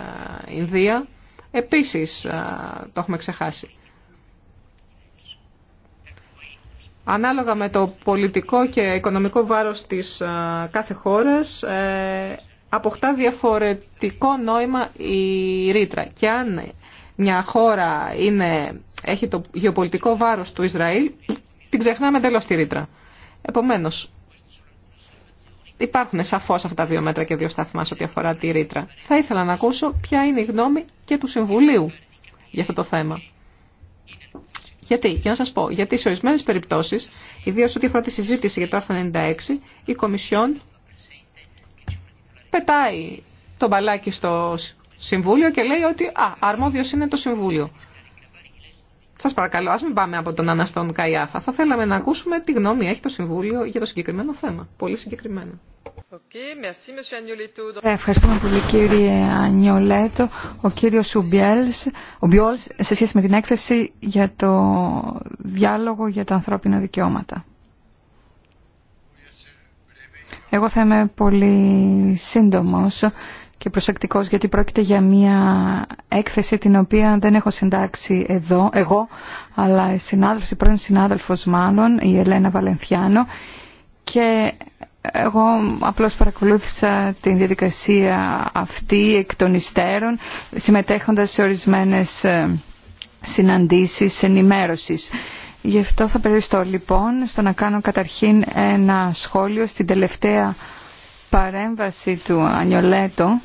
S2: Ινδία επίσης το έχουμε ξεχάσει. Ανάλογα με το πολιτικό και οικονομικό βάρος της ε, κάθε χώρας, ε, αποκτά διαφορετικό νόημα η ρήτρα. Και αν μια χώρα είναι, έχει το γεωπολιτικό βάρος του Ισραήλ, την ξεχνάμε τέλος τη ρήτρα. Επομένως, υπάρχουν σαφώς αυτά τα δύο μέτρα και δύο σταθμά ό,τι αφορά τη ρήτρα. Θα ήθελα να ακούσω ποια είναι η γνώμη και του Συμβουλίου για αυτό το θέμα. Γιατί, για να σας πω, γιατί σε ορισμένε περιπτώσεις, ιδίω ό,τι αφορά τη συζήτηση για το άρθρο 96, η Κομισιόν πετάει το μπαλάκι στο Συμβούλιο και λέει ότι α, αρμόδιος είναι το Συμβούλιο. Σας παρακαλώ, ας μην πάμε από τον Αναστόν Καϊάφα. Θα θέλαμε να ακούσουμε τη γνώμη έχει το Συμβούλιο για το συγκεκριμένο θέμα. Πολύ συγκεκριμένο.
S1: Ευχαριστούμε πολύ κύριε Ανιολέτο. Ο κύριος Ουμπιέλς, σε σχέση με την έκθεση για το διάλογο για τα ανθρώπινα δικαιώματα. Εγώ θα είμαι πολύ σύντομος και προσεκτικός γιατί πρόκειται για μια έκθεση την οποία δεν έχω συντάξει εδώ, εγώ, αλλά η συνάδελφος, πρώην συνάδελφος μάλλον, η Ελένα Βαλενθιάνο και εγώ απλώς παρακολούθησα την διαδικασία αυτή εκ των υστέρων συμμετέχοντας σε ορισμένες ε, συναντήσεις ενημέρωσης. Γι' αυτό θα περιοριστώ λοιπόν στο να κάνω καταρχήν ένα σχόλιο στην τελευταία παρέμβαση του Ανιολέτο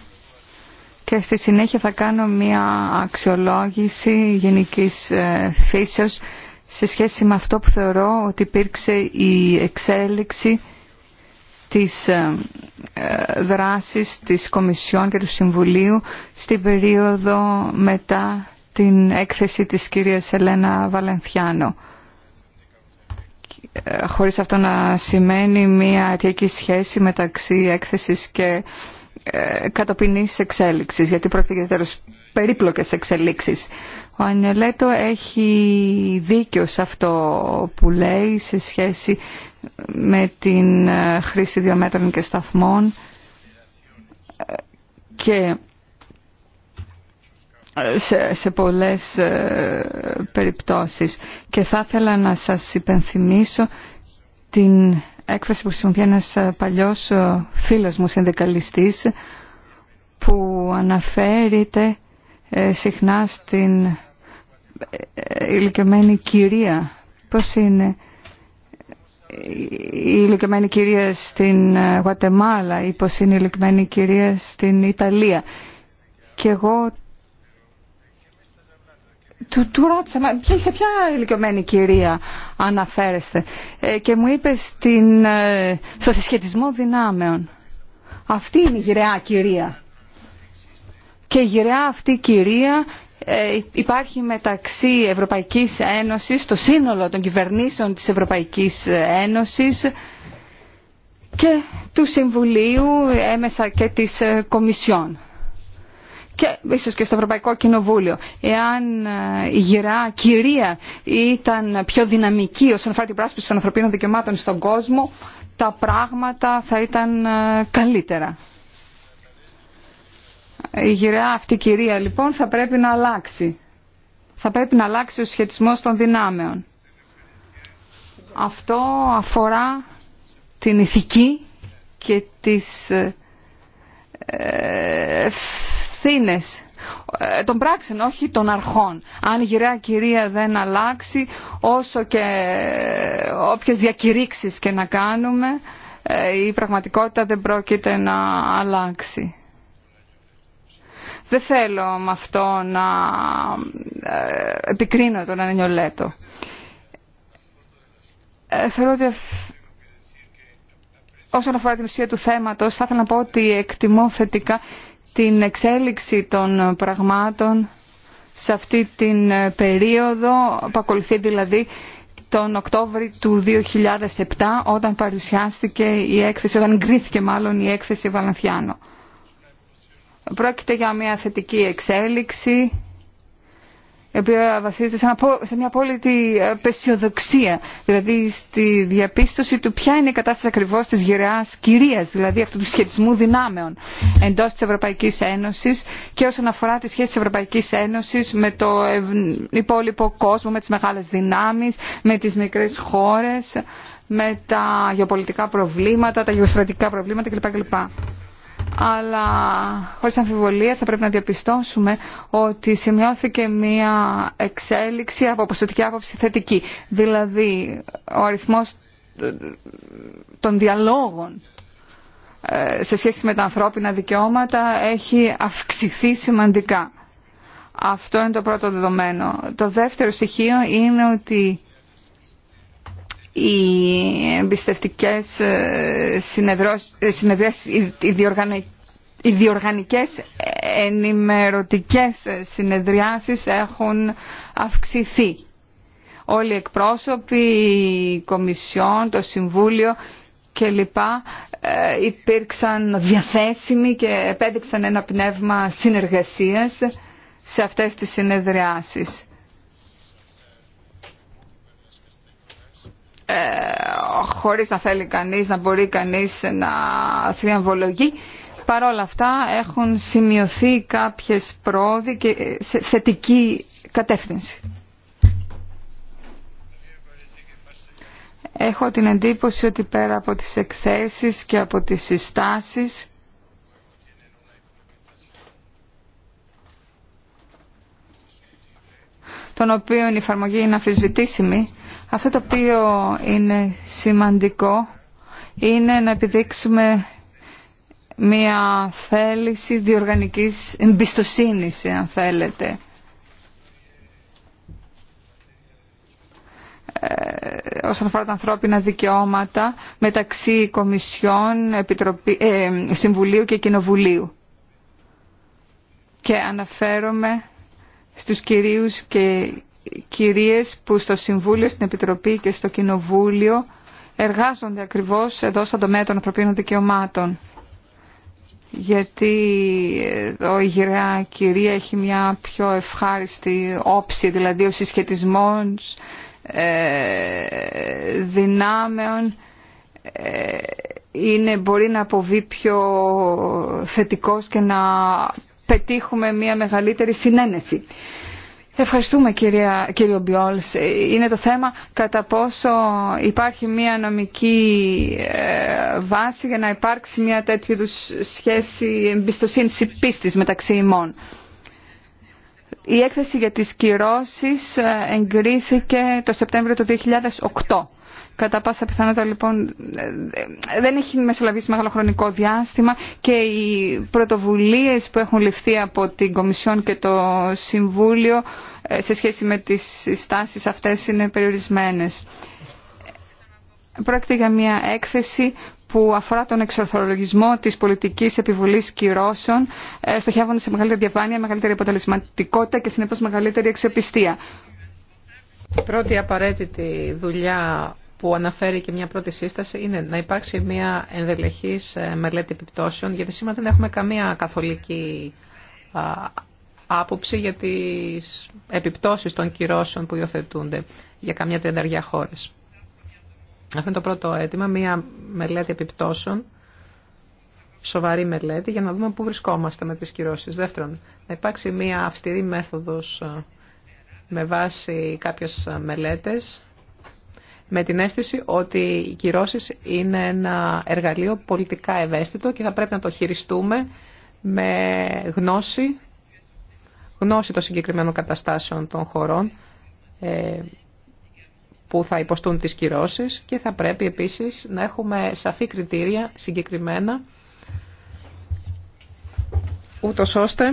S1: και στη συνέχεια θα κάνω μια αξιολόγηση γενικής ε, φύσεως σε σχέση με αυτό που θεωρώ ότι υπήρξε η εξέλιξη της ε, ε, δράσης της Κομισιόν και του Συμβουλίου στην περίοδο μετά την έκθεση της κυρίας Ελένα Βαλενθιάνο. Χωρίς αυτό να σημαίνει μια αιτιακή σχέση μεταξύ έκθεσης και ε, κατοπινής εξέλιξης, γιατί πρόκειται για τέλος περίπλοκες εξελίξεις. Ο Ανιολέτο έχει δίκιο σε αυτό που λέει σε σχέση με την ε, χρήση διαμέτρων και σταθμών ε, και σε, σε πολλές περιπτώσεις. Και θα ήθελα να σας υπενθυμίσω την έκφραση που χρησιμοποιεί ένα ε, παλιός ε, φίλος μου συνδικαλιστή που αναφέρεται ε, συχνά στην ηλικιωμένη κυρία. Πώς είναι η ηλικιωμένη κυρία στην Γουατεμάλα ή πώς είναι η ηλικιωμένη κυρία στην Ιταλία. Και εγώ του, του ρώτησα, μα σε ποια ηλικιωμένη κυρία αναφέρεστε ε, και μου είπε στην, ε, στο συσχετισμό δυνάμεων. Αυτή είναι η γυραιά κυρία. Και η γυραιά αυτή κυρία ε, υπάρχει μεταξύ Ευρωπαϊκής Ένωσης, το σύνολο των κυβερνήσεων της Ευρωπαϊκής Ένωσης και του Συμβουλίου έμεσα και της Κομισιόν και ίσως και στο Ευρωπαϊκό Κοινοβούλιο. Εάν ε, η γυρά κυρία ήταν πιο δυναμική όσον αφορά την πράσπιση των ανθρωπίνων δικαιωμάτων στον κόσμο, τα πράγματα θα ήταν ε, καλύτερα. Η γυρά αυτή κυρία λοιπόν θα πρέπει να αλλάξει. Θα πρέπει να αλλάξει ο σχετισμός των δυνάμεων. Αυτό αφορά την ηθική και τις ε, ευθύνε ε, των πράξεων, όχι των αρχών. Αν η γυραιά κυρία δεν αλλάξει, όσο και ε, όποιες διακηρύξεις και να κάνουμε, ε, η πραγματικότητα δεν πρόκειται να αλλάξει. Δεν θέλω με αυτό να επικρίνω τον Ανενιολέτο. Θεωρώ ότι όσον αφορά την ουσία του θέματος, θα ήθελα να πω ότι εκτιμώ θετικά την εξέλιξη των πραγμάτων σε αυτή την ε, περίοδο που ακολουθεί δηλαδή τον Οκτώβρη του 2007 όταν παρουσιάστηκε η έκθεση, όταν γκρίθηκε μάλλον η έκθεση Βαλανθιάνο. Πρόκειται για μια θετική εξέλιξη η οποία βασίζεται σε μια απόλυτη πεσιοδοξία, δηλαδή στη διαπίστωση του ποια είναι η κατάσταση ακριβώς της γεραιάς κυρίας, δηλαδή αυτού του σχετισμού δυνάμεων εντός της Ευρωπαϊκής Ένωσης και όσον αφορά τη σχέση της Ευρωπαϊκής Ένωσης με το υπόλοιπο κόσμο, με τις μεγάλες δυνάμεις, με τις μικρές χώρες, με τα γεωπολιτικά προβλήματα, τα γεωστρατικά προβλήματα κλπ αλλά χωρίς αμφιβολία θα πρέπει να διαπιστώσουμε ότι σημειώθηκε μία εξέλιξη από ποσοτική άποψη θετική. Δηλαδή, ο αριθμός των διαλόγων ε, σε σχέση με τα ανθρώπινα δικαιώματα έχει αυξηθεί σημαντικά. Αυτό είναι το πρώτο δεδομένο. Το δεύτερο στοιχείο είναι ότι οι εμπιστευτικές ε, ε, συνεδρίες, οι, διοργανικές ενημερωτικές ε, συνεδριάσεις έχουν αυξηθεί. Όλοι οι εκπρόσωποι, η Κομισιόν, το Συμβούλιο κλπ. υπήρξαν διαθέσιμοι και επέδειξαν ένα πνεύμα συνεργασίας σε αυτές τις συνεδριάσεις. Ε, χωρίς να θέλει κανείς, να μπορεί κανείς να θριαμβολογεί. Παρ' όλα αυτά έχουν σημειωθεί κάποιες πρόοδοι και σε θετική κατεύθυνση. Έχω την εντύπωση ότι πέρα από τις εκθέσεις και από τις συστάσεις των οποίων η εφαρμογή είναι αφισβητήσιμη, αυτό το οποίο είναι σημαντικό είναι να επιδείξουμε μια θέληση διοργανικής εμπιστοσύνης, αν θέλετε. Ε, όσον αφορά τα ανθρώπινα δικαιώματα μεταξύ Κομισιών, ε, Συμβουλίου και Κοινοβουλίου. Και αναφέρομαι στους κυρίους και κυρίες που στο Συμβούλιο, στην Επιτροπή και στο Κοινοβούλιο εργάζονται ακριβώς εδώ στον τομέα των ανθρωπίνων δικαιωμάτων. Γιατί εδώ η γυραιά κυρία έχει μια πιο ευχάριστη όψη, δηλαδή ο συσχετισμός ε, δυνάμεων ε, είναι, μπορεί να αποβεί πιο θετικός και να πετύχουμε μια μεγαλύτερη συνένεση. Ευχαριστούμε κυρία, κύριο Μπιόλς. Είναι το θέμα κατά πόσο υπάρχει μια νομική ε, βάση για να υπάρξει μια τέτοιου είδους σχέση εμπιστοσύνης ή πίστης μεταξύ ημών. Η έκθεση για τις κυρώσεις ε, εγκρίθηκε το Σεπτέμβριο του 2008 Κατά πάσα πιθανότητα λοιπόν ε, ε, δεν έχει μεσολαβήσει μεγάλο χρονικό διάστημα και οι πρωτοβουλίες που έχουν ληφθεί από την Κομισιόν και το Συμβούλιο ε, σε σχέση με τις στάσεις αυτές είναι περιορισμένες. Πρόκειται για μια έκθεση που αφορά τον εξορθολογισμό της πολιτικής επιβολής κυρώσεων, στοχεύοντας σε μεγαλύτερη διαφάνεια, μεγαλύτερη αποτελεσματικότητα και συνεπώς μεγαλύτερη αξιοπιστία.
S2: Πρώτη απαραίτητη δουλειά που αναφέρει και μια πρώτη σύσταση είναι να υπάρξει μια ενδελεχής ε, μελέτη επιπτώσεων, γιατί σήμερα δεν έχουμε καμία καθολική άποψη για τις επιπτώσεις των κυρώσεων που υιοθετούνται για καμιά τριανταριά χώρες. Αυτό είναι το πρώτο αίτημα, μια μελέτη επιπτώσεων, σοβαρή μελέτη, για να δούμε πού βρισκόμαστε με τις κυρώσεις. Δεύτερον, να υπάρξει μια αυστηρή μέθοδος ε, με βάση κάποιες μελέτες με την αίσθηση ότι οι κυρώσεις είναι ένα εργαλείο πολιτικά ευαίσθητο και θα πρέπει να το χειριστούμε με γνώση, γνώση των συγκεκριμένων καταστάσεων των χωρών ε, που θα υποστούν τις κυρώσεις και θα πρέπει επίσης να έχουμε σαφή κριτήρια συγκεκριμένα ούτως ώστε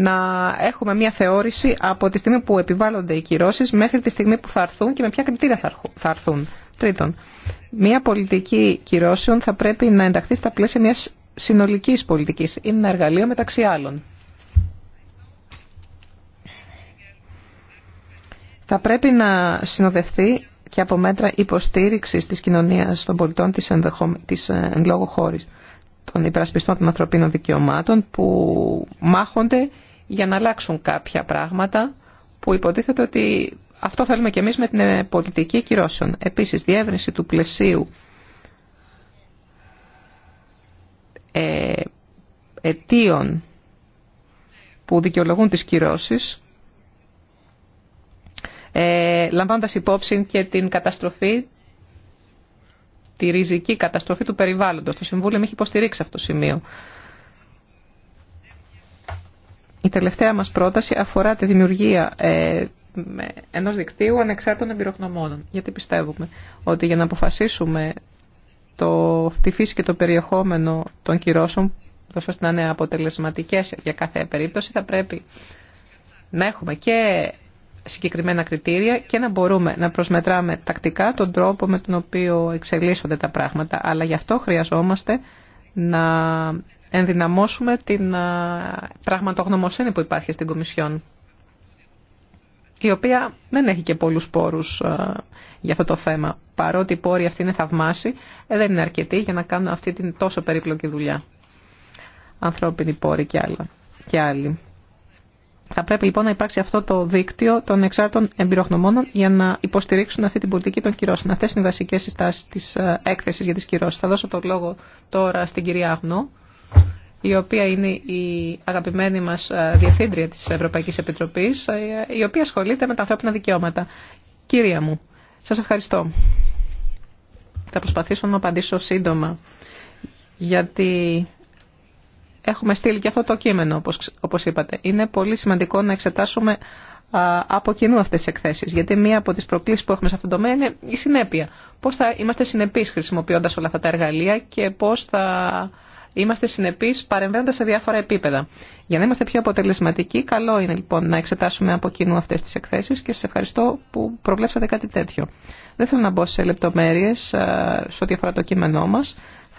S2: να έχουμε μια θεώρηση από τη στιγμή που επιβάλλονται οι κυρώσει μέχρι τη στιγμή που θα έρθουν και με ποια κριτήρια θα έρθουν. Τρίτον, μια πολιτική κυρώσεων θα πρέπει να ενταχθεί στα πλαίσια μια συνολική πολιτική. Είναι ένα εργαλείο μεταξύ άλλων. Θα πρέπει να συνοδευτεί και από μέτρα υποστήριξης της κοινωνία των πολιτών τη ε, εν λόγω χώρη, των υπερασπιστών των ανθρωπίνων δικαιωμάτων που μάχονται για να αλλάξουν κάποια πράγματα που υποτίθεται ότι αυτό θέλουμε και εμείς με την πολιτική κυρώσεων. Επίσης, διεύρυνση του πλαισίου ε, αιτίων που δικαιολογούν τις κυρώσεις, ε, λαμβάνοντας υπόψη και την καταστροφή, τη ριζική καταστροφή του περιβάλλοντος. Το Συμβούλιο με έχει υποστηρίξει αυτό το σημείο. Η τελευταία μας πρόταση αφορά τη δημιουργία ε, ενός δικτύου ανεξάρτητων εμπειρογνωμόνων. Γιατί πιστεύουμε ότι για να αποφασίσουμε το, τη φύση και το περιεχόμενο των κυρώσεων, ώστε να είναι αποτελεσματικές για κάθε περίπτωση, θα πρέπει να έχουμε και συγκεκριμένα κριτήρια και να μπορούμε να προσμετράμε τακτικά τον τρόπο με τον οποίο εξελίσσονται τα πράγματα. Αλλά γι' αυτό χρειαζόμαστε να ενδυναμώσουμε την πραγματογνωμοσύνη που υπάρχει στην Κομισιόν, η οποία δεν έχει και πολλούς πόρους για αυτό το θέμα. Παρότι οι πόροι αυτοί είναι θαυμάσιοι, ε, δεν είναι αρκετοί για να κάνουν αυτή την τόσο περίπλοκη δουλειά. Ανθρώπινοι πόροι και, άλλα, και άλλοι. Θα πρέπει λοιπόν να υπάρξει αυτό το δίκτυο των εξάρτων εμπειρογνωμόνων για να υποστηρίξουν αυτή την πολιτική των κυρώσεων. Αυτέ είναι οι βασικέ συστάσει τη ε, έκθεση για τι κυρώσει. Θα δώσω το λόγο τώρα στην κυρία Αγνό, η οποία είναι η αγαπημένη μας ε, διευθύντρια της Ευρωπαϊκής Επιτροπής, ε, η οποία ασχολείται με τα ανθρώπινα δικαιώματα. Κυρία μου, σας ευχαριστώ. Θα προσπαθήσω να απαντήσω σύντομα, γιατί έχουμε στείλει και αυτό το κείμενο, όπως, είπατε. Είναι πολύ σημαντικό να εξετάσουμε από κοινού αυτές τις εκθέσεις, Γιατί μία από τις προκλήσεις που έχουμε σε αυτό το τομέα είναι η συνέπεια. Πώς θα είμαστε συνεπείς χρησιμοποιώντα όλα αυτά τα εργαλεία και πώς θα είμαστε συνεπεί παρεμβαίνοντα σε διάφορα επίπεδα. Για να είμαστε πιο αποτελεσματικοί, καλό είναι λοιπόν να εξετάσουμε από κοινού αυτέ τι εκθέσει. και σας ευχαριστώ που προβλέψατε κάτι τέτοιο. Δεν θέλω να μπω σε λεπτομέρειε, ε, σε ό,τι αφορά το κείμενό μα.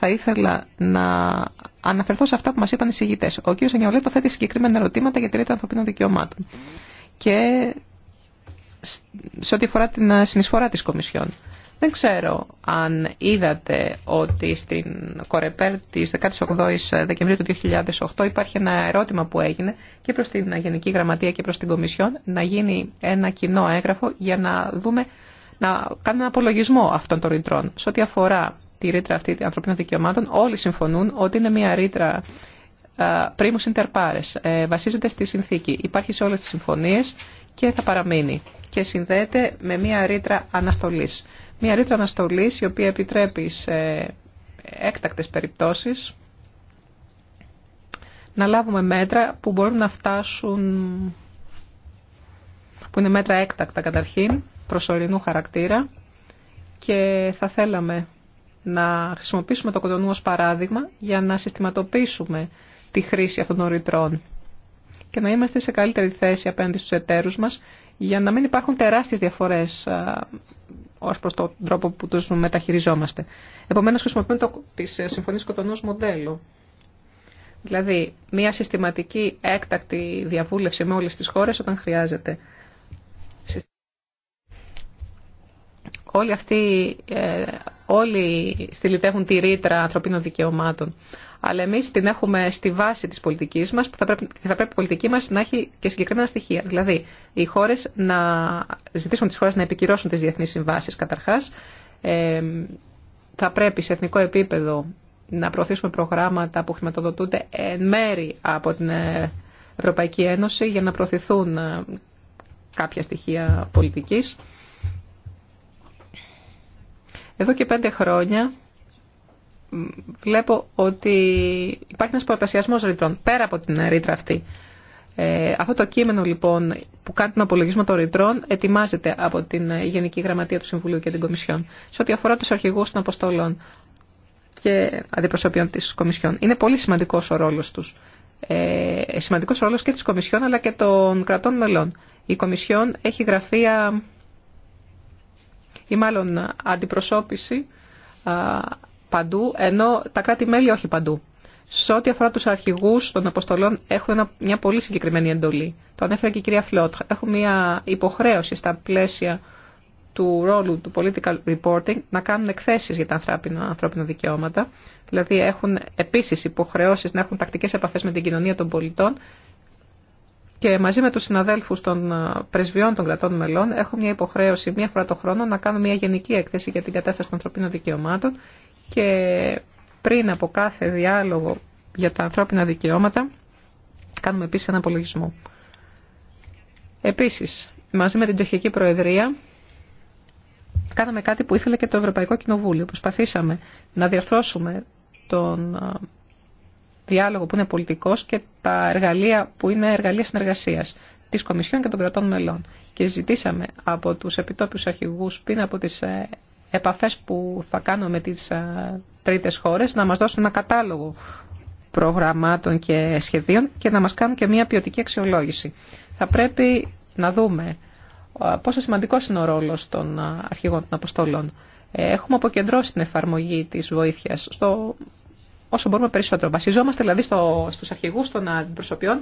S2: Θα ήθελα να αναφερθώ σε αυτά που μα είπαν οι συγγητές. Ο κ. Ανιολέτο θέτει συγκεκριμένα ερωτήματα για τη ρήτρα ανθρωπίνων δικαιωμάτων. Και σε ό,τι αφορά την ε, συνεισφορά τη Κομισιόν. Δεν ξέρω αν είδατε ότι στην Κορεπέρ της 18ης Δεκεμβρίου του 2008 υπάρχει ένα ερώτημα που έγινε και προς την Γενική Γραμματεία και προς την Κομισιόν να γίνει ένα κοινό έγγραφο για να δούμε, να κάνουμε ένα απολογισμό αυτών των ρητρών. Σε ό,τι αφορά τη ρήτρα αυτή των ανθρωπίνων δικαιωμάτων, όλοι συμφωνούν ότι είναι μια ρήτρα πρίμους ε, interpares, ε, βασίζεται στη συνθήκη, υπάρχει σε όλες τις συμφωνίες και θα παραμείνει και συνδέεται με μια ρήτρα αναστολής μια ρήτρα αναστολή η οποία επιτρέπει σε έκτακτες περιπτώσεις να λάβουμε μέτρα που μπορούν να φτάσουν, που είναι μέτρα έκτακτα καταρχήν, προσωρινού χαρακτήρα και θα θέλαμε να χρησιμοποιήσουμε το κοντονού ως παράδειγμα για να συστηματοποιήσουμε τη χρήση αυτών των ρητρών και να είμαστε σε καλύτερη θέση απέναντι στους εταίρους μας για να μην υπάρχουν τεράστιες διαφορές ως προς τον τρόπο που τους μεταχειριζόμαστε. Επομένως χρησιμοποιούμε το, τις ε, συμφωνίες μοντέλο. Δηλαδή, μια συστηματική έκτακτη διαβούλευση με όλες τις χώρες όταν χρειάζεται. Όλοι αυτοί, ε, όλοι στηλιτεύουν τη ρήτρα ανθρωπίνων δικαιωμάτων αλλά εμείς την έχουμε στη βάση της πολιτικής μας, που θα πρέπει, θα πρέπει η πολιτική μας να έχει και συγκεκριμένα στοιχεία. Δηλαδή, οι χώρες να ζητήσουν τις χώρες να επικυρώσουν τις διεθνείς συμβάσει καταρχά. θα πρέπει σε εθνικό επίπεδο να προωθήσουμε προγράμματα που χρηματοδοτούνται εν μέρη από την ε, Ευρωπαϊκή Ένωση για να προωθηθούν ε, κάποια στοιχεία πολιτικής. Εδώ και πέντε χρόνια βλέπω ότι υπάρχει ένας προτασιασμός ρητρών πέρα από την ρήτρα αυτή. Ε, αυτό το κείμενο λοιπόν που κάνει τον απολογισμό των ρητρών ετοιμάζεται από την Γενική Γραμματεία του Συμβουλίου και την Κομισιόν σε ό,τι αφορά τους αρχηγούς των αποστολών και αντιπροσωπιών της Κομισιόν. Είναι πολύ σημαντικός ο ρόλος τους. Ε, σημαντικός ο ρόλος και της Κομισιόν αλλά και των κρατών μελών. Η Κομισιόν έχει γραφεία ή μάλλον αντιπροσώπηση παντού, ενώ τα κράτη-μέλη όχι παντού. Σε ό,τι αφορά του αρχηγού των αποστολών, έχουν μια πολύ συγκεκριμένη εντολή. Το ανέφερε και η κυρία Φλότ. Έχουν μια υποχρέωση στα πλαίσια του ρόλου του political reporting να κάνουν εκθέσει για τα ανθρώπινα, ανθρώπινα δικαιώματα. Δηλαδή έχουν επίση υποχρεώσει να έχουν τακτικέ επαφέ με την κοινωνία των πολιτών και μαζί με τους συναδέλφους των ε, πρεσβειών των κρατών μελών έχουν μια υποχρέωση μία φορά το χρόνο να κάνουν μια γενική έκθεση για την κατάσταση των ανθρωπίνων δικαιωμάτων και πριν από κάθε διάλογο για τα ανθρώπινα δικαιώματα κάνουμε επίσης ένα απολογισμό. Επίσης, μαζί με την Τσεχική Προεδρία κάναμε κάτι που ήθελε και το Ευρωπαϊκό Κοινοβούλιο. Προσπαθήσαμε να διαρθρώσουμε τον διάλογο που είναι πολιτικός και τα εργαλεία που είναι εργαλεία συνεργασίας της Κομισιόν και των κρατών μελών. Και ζητήσαμε από τους επιτόπιους αρχηγούς πριν από τις ε, επαφές που θα κάνω με τις τρίτες χώρες να μας δώσουν ένα κατάλογο προγραμμάτων και σχεδίων και να μας κάνουν και μια ποιοτική αξιολόγηση. Θα πρέπει να δούμε πόσο σημαντικός είναι ο ρόλος των αρχηγών των αποστολών. Ε, έχουμε αποκεντρώσει την εφαρμογή της βοήθειας στο όσο μπορούμε περισσότερο. Βασιζόμαστε δηλαδή στο, στους αρχηγούς των αντιπροσωπιών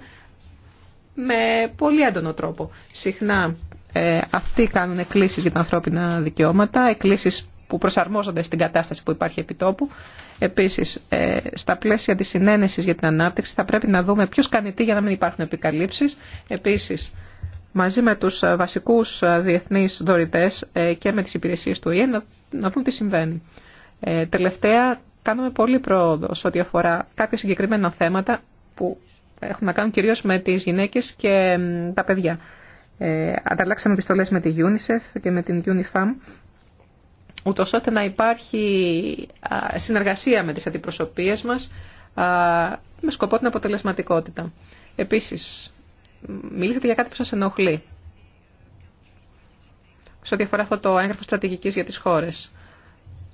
S2: με πολύ έντονο τρόπο. Συχνά ε, αυτοί κάνουν εκκλήσεις για τα ανθρώπινα δικαιώματα, εκκλήσεις που προσαρμόζονται στην κατάσταση που υπάρχει επιτόπου. Επίσης, ε, στα πλαίσια της συνένεσης για την ανάπτυξη θα πρέπει να δούμε ποιος κάνει τι για να μην υπάρχουν επικαλύψεις. Επίσης, μαζί με τους βασικούς διεθνείς δωρητές ε, και με τις υπηρεσίες του ΙΕ να, να δουν τι συμβαίνει. Ε, τελευταία, κάνουμε πολύ πρόοδο ό,τι αφορά κάποια συγκεκριμένα θέματα που έχουν να κάνουν κυρίως με τις γυναίκες και τα παιδιά. Ε, ανταλλάξαμε επιστολές με τη UNICEF και με την UNIFAM, ούτω ώστε να υπάρχει συνεργασία με τις αντιπροσωπείες μας με σκοπό την αποτελεσματικότητα. Επίσης, μιλήσατε για κάτι που σας ενοχλεί σε ό,τι αφορά αυτό το έγγραφο στρατηγικής για τις χώρες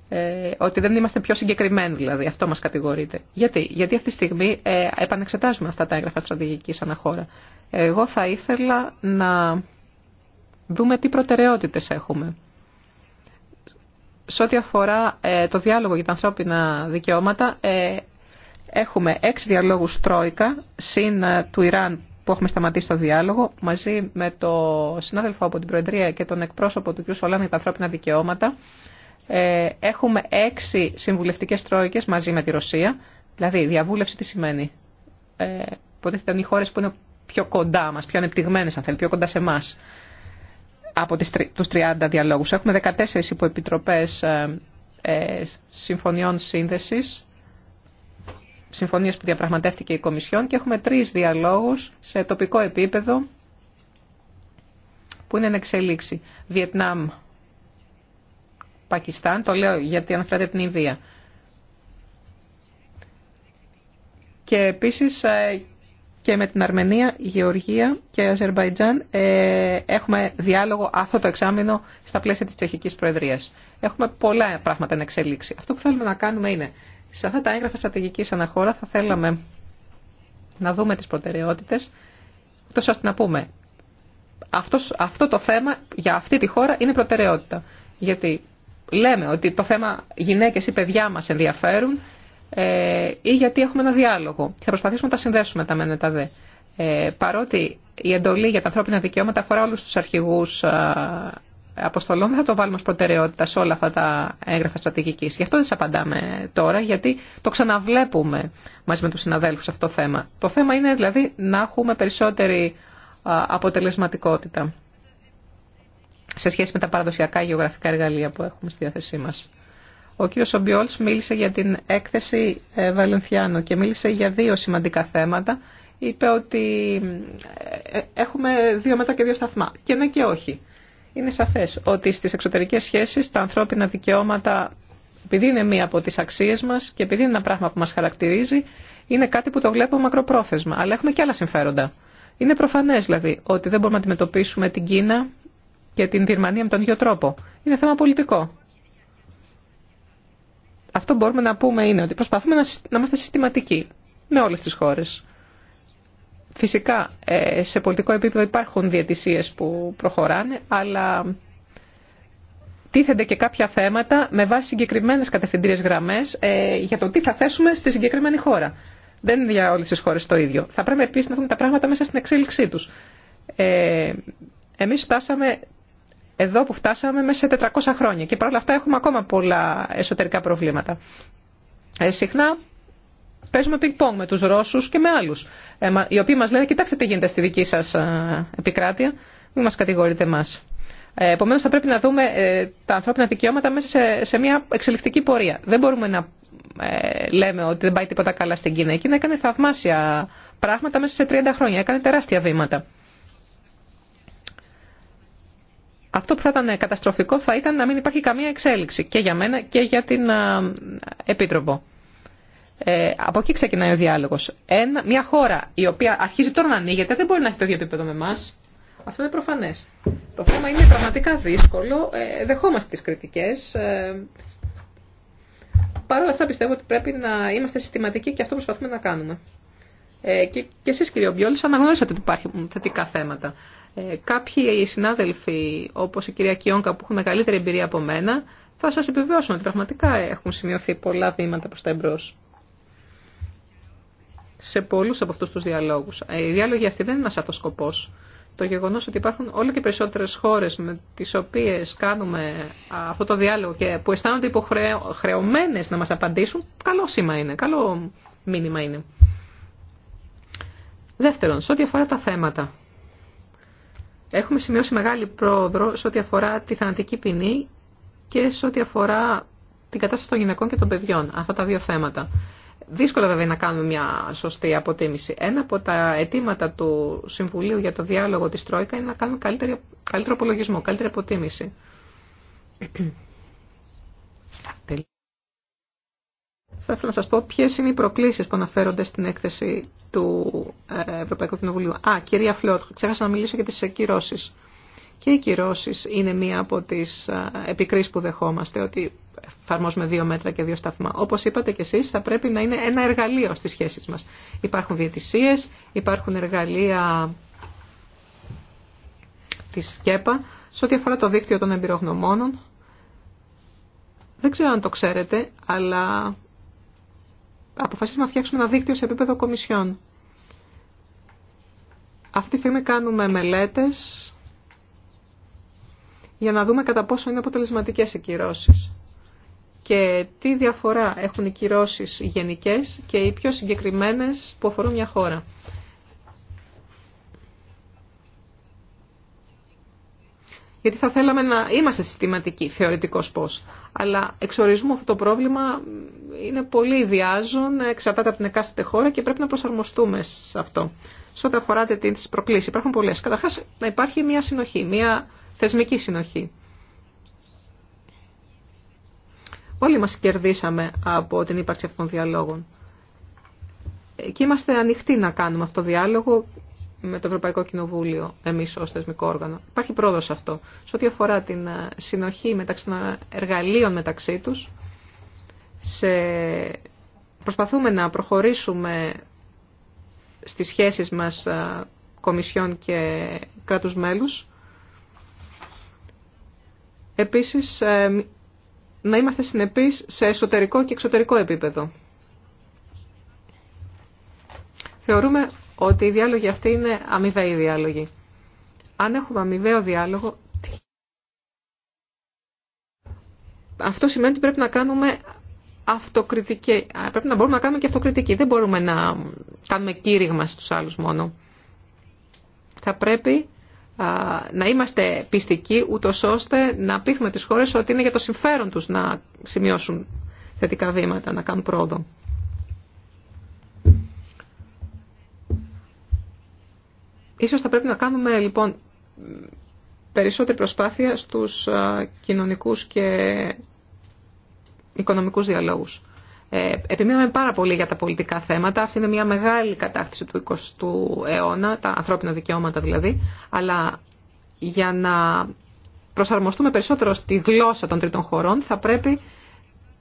S2: ε, ότι δεν είμαστε πιο συγκεκριμένοι δηλαδή, αυτό μας κατηγορείται. Γιατί, Γιατί αυτή τη στιγμή ε, επανεξετάζουμε αυτά τα έγγραφα στρατηγικής αναχώρα. Εγώ θα ήθελα να δούμε τι προτεραιότητες έχουμε. Σε ό,τι αφορά ε, το διάλογο για τα ανθρώπινα δικαιώματα, ε, έχουμε έξι διαλόγους Τρόικα, συν ε, του Ιράν που έχουμε σταματήσει το διάλογο, μαζί με το συνάδελφο από την Προεδρία και τον εκπρόσωπο του κ. Σολάνη για τα ανθρώπινα δικαιώματα, ε, έχουμε έξι συμβουλευτικές τρόικες μαζί με τη Ρωσία. Δηλαδή, διαβούλευση τι σημαίνει. Ε, ποτέ ήταν οι χώρες που είναι πιο κοντά μας, πιο ανεπτυγμένες αν θέλει, πιο κοντά σε εμά. Από τις, τους 30 διαλόγους. Έχουμε 14 υποεπιτροπές ε, ε, συμφωνιών σύνδεσης, συμφωνίες που διαπραγματεύτηκε η Κομισιόν και έχουμε τρεις διαλόγους σε τοπικό επίπεδο που είναι εξελίξη. Βιετνάμ, Πακιστάν, το λέω γιατί αναφέρεται την Ινδία. Και επίσης ε, και με την Αρμενία, Γεωργία και Αζερβαϊτζάν ε, έχουμε διάλογο αυτό το εξάμεινο στα πλαίσια της Τσεχικής Προεδρίας. Έχουμε πολλά πράγματα να εξελίξει. Αυτό που θέλουμε να κάνουμε είναι, σε αυτά τα έγγραφα στρατηγικής αναχώρα θα θέλαμε να δούμε τις προτεραιότητες, τόσο ώστε να πούμε, αυτό το θέμα για αυτή τη χώρα είναι προτεραιότητα. Γιατί λέμε ότι το θέμα γυναίκες ή παιδιά μας ενδιαφέρουν ε, ή γιατί έχουμε ένα διάλογο. Θα προσπαθήσουμε να τα συνδέσουμε τα μεν τα δε. Ε, παρότι η εντολή για τα ανθρώπινα δικαιώματα αφορά όλους τους αρχηγούς ε, αποστολών, δεν θα το βάλουμε ως προτεραιότητα σε όλα αυτά τα έγγραφα στρατηγικής. Γι' αυτό δεν σας απαντάμε τώρα, γιατί το ξαναβλέπουμε μαζί με τους συναδέλφους αυτό το θέμα. Το θέμα είναι δηλαδή να έχουμε περισσότερη ε, αποτελεσματικότητα σε σχέση με τα παραδοσιακά γεωγραφικά εργαλεία που έχουμε στη διάθεσή μας. Ο κύριος Ομπιόλς μίλησε για την έκθεση ε, Βαλενθιάνου και μίλησε για δύο σημαντικά θέματα. Είπε ότι ε, ε, έχουμε δύο μέτρα και δύο σταθμά. Και ναι και όχι. Είναι σαφές ότι στις εξωτερικές σχέσεις τα ανθρώπινα δικαιώματα, επειδή είναι μία από τις αξίες μας και επειδή είναι ένα πράγμα που μας χαρακτηρίζει, είναι κάτι που το βλέπω μακροπρόθεσμα. Αλλά έχουμε και άλλα συμφέροντα. Είναι προφανές δηλαδή ότι δεν μπορούμε να αντιμετωπίσουμε την Κίνα για την Γερμανία με τον ίδιο τρόπο. Είναι θέμα πολιτικό. Αυτό που μπορούμε να πούμε είναι ότι προσπαθούμε να είμαστε συστηματικοί με όλες τις χώρες. Φυσικά, ε, σε πολιτικό επίπεδο υπάρχουν διαιτησίες που προχωράνε, αλλά τίθενται και κάποια θέματα με βάση συγκεκριμένε κατευθυντήριε γραμμές ε, για το τι θα θέσουμε στη συγκεκριμένη χώρα. Δεν είναι για όλε τι χώρε το ίδιο. Θα πρέπει επίσης να δούμε τα πράγματα μέσα στην εξέλιξή του. Ε, εμείς φτάσαμε εδώ που φτάσαμε μέσα σε 400 χρόνια και παρόλα αυτά έχουμε ακόμα πολλά εσωτερικά προβλήματα. Ε, συχνά παίζουμε πινκ-πονγκ με τους Ρώσους και με άλλους, ε, οι οποίοι μας λένε «Κοιτάξτε τι γίνεται στη δική σας ε, επικράτεια, μην μας κατηγορείτε εμάς». Ε, θα πρέπει να δούμε ε, τα ανθρώπινα δικαιώματα μέσα σε, σε μια εξελιχτική πορεία. Δεν μπορούμε να ε, λέμε ότι δεν πάει τίποτα καλά στην Κίνα. Η Κίνα έκανε θαυμάσια πράγματα μέσα σε 30 χρόνια. Έκανε τεράστια βήματα. Αυτό που θα ήταν καταστροφικό θα ήταν να μην υπάρχει καμία εξέλιξη και για μένα και για την Επίτροπο. Ε, από εκεί ξεκινάει ο διάλογος. μια χώρα η οποία αρχίζει τώρα να ανοίγεται δεν μπορεί να έχει το ίδιο επίπεδο με εμά. Αυτό είναι προφανέ. Το θέμα είναι πραγματικά δύσκολο. Ε, δεχόμαστε τι κριτικέ. Ε, Παρ' όλα αυτά πιστεύω ότι πρέπει να είμαστε συστηματικοί και αυτό προσπαθούμε να κάνουμε. Ε, και, και εσείς κύριε Μπιόλης αναγνώρισατε ότι υπάρχουν θετικά θέματα. Ε, κάποιοι συνάδελφοι, όπω η κυρία Κιόνκα, που έχουν μεγαλύτερη εμπειρία από μένα, θα σα επιβεβαιώσουν ότι πραγματικά έχουν σημειωθεί πολλά βήματα προ τα εμπρός. Σε πολλού από αυτούς τους διαλόγους. Ε, οι διάλογοι αυτοί δεν είναι ένας σκοπό. Το γεγονό ότι υπάρχουν όλο και περισσότερε χώρε με τι οποίε κάνουμε αυτό το διάλογο και που αισθάνονται υποχρεωμένε να μα απαντήσουν, καλό σήμα είναι, καλό μήνυμα είναι. Δεύτερον, σε ό,τι αφορά τα θέματα Έχουμε σημειώσει μεγάλη πρόοδο σε ό,τι αφορά τη θανατική ποινή και σε ό,τι αφορά την κατάσταση των γυναικών και των παιδιών. Αυτά τα δύο θέματα. Δύσκολα βέβαια να κάνουμε μια σωστή αποτίμηση. Ένα από τα αιτήματα του Συμβουλίου για το διάλογο της Τρόικα είναι να κάνουμε καλύτερο, απολογισμό, καλύτερη αποτίμηση. Θα ήθελα να σας πω ποιες είναι οι προκλήσεις που αναφέρονται στην έκθεση του ε, Ευρωπαϊκού Κοινοβουλίου. Α, κυρία Φλότ, ξέχασα να μιλήσω για τις κυρώσεις. Και οι κυρώσει είναι μία από τις ε, επικρίσεις που δεχόμαστε, ότι εφαρμόζουμε δύο μέτρα και δύο σταθμά. Όπως είπατε και εσείς, θα πρέπει να είναι ένα εργαλείο στις σχέσεις μας. Υπάρχουν διαιτησίες, υπάρχουν εργαλεία της ΣΚΕΠΑ, σε ό,τι αφορά το δίκτυο των
S1: εμπειρογνωμόνων.
S2: Δεν ξέρω αν το ξέρετε, αλλά αποφασίσαμε να φτιάξουμε ένα δίκτυο σε επίπεδο κομισιών. Αυτή τη στιγμή κάνουμε μελέτες για να δούμε κατά πόσο είναι αποτελεσματικές οι κυρώσεις και τι διαφορά έχουν οι κυρώσεις γενικές και οι πιο συγκεκριμένες που αφορούν μια χώρα. γιατί θα θέλαμε να είμαστε συστηματικοί, θεωρητικός πώς. Αλλά εξορισμού αυτό το πρόβλημα είναι πολύ ιδιάζων, εξαρτάται από την εκάστοτε χώρα και πρέπει να προσαρμοστούμε σε αυτό. Σε ό,τι αφορά τι προκλήσει, υπάρχουν πολλέ. Καταρχά, να υπάρχει μια συνοχή, μια θεσμική συνοχή. Όλοι μας κερδίσαμε από την ύπαρξη αυτών των διαλόγων. Και είμαστε ανοιχτοί να κάνουμε αυτό το διάλογο με το Ευρωπαϊκό Κοινοβούλιο, εμείς ως θεσμικό όργανο. Υπάρχει πρόοδος αυτό. Σε ό,τι αφορά την ε, συνοχή μεταξύ των εργαλείων μεταξύ τους, σε... προσπαθούμε να προχωρήσουμε στις σχέσεις μας ε, κομισιών και κράτους μέλους. Επίσης, ε, να είμαστε συνεπείς σε εσωτερικό και εξωτερικό επίπεδο. Θεωρούμε ότι οι διάλογοι αυτοί είναι αμοιβαίοι διάλογοι. Αν έχουμε αμοιβαίο διάλογο, αυτό σημαίνει ότι πρέπει να κάνουμε αυτοκριτική. Πρέπει να μπορούμε να κάνουμε και αυτοκριτική. Δεν μπορούμε να κάνουμε κήρυγμα στους άλλους μόνο. Θα πρέπει να είμαστε πιστικοί ούτω ώστε να πείθουμε τις χώρες ότι είναι για το συμφέρον τους να σημειώσουν θετικά βήματα, να κάνουν πρόοδο. Ίσως θα πρέπει να κάνουμε λοιπόν περισσότερη προσπάθεια στους κοινωνικούς και οικονομικούς διαλόγους. Ε, επιμείναμε πάρα πολύ για τα πολιτικά θέματα. Αυτή είναι μια μεγάλη κατάκτηση του 20ου αιώνα, τα ανθρώπινα δικαιώματα δηλαδή. Αλλά για να προσαρμοστούμε περισσότερο στη γλώσσα των τρίτων χωρών θα πρέπει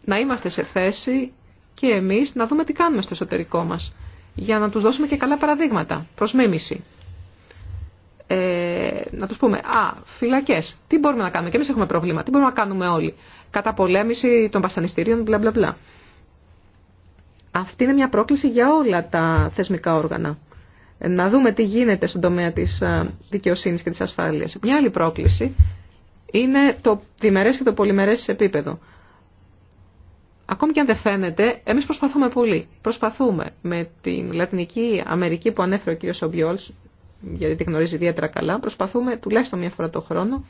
S2: να είμαστε σε θέση και εμείς να δούμε τι κάνουμε στο εσωτερικό μας για να τους δώσουμε και καλά παραδείγματα προς μίμηση ε, να τους πούμε «Α, φυλακές, τι μπορούμε να κάνουμε, και εμείς έχουμε προβλήμα, τι μπορούμε να κάνουμε όλοι, κατά πολέμηση των βασανιστήριων, μπλα μπλα μπλα». Αυτή είναι μια πρόκληση για όλα τα θεσμικά όργανα. Να δούμε τι γίνεται στον τομέα της ε, δικαιοσύνης και της ασφάλειας. Μια άλλη πρόκληση είναι το διμερές και το πολυμερές επίπεδο. Ακόμη και αν δεν φαίνεται, εμεί προσπαθούμε πολύ. Προσπαθούμε με την Λατινική Αμερική που ανέφερε ο κ. Σομπιόλ, γιατί τη γνωρίζει ιδιαίτερα καλά, προσπαθούμε τουλάχιστον μία φορά το χρόνο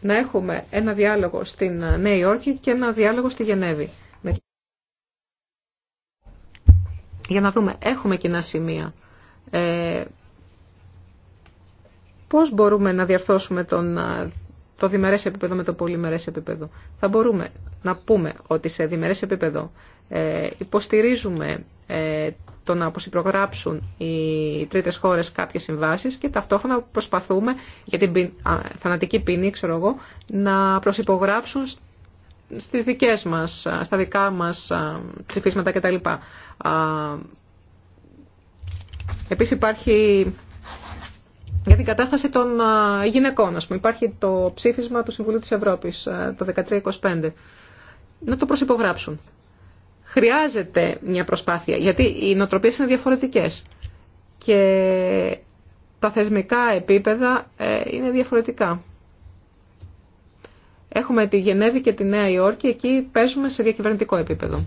S2: να έχουμε ένα διάλογο στην Νέα Υόρκη και ένα διάλογο στη Γενέβη. Για να δούμε, έχουμε κοινά σημεία. Ε, πώς μπορούμε να διαρθώσουμε τον, το διμερές επίπεδο με το πολυμερές επίπεδο. Θα μπορούμε να πούμε ότι σε διμερές επίπεδο ε, υποστηρίζουμε ε, το να αποσυπρογράψουν οι τρίτες χώρε κάποιες συμβάσει και ταυτόχρονα προσπαθούμε για την θανατική ποινή, ξέρω εγώ, να προσυπογράψουν στις δικές μας, στα δικά μα ψηφίσματα κτλ. Επίσης υπάρχει για την κατάσταση των γυναικών, Υπάρχει το ψήφισμα του Συμβουλίου της Ευρώπης, το 1325. Να το προσυπογράψουν χρειάζεται μια προσπάθεια, γιατί οι νοοτροπίες είναι διαφορετικές και τα θεσμικά επίπεδα ε, είναι διαφορετικά. Έχουμε τη Γενέβη και τη Νέα Υόρκη, εκεί παίζουμε σε διακυβερνητικό επίπεδο.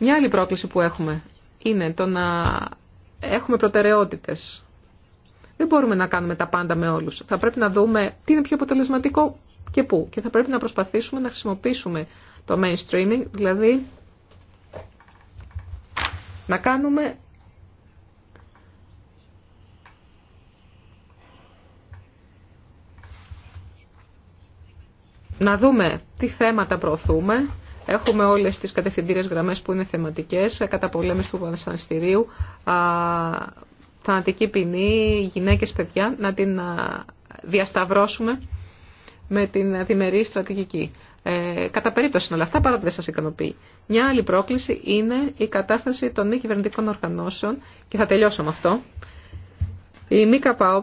S2: Μια άλλη πρόκληση που έχουμε είναι το να έχουμε προτεραιότητες. Δεν μπορούμε να κάνουμε τα πάντα με όλους. Θα πρέπει να δούμε τι είναι πιο αποτελεσματικό και πού. Και θα πρέπει να προσπαθήσουμε να χρησιμοποιήσουμε το mainstreaming, δηλαδή να κάνουμε να δούμε τι θέματα προωθούμε. Έχουμε όλες τις κατευθυντήρες γραμμές που είναι θεματικές, καταπολέμηση του βασανιστηρίου, θανατική ποινή, γυναίκες, παιδιά, να την διασταυρώσουμε με την διμερή στρατηγική. Ε, κατά περίπτωση όλα αυτά, παρά δεν σα ικανοποιεί. Μια άλλη πρόκληση είναι η κατάσταση των μη κυβερνητικών οργανώσεων και θα τελειώσω με αυτό. Οι μη ΚΑΟ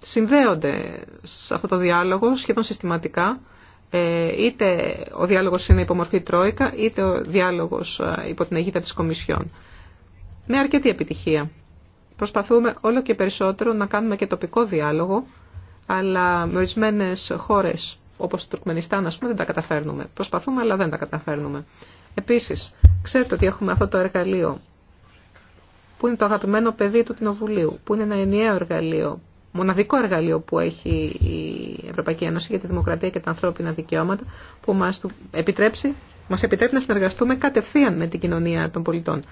S2: συνδέονται σε αυτό το διάλογο σχεδόν συστηματικά. Ε, είτε ο διάλογος είναι υπό μορφή Τρόικα, είτε ο διάλογος ε, υπό την αιγύτα της Κομισιόν. Με αρκετή επιτυχία. Προσπαθούμε όλο και περισσότερο να κάνουμε και τοπικό διάλογο αλλά με ορισμένε χώρε, όπω το Τουρκμενιστάν, α πούμε, δεν τα καταφέρνουμε. Προσπαθούμε, αλλά δεν τα καταφέρνουμε. Επίση, ξέρετε ότι έχουμε αυτό το εργαλείο, που είναι το αγαπημένο παιδί του Κοινοβουλίου, που είναι ένα ενιαίο εργαλείο, μοναδικό εργαλείο που έχει η Ευρωπαϊκή Ένωση για τη Δημοκρατία και τα ανθρώπινα δικαιώματα, που μα επιτρέψει. Μας επιτρέπει να συνεργαστούμε κατευθείαν με την κοινωνία των πολιτών.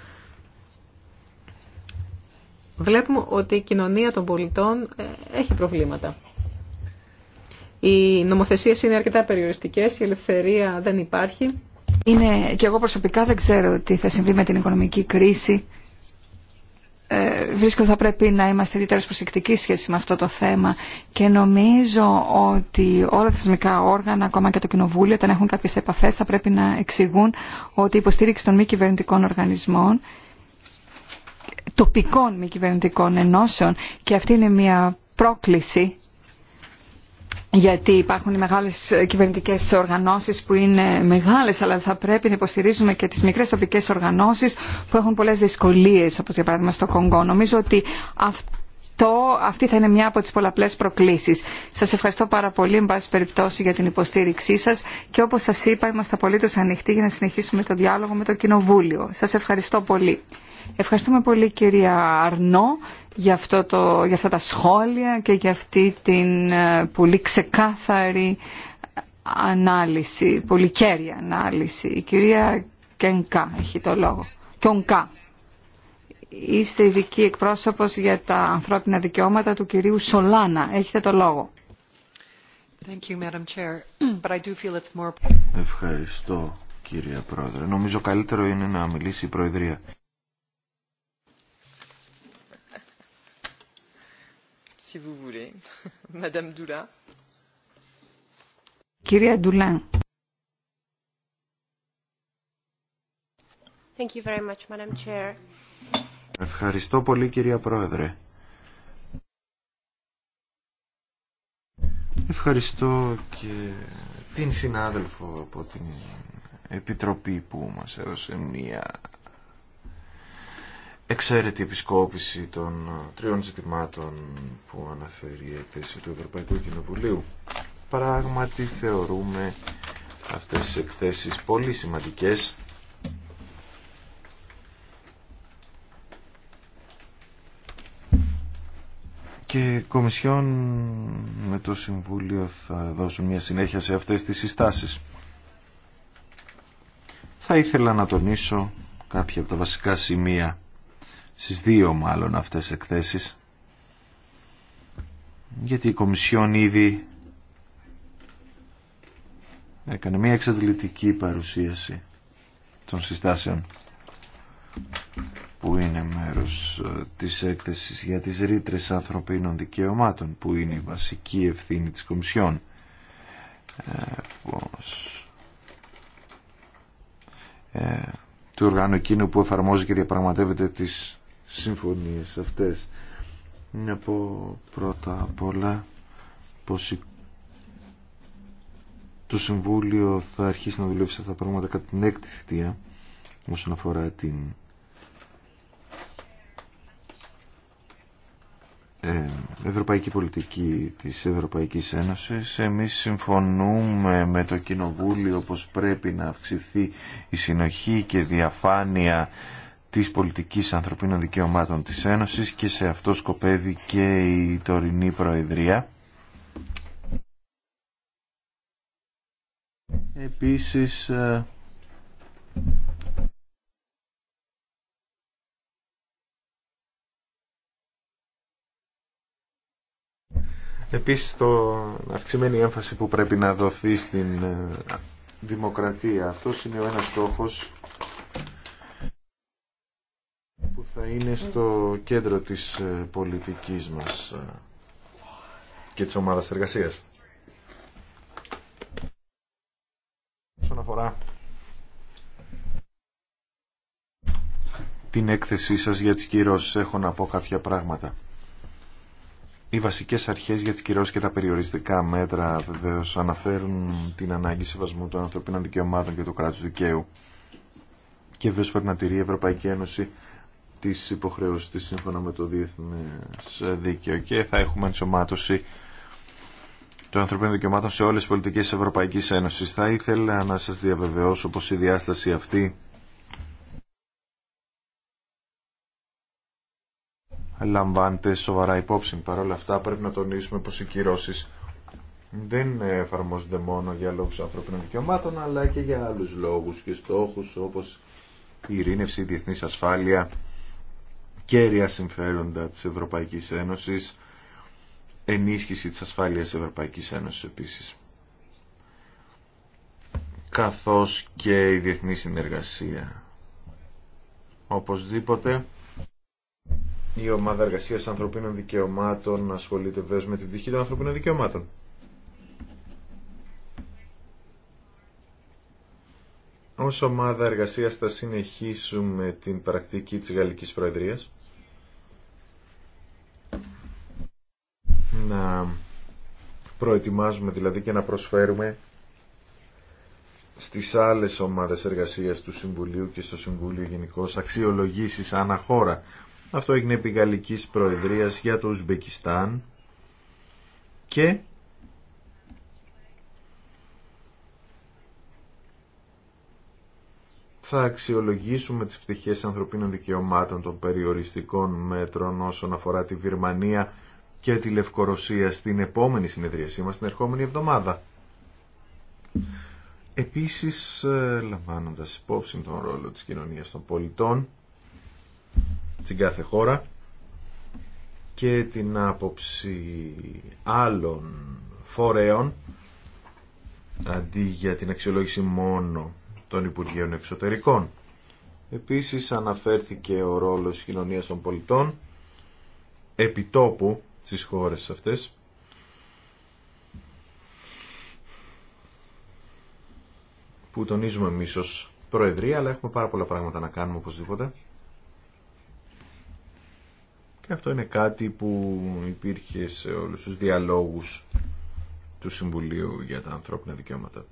S2: Βλέπουμε ότι η κοινωνία των πολιτών ε, έχει προβλήματα. Οι νομοθεσίε είναι αρκετά περιοριστικέ, η ελευθερία δεν υπάρχει.
S1: Είναι, και εγώ προσωπικά δεν ξέρω τι θα συμβεί με την οικονομική κρίση. Ε, βρίσκω θα πρέπει να είμαστε ιδιαίτερα προσεκτικοί σχέση με αυτό το θέμα και νομίζω ότι όλα τα θεσμικά όργανα, ακόμα και το Κοινοβούλιο, όταν έχουν κάποιες επαφές θα πρέπει να εξηγούν ότι η υποστήριξη των μη κυβερνητικών οργανισμών τοπικών μη κυβερνητικών ενώσεων και αυτή είναι μια πρόκληση γιατί υπάρχουν οι μεγάλες κυβερνητικές οργανώσεις που είναι μεγάλες, αλλά θα πρέπει να υποστηρίζουμε και τις μικρές τοπικές οργανώσεις που έχουν πολλές δυσκολίες, όπως για παράδειγμα στο Κονγκό. Νομίζω ότι αυτό, αυτή θα είναι μια από τις πολλαπλές προκλήσεις. Σας ευχαριστώ πάρα πολύ, εν πάση περιπτώσει, για την υποστήριξή σας και όπως σας είπα, είμαστε απολύτως ανοιχτοί για να συνεχίσουμε το διάλογο με το Κοινοβούλιο. Σας ευχαριστώ πολύ. Ευχαριστούμε πολύ κυρία Αρνό για, αυτό το, για αυτά τα σχόλια και για αυτή την ε, πολύ ξεκάθαρη ανάλυση, πολύ κέρια ανάλυση. Η κυρία Κενκά έχει το λόγο. Κιονκά. Είστε ειδική εκπρόσωπος για τα ανθρώπινα δικαιώματα του κυρίου Σολάνα. Έχετε το λόγο.
S3: Ευχαριστώ κυρία Πρόεδρε. Νομίζω καλύτερο είναι να μιλήσει η Προεδρία.
S2: si vous voulez. Madame Doula.
S1: Kyria Doula.
S2: Thank you very much,
S1: Madam Chair.
S3: Ευχαριστώ πολύ κυρία Πρόεδρε. Ευχαριστώ και την συνάδελφο από την Επιτροπή που μας έδωσε μια εξαίρετη επισκόπηση των ε, τριών ζητημάτων που αναφέρει η έκθεση του Ευρωπαϊκού Κοινοβουλίου. Πράγματι θεωρούμε αυτές τις εκθέσεις πολύ σημαντικές και Κομισιόν με το Συμβούλιο θα δώσουν μια συνέχεια σε αυτές τις συστάσεις. Θα ήθελα να τονίσω κάποια από τα βασικά σημεία στις δύο μάλλον αυτές εκθέσεις γιατί η Κομισιόν ήδη έκανε μια εξαντλητική παρουσίαση των συστάσεων που είναι μέρος ε, της έκθεσης για τις ρήτρε ανθρωπίνων δικαιωμάτων που είναι η βασική ευθύνη της Κομισιόν ε, ε, του οργάνου εκείνου που εφαρμόζει και διαπραγματεύεται τις συμφωνίες αυτές. Να πω πρώτα απ' όλα πως το Συμβούλιο θα αρχίσει να δουλεύει σε αυτά τα πράγματα κατά την έκτη θητεία όσον αφορά την ε, ευρωπαϊκή πολιτική της Ευρωπαϊκής Ένωσης. Εμείς συμφωνούμε με το Κοινοβούλιο πως πρέπει να αυξηθεί η συνοχή και διαφάνεια της πολιτικής ανθρωπίνων δικαιωμάτων της Ένωσης και σε αυτό σκοπεύει και η τωρινή Προεδρία. Επίσης ε, Επίσης το αυξημένη έμφαση που πρέπει να δοθεί στην ε, δημοκρατία. αυτός είναι ο ένας στόχος που θα είναι στο κέντρο της ε, πολιτικής μας ε, και της ομάδας εργασίας. Όσον αφορά την έκθεσή σας για τις κυρώσεις, έχω να πω κάποια πράγματα. Οι βασικές αρχές για τις κυρώσεις και τα περιοριστικά μέτρα βεβαίω αναφέρουν την ανάγκη σεβασμού των ανθρωπίνων δικαιωμάτων και του κράτους δικαίου. Και βεβαίω πρέπει να η Ευρωπαϊκή Ένωση τις υποχρεώσεις της σύμφωνα με το διεθνές δίκαιο και θα έχουμε ενσωμάτωση των ανθρωπίνων δικαιωμάτων σε όλες τις πολιτικές της Ευρωπαϊκής Ένωσης. Θα ήθελα να σας διαβεβαιώσω πως η διάσταση αυτή λαμβάνεται σοβαρά υπόψη. Παρ' όλα αυτά πρέπει να τονίσουμε πως οι κυρώσει δεν εφαρμόζονται μόνο για λόγους ανθρωπίνων δικαιωμάτων αλλά και για άλλου λόγους και στόχους όπως η ειρήνευση, η διεθνής ασφάλεια κέρια συμφέροντα της Ευρωπαϊκής Ένωσης, ενίσχυση της ασφάλειας της Ευρωπαϊκής Ένωσης επίσης, καθώς και η διεθνή συνεργασία. Οπωσδήποτε, η ομάδα εργασίας ανθρωπίνων δικαιωμάτων ασχολείται βέβαια με την τύχη των ανθρωπίνων δικαιωμάτων. Ως ομάδα εργασίας θα συνεχίσουμε την πρακτική της Γαλλικής Προεδρίας να προετοιμάζουμε δηλαδή και να προσφέρουμε στις άλλες ομάδες εργασίας του Συμβουλίου και στο Συμβούλιο γενικώ αξιολογήσεις ανά χώρα. Αυτό έγινε επί Γαλλικής Προεδρίας για το Ουσμπεκιστάν και θα αξιολογήσουμε τις πτυχές ανθρωπίνων δικαιωμάτων των περιοριστικών μέτρων όσον αφορά τη Βυρμανία και τη Λευκορωσία στην επόμενη συνεδρίασή μας την ερχόμενη εβδομάδα. Επίσης, ε, λαμβάνοντας υπόψη τον ρόλο της κοινωνίας των πολιτών στην κάθε χώρα και την άποψη άλλων φορέων αντί για την αξιολόγηση μόνο των Υπουργείων Εξωτερικών. Επίσης αναφέρθηκε ο ρόλος κοινωνίας των πολιτών επιτόπου στις χώρες αυτές. που τονίζουμε εμεί ω Προεδρία, αλλά έχουμε πάρα πολλά πράγματα να κάνουμε οπωσδήποτε. Και αυτό είναι κάτι που υπήρχε σε όλους τους διαλόγους του Συμβουλίου για τα ανθρώπινα δικαιώματα.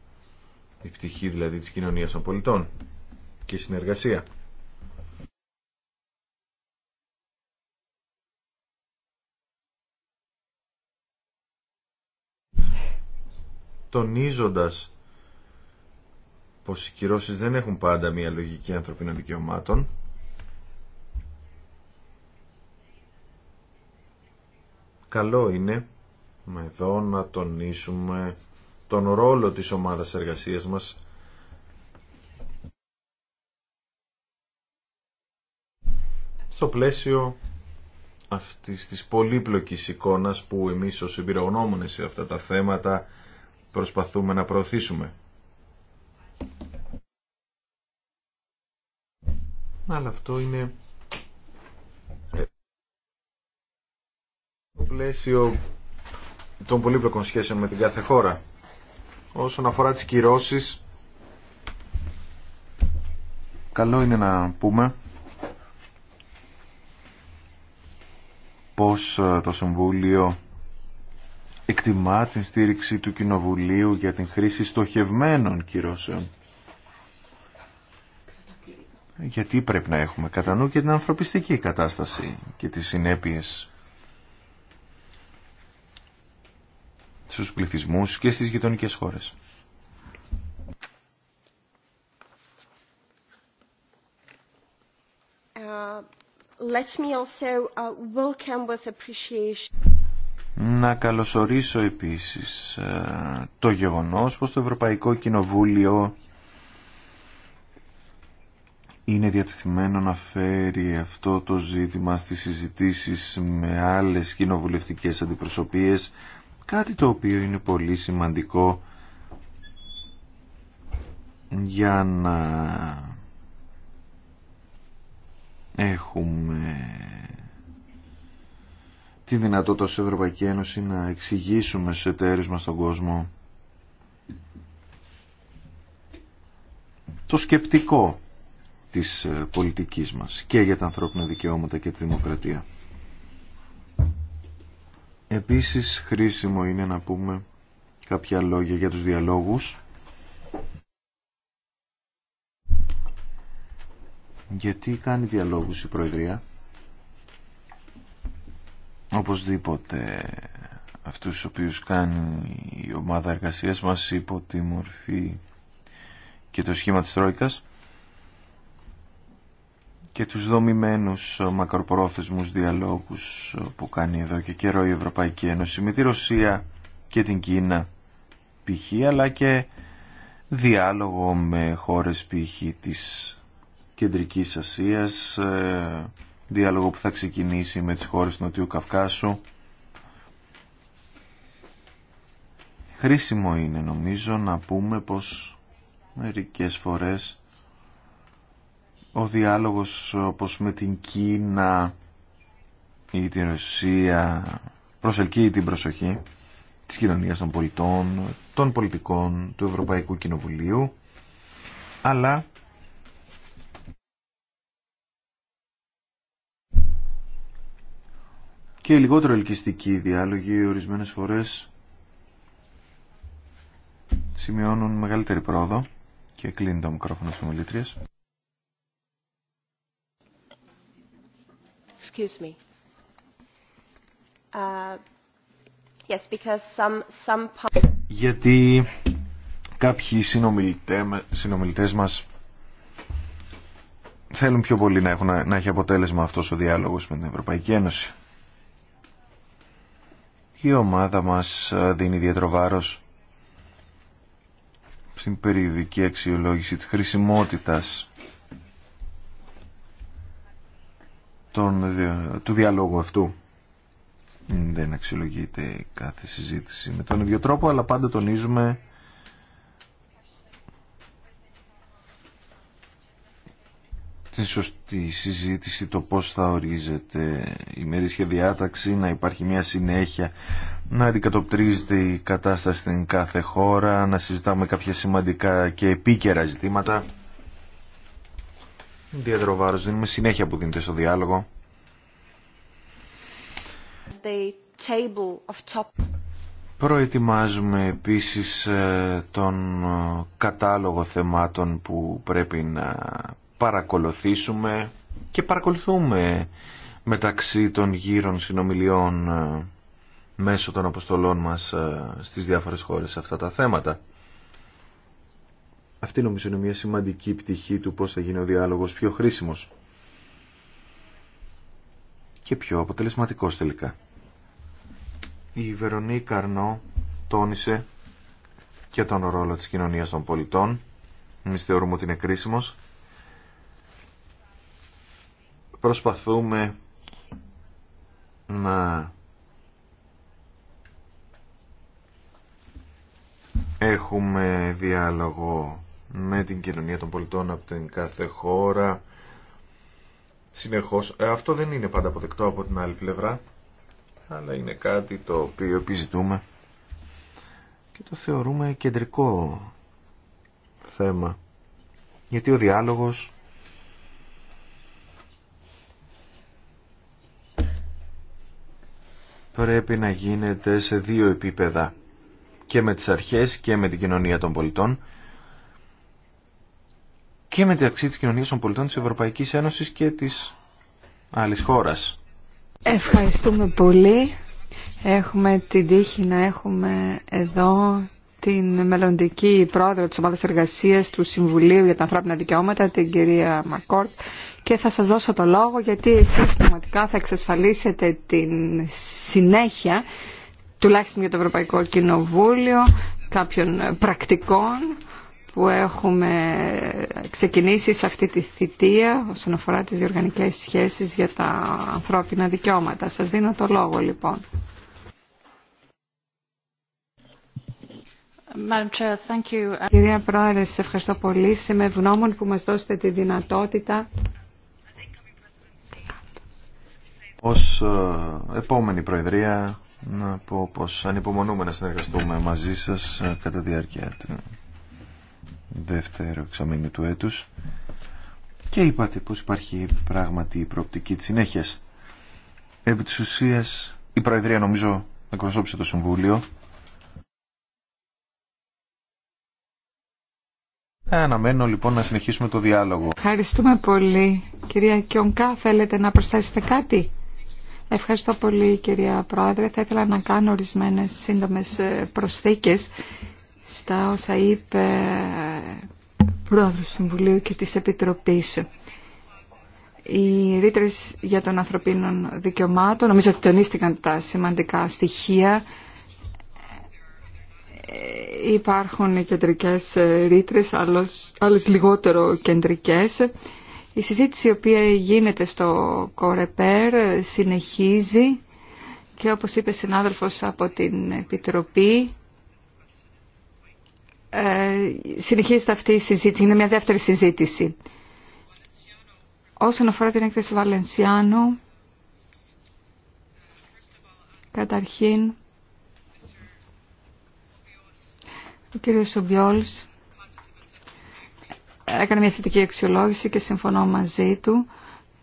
S3: Η πτυχή δηλαδή της κοινωνίας των πολιτών και συνεργασία. τονίζοντας πως οι κυρώσεις δεν έχουν πάντα μια λογική ανθρωπίνων δικαιωμάτων καλό είναι με εδώ να τονίσουμε τον ρόλο της ομάδας εργασίας μας στο πλαίσιο αυτής της πολύπλοκης εικόνας που εμείς ως εμπειρογνώμονες σε αυτά τα θέματα προσπαθούμε να προωθήσουμε. Αλλά αυτό είναι ε, το πλαίσιο των πολύπλοκων σχέσεων με την κάθε χώρα. Όσον αφορά τις κυρώσεις, καλό είναι να πούμε πως ε, το Συμβούλιο εκτιμά την στήριξη του Κοινοβουλίου για την χρήση στοχευμένων κυρώσεων. Γιατί πρέπει να έχουμε κατά νου και την ανθρωπιστική κατάσταση και τις συνέπειες στους πληθυσμούς και στις γειτονικές χώρες.
S2: Uh, uh,
S3: να καλωσορίσω επίσης ε, το γεγονός πως το Ευρωπαϊκό Κοινοβούλιο είναι διατεθειμένο να φέρει αυτό το ζήτημα στις συζητήσεις με άλλες κοινοβουλευτικές αντιπροσωπείες, κάτι το οποίο είναι πολύ σημαντικό για να έχουμε τη δυνατότητα ως Ευρωπαϊκή Ένωση να εξηγήσουμε στους εταίρους μας στον κόσμο το σκεπτικό της ε, πολιτικής μας και για τα ανθρώπινα δικαιώματα και τη δημοκρατία. Επίσης χρήσιμο είναι να πούμε κάποια λόγια για τους διαλόγους γιατί κάνει διαλόγους η Προεδρία Οπωσδήποτε αυτούς τους οποίους κάνει η ομάδα εργασίας μας υπό τη μορφή και το σχήμα της Τρόικας και τους δομημένους μακροπρόθεσμους διαλόγους που κάνει εδώ και καιρό η Ευρωπαϊκή Ένωση με τη Ρωσία και την Κίνα π.χ. αλλά και διάλογο με χώρες π.χ. της Κεντρικής Ασίας ε, διάλογο που θα ξεκινήσει με τις χώρες του Νοτιού Καυκάσου. Χρήσιμο είναι νομίζω να πούμε πως μερικές φορές ο διάλογος όπως με την Κίνα ή την Ρωσία προσελκύει την προσοχή της κοινωνίας των πολιτών, των πολιτικών, του Ευρωπαϊκού Κοινοβουλίου αλλά και λιγότερο ελκυστικοί διάλογοι ορισμένες φορές σημειώνουν μεγαλύτερη πρόοδο και κλείνει το μικρόφωνο της
S2: Excuse me. Uh, yes, because some, some...
S3: Γιατί κάποιοι συνομιλητές μας θέλουν πιο πολύ να, έχουν, να έχει αποτέλεσμα αυτός ο διάλογος με την Ευρωπαϊκή Ένωση η ομάδα μας ε, δίνει ιδιαίτερο βάρος στην περιοδική αξιολόγηση της χρησιμότητας των, του διαλόγου αυτού. Δεν αξιολογείται κάθε συζήτηση με τον ίδιο τρόπο, αλλά πάντα τονίζουμε στην σωστή συζήτηση το πώς θα ορίζεται η μερίσια διάταξη, να υπάρχει μια συνέχεια, να αντικατοπτρίζεται η κατάσταση στην κάθε χώρα, να συζητάμε κάποια σημαντικά και επίκαιρα ζητήματα. Ιδιαίτερο βάρος δίνουμε συνέχεια που δίνεται στο διάλογο. Προετοιμάζουμε επίσης ε, τον ε, κατάλογο θεμάτων που πρέπει να παρακολουθήσουμε και παρακολουθούμε μεταξύ των γύρων συνομιλιών ε, μέσω των αποστολών μας ε, στις διάφορες χώρες αυτά τα θέματα. Αυτή νομίζω είναι μια σημαντική πτυχή του πώς θα γίνει ο διάλογος πιο χρήσιμος και πιο αποτελεσματικός τελικά. Η Βερονή Καρνό τόνισε και τον ρόλο της κοινωνίας των πολιτών. Εμείς θεωρούμε ότι είναι κρίσιμος προσπαθούμε να έχουμε διάλογο με την κοινωνία των πολιτών από την κάθε χώρα συνεχώς ε, αυτό δεν είναι πάντα αποδεκτό από την άλλη πλευρά αλλά είναι κάτι το οποίο επιζητούμε και το θεωρούμε κεντρικό θέμα γιατί ο διάλογος πρέπει να γίνεται σε δύο επίπεδα και με τις αρχές και με την κοινωνία των πολιτών και με αξία της κοινωνίας των πολιτών της Ευρωπαϊκής Ένωσης και της άλλης χώρας.
S1: Ευχαριστούμε πολύ. Έχουμε την τύχη να έχουμε εδώ την μελλοντική πρόεδρο της ομάδας εργασίας του Συμβουλίου για τα ανθρώπινα δικαιώματα, την κυρία Μακόρτ, και θα σας δώσω το λόγο γιατί εσείς πραγματικά θα εξασφαλίσετε την συνέχεια, τουλάχιστον για το Ευρωπαϊκό Κοινοβούλιο, κάποιων πρακτικών που έχουμε ξεκινήσει σε αυτή τη θητεία όσον αφορά τις διοργανικές σχέσεις για τα ανθρώπινα δικαιώματα. Σας δίνω το λόγο λοιπόν. Κυρία Πρόεδρε, σας ευχαριστώ πολύ. Είμαι ευγνώμων που μας δώσετε τη δυνατότητα.
S3: Ως ε, επόμενη Προεδρία, να πω πως ανυπομονούμε να συνεργαστούμε μαζί σας ε, κατά διάρκεια του δεύτερου εξαμήνου του έτους. Και είπατε πως υπάρχει πράγματι η προοπτική της συνέχειας. Επί της ουσίας, η Προεδρία νομίζω εκπροσώπησε το Συμβούλιο Ε, αναμένω λοιπόν να συνεχίσουμε το διάλογο.
S1: Ευχαριστούμε πολύ. Κυρία Κιονκά, θέλετε να προσθέσετε κάτι. Ευχαριστώ πολύ κυρία Πρόεδρε. Θα ήθελα να κάνω ορισμένε σύντομε ε, προσθήκες στα όσα είπε ε, Πρόεδρος του Συμβουλίου και της Επιτροπής. Οι ρήτρε για τον ανθρωπίνων δικαιωμάτων, νομίζω ότι τονίστηκαν τα σημαντικά στοιχεία ε, υπάρχουν κεντρικές ε, ρήτρες, άλλες λιγότερο κεντρικές. Η συζήτηση η οποία γίνεται στο Κορεπέρ συνεχίζει και όπως είπε συνάδελφος από την Επιτροπή ε, συνεχίζεται αυτή η συζήτηση, είναι μια δεύτερη συζήτηση. Όσον αφορά την έκθεση Βαλενσιάνου, καταρχήν Ο κύριο Σομπιόλ έκανε μια θετική αξιολόγηση και συμφωνώ μαζί του.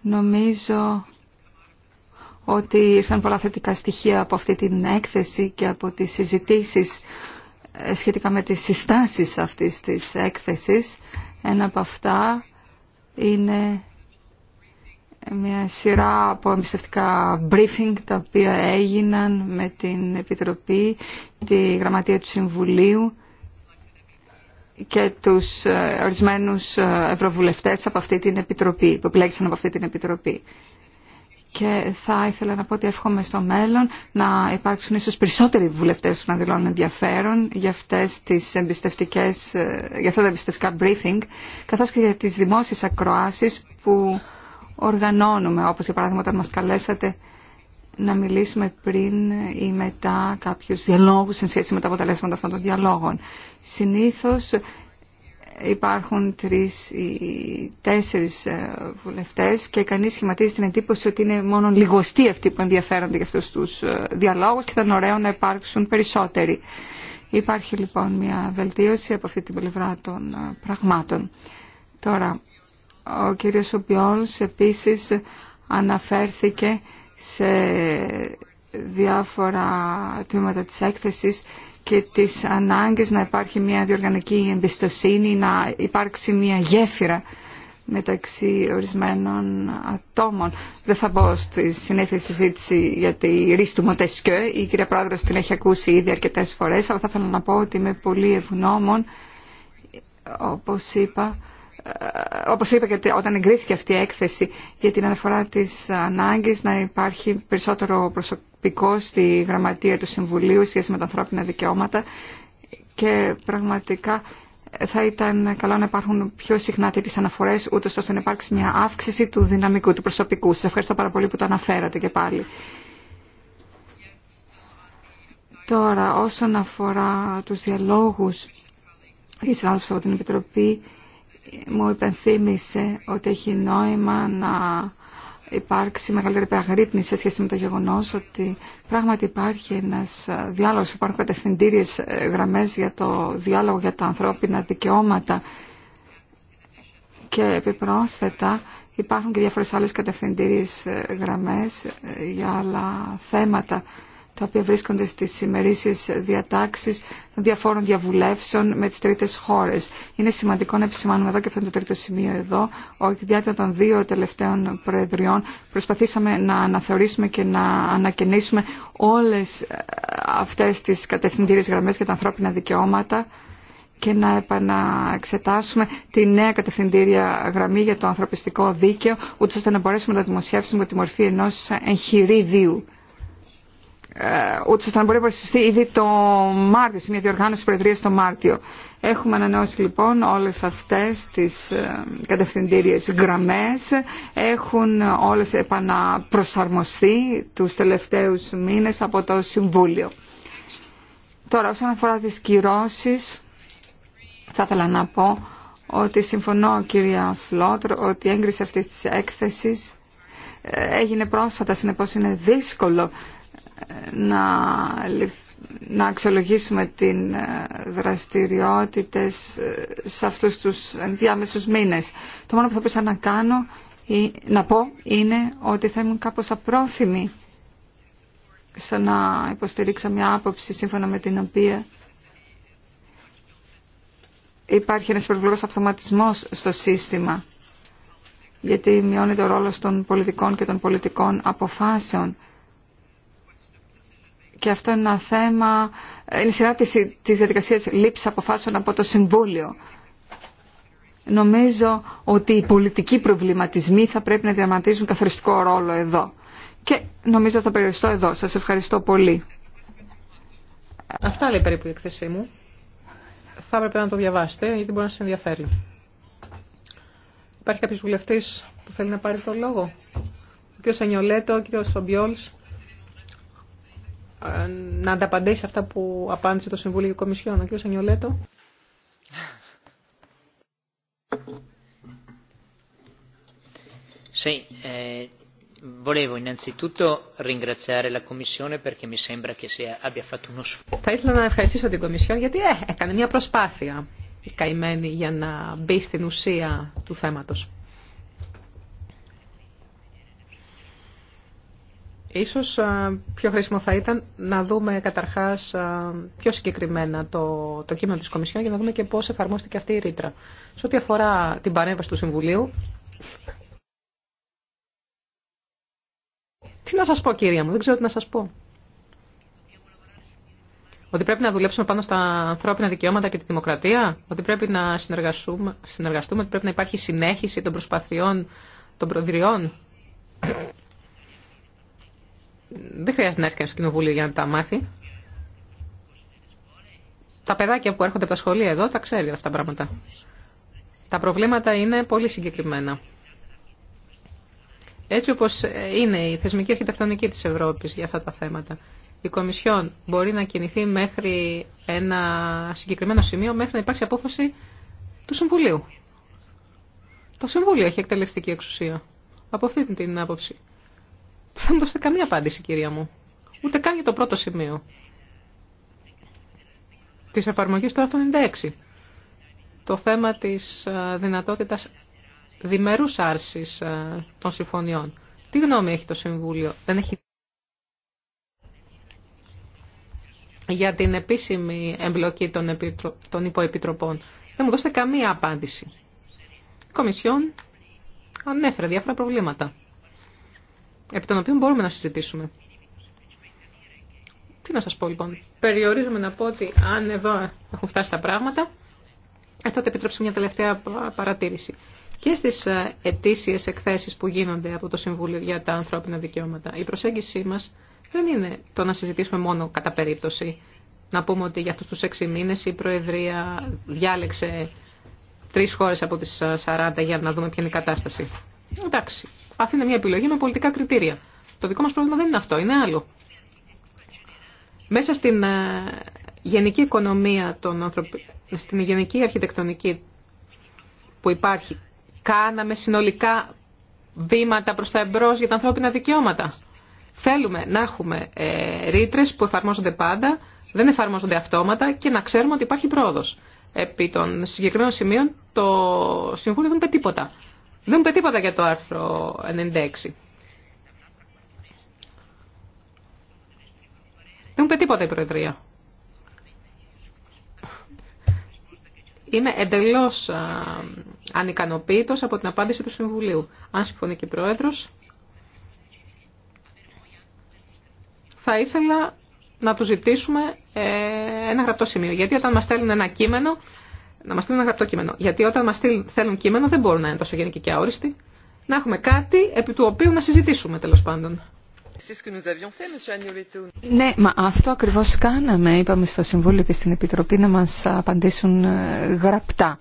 S1: Νομίζω ότι ήρθαν πολλά θετικά στοιχεία από αυτή την έκθεση και από τις συζητήσεις ε, σχετικά με τις συστάσεις αυτής της έκθεσης. Ένα από αυτά είναι μια σειρά από εμπιστευτικά briefing τα οποία έγιναν με την Επιτροπή, τη Γραμματεία του Συμβουλίου και τους ε, ορισμένους ε, ευρωβουλευτές από αυτή την επιτροπή, που επιλέξαν από αυτή την επιτροπή. Και θα ήθελα να πω ότι εύχομαι στο μέλλον να υπάρξουν ίσως περισσότεροι βουλευτές που να δηλώνουν ενδιαφέρον για, αυτές τις εμπιστευτικές, ε, για αυτά τα εμπιστευτικά briefing, καθώς και για τις δημόσιες ακροάσεις που οργανώνουμε, όπως για παράδειγμα όταν μας καλέσατε να μιλήσουμε πριν ή μετά κάποιους διαλόγους σε σχέση με τα αποτελέσματα αυτών των διαλόγων. Συνήθως υπάρχουν τρεις ή τέσσερις ε, βουλευτές και κανείς σχηματίζει την εντύπωση ότι είναι μόνο λιγοστοί αυτοί που ενδιαφέρονται για αυτούς τους ε, διαλόγους και θα είναι ωραίο να υπάρξουν περισσότεροι. Υπάρχει λοιπόν μια βελτίωση από αυτή την πλευρά των ε, πραγμάτων. Τώρα, ο κύριος Ομπιόλς επίσης αναφέρθηκε σε διάφορα τμήματα της έκθεσης και τις ανάγκες να υπάρχει μια διοργανική εμπιστοσύνη, να υπάρξει μια γέφυρα μεταξύ ορισμένων ατόμων. Δεν θα μπω στη συνέχεια συζήτηση για τη ρίση του Μοντεσκιό. Η κυρία Πρόεδρος την έχει ακούσει ήδη αρκετές φορές, αλλά θα ήθελα να πω ότι είμαι πολύ ευγνώμων, όπως είπα, όπως είπα και όταν εγκρίθηκε αυτή η έκθεση για την αναφορά της ανάγκης να υπάρχει περισσότερο προσωπικό στη γραμματεία του Συμβουλίου σχέση με τα ανθρώπινα δικαιώματα και πραγματικά θα ήταν καλό να υπάρχουν πιο συχνά τέτοιε αναφορέ, ούτω ώστε να υπάρξει μια αύξηση του δυναμικού, του προσωπικού. Σα ευχαριστώ πάρα πολύ που το αναφέρατε και πάλι. Τώρα, όσον αφορά τους διαλόγους, η συνάδελφος από την Επιτροπή μου υπενθύμησε ότι έχει νόημα να υπάρξει μεγαλύτερη επαγρύπνηση σε σχέση με το γεγονός ότι πράγματι υπάρχει ένας διάλογος, υπάρχουν κατευθυντήριες ε, γραμμές για το διάλογο για τα ανθρώπινα δικαιώματα και επιπρόσθετα υπάρχουν και διάφορες άλλες κατευθυντήριες ε, γραμμές ε, για άλλα θέματα τα οποία βρίσκονται στις ημερήσεις διατάξεις διαφόρων διαβουλεύσεων με τις τρίτες χώρες. Είναι σημαντικό να επισημάνουμε εδώ και αυτό είναι το τρίτο σημείο εδώ, ότι τη διάρκεια των δύο τελευταίων προεδριών προσπαθήσαμε να αναθεωρήσουμε και να ανακαινήσουμε όλες ε, αυτές τις κατευθυντήριες γραμμές για τα ανθρώπινα δικαιώματα και να επαναεξετάσουμε τη νέα κατευθυντήρια γραμμή για το ανθρωπιστικό δίκαιο, ούτως ώστε να μπορέσουμε να δημοσιεύσουμε τη μορφή ενός εγχειριδίου. Ε, ούτως ώστε να μπορεί να προσφυστεί ήδη το Μάρτιο, σε μια διοργάνωση Προεδρία το Μάρτιο. Έχουμε ανανεώσει λοιπόν όλες αυτές τις ε, κατευθυντήριες γραμμές, έχουν όλες επαναπροσαρμοστεί τους τελευταίους μήνες από το Συμβούλιο. Τώρα όσον αφορά τις κυρώσεις, θα ήθελα να πω ότι συμφωνώ κυρία Φλότρ ότι η έγκριση αυτής της έκθεσης ε, έγινε πρόσφατα, συνεπώς είναι δύσκολο να, να αξιολογήσουμε την ε, δραστηριότητες ε, σε αυτούς τους διάμεσους μήνες. Το μόνο που θα μπορούσα να κάνω ή, να πω είναι ότι θα ήμουν κάπως απρόθυμη στο να υποστηρίξω μια άποψη σύμφωνα με την οποία υπάρχει ένας υπερβολικός αυτοματισμός στο σύστημα γιατί μειώνεται ο ρόλος των πολιτικών και των πολιτικών αποφάσεων και αυτό είναι ένα θέμα, είναι σειρά της, της διαδικασίας λήψης αποφάσεων από το Συμβούλιο. Νομίζω ότι οι πολιτικοί προβληματισμοί θα πρέπει να διαματίζουν καθοριστικό ρόλο εδώ. Και νομίζω θα περιοριστώ εδώ. Σας ευχαριστώ πολύ.
S2: Αυτά λέει περίπου η εκθέσή μου. Θα έπρεπε να το διαβάσετε, γιατί μπορεί να σας ενδιαφέρει. Υπάρχει κάποιος βουλευτής που θέλει να πάρει το λόγο. Ο κ. Σανιολέτο, ο κ. Σομπιόλς. Ε, να ανταπαντήσει αυτά που απάντησε το Συμβούλιο και η Κομισιόν. Ο Σανιολέτο. Eh, Θα ήθελα να ευχαριστήσω την Κομισιόν γιατί ε, έκανε μια προσπάθεια καημένη για να μπει στην ουσία του θέματος. Ίσως πιο χρήσιμο θα ήταν να δούμε καταρχάς πιο συγκεκριμένα το, το κείμενο της Κομισιόν για να δούμε και πώς εφαρμόστηκε αυτή η ρήτρα. Σε ό,τι αφορά την παρέμβαση του Συμβουλίου, τι να σας πω κυρία μου, δεν ξέρω τι να σας πω. Ότι πρέπει να δουλέψουμε πάνω στα ανθρώπινα δικαιώματα και τη δημοκρατία, ότι πρέπει να συνεργαστούμε, συνεργαστούμε ότι πρέπει να υπάρχει συνέχιση των προσπαθειών των προδριών δεν χρειάζεται να έρθει κανεί στο κοινοβούλιο για να τα μάθει. Τα παιδάκια που έρχονται από τα σχολεία εδώ τα ξέρει αυτά τα πράγματα. Τα προβλήματα είναι πολύ συγκεκριμένα. Έτσι όπω είναι η θεσμική αρχιτεκτονική τη Ευρώπη για αυτά τα θέματα. Η Κομισιόν μπορεί να κινηθεί μέχρι ένα συγκεκριμένο σημείο, μέχρι να υπάρξει απόφαση του Συμβουλίου. Το Συμβούλιο έχει εκτελεστική εξουσία. Από αυτή την άποψη. Δεν μου δώσετε καμία απάντηση, κυρία μου. Ούτε καν για το πρώτο σημείο. Τη εφαρμογή του άρθρου 96. Το θέμα τη ε, δυνατότητα διμερού άρση ε, των συμφωνιών. Τι γνώμη έχει το Συμβούλιο. Δεν έχει... Για την επίσημη εμπλοκή των, επιτρο... των υποεπιτροπών. Δεν μου δώσετε καμία απάντηση. Η Κομισιόν ανέφερε διάφορα προβλήματα επί των οποίων μπορούμε να συζητήσουμε. Τι να σας πω λοιπόν. Περιορίζομαι να πω ότι αν εδώ έχουν φτάσει τα πράγματα, ε, το επιτρέψω μια τελευταία παρατήρηση. Και στις ε, ετήσιες εκθέσεις που γίνονται από το Συμβούλιο για τα ανθρώπινα δικαιώματα, η προσέγγιση μας δεν είναι το να συζητήσουμε μόνο κατά περίπτωση. Να πούμε ότι για αυτού τους έξι μήνες η Προεδρία διάλεξε τρεις χώρες από τις 40 ε, για να δούμε ποια είναι η κατάσταση. Εντάξει, αυτή είναι μια επιλογή με πολιτικά κριτήρια. Το δικό μας πρόβλημα δεν είναι αυτό, είναι άλλο. Μέσα στην ε, γενική οικονομία, των στην γενική αρχιτεκτονική που υπάρχει, κάναμε συνολικά βήματα προς τα εμπρός για τα ανθρώπινα δικαιώματα. Θέλουμε να έχουμε ε, ρήτρε που εφαρμόζονται πάντα, δεν εφαρμόζονται αυτόματα και να ξέρουμε ότι υπάρχει πρόοδος. Επί των συγκεκριμένων σημείων το Συμβούλιο δεν είπε τίποτα. Δεν μου είπε τίποτα για το άρθρο 96. Δεν μου πει τίποτα η Προεδρία. Είμαι εντελώς ανικανοποιήτο από την απάντηση του Συμβουλίου. Αν συμφωνεί και η Πρόεδρος, θα ήθελα να του ζητήσουμε ε, ένα γραπτό σημείο. Γιατί όταν μας στέλνουν ένα κείμενο, να μας στείλουν ένα γραπτό κείμενο. Γιατί όταν μα θέλουν κείμενο δεν μπορούν να είναι τόσο γενικοί και αόριστοι. Να έχουμε κάτι επί του οποίου να συζητήσουμε τέλο πάντων.
S1: Ναι, μα αυτό ακριβώ κάναμε, είπαμε στο Συμβούλιο και στην Επιτροπή να μα απαντήσουν ε, γραπτά.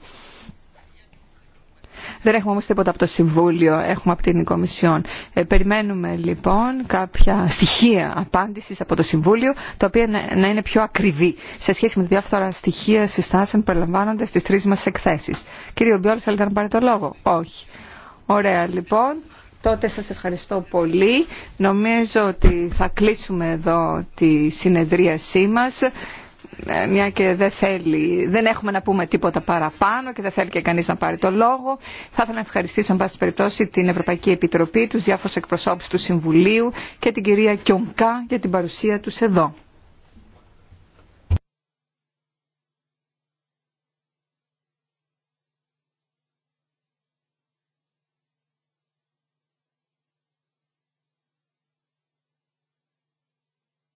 S1: Δεν έχουμε όμως τίποτα από το Συμβούλιο, έχουμε από την Κομισιόν. Ε, περιμένουμε λοιπόν κάποια στοιχεία απάντησης από το Συμβούλιο, τα οποία να είναι πιο ακριβή σε σχέση με διάφορα στοιχεία συστάσεων που περιλαμβάνονται στις τρεις μας εκθέσεις. Κύριε Μπιόλ, θέλετε να πάρετε το λόγο. Όχι. Ωραία λοιπόν. Τότε σας ευχαριστώ πολύ. Νομίζω ότι θα κλείσουμε εδώ τη συνεδρίασή μας. Ε, μια και δεν θέλει, δεν έχουμε να πούμε τίποτα παραπάνω και δεν θέλει και κανείς να πάρει το λόγο. Θα ήθελα να ευχαριστήσω, εν πάση περιπτώσει, την Ευρωπαϊκή Επιτροπή, τους διάφορους εκπροσώπους του Συμβουλίου και την κυρία Κιονκά για την παρουσία τους εδώ.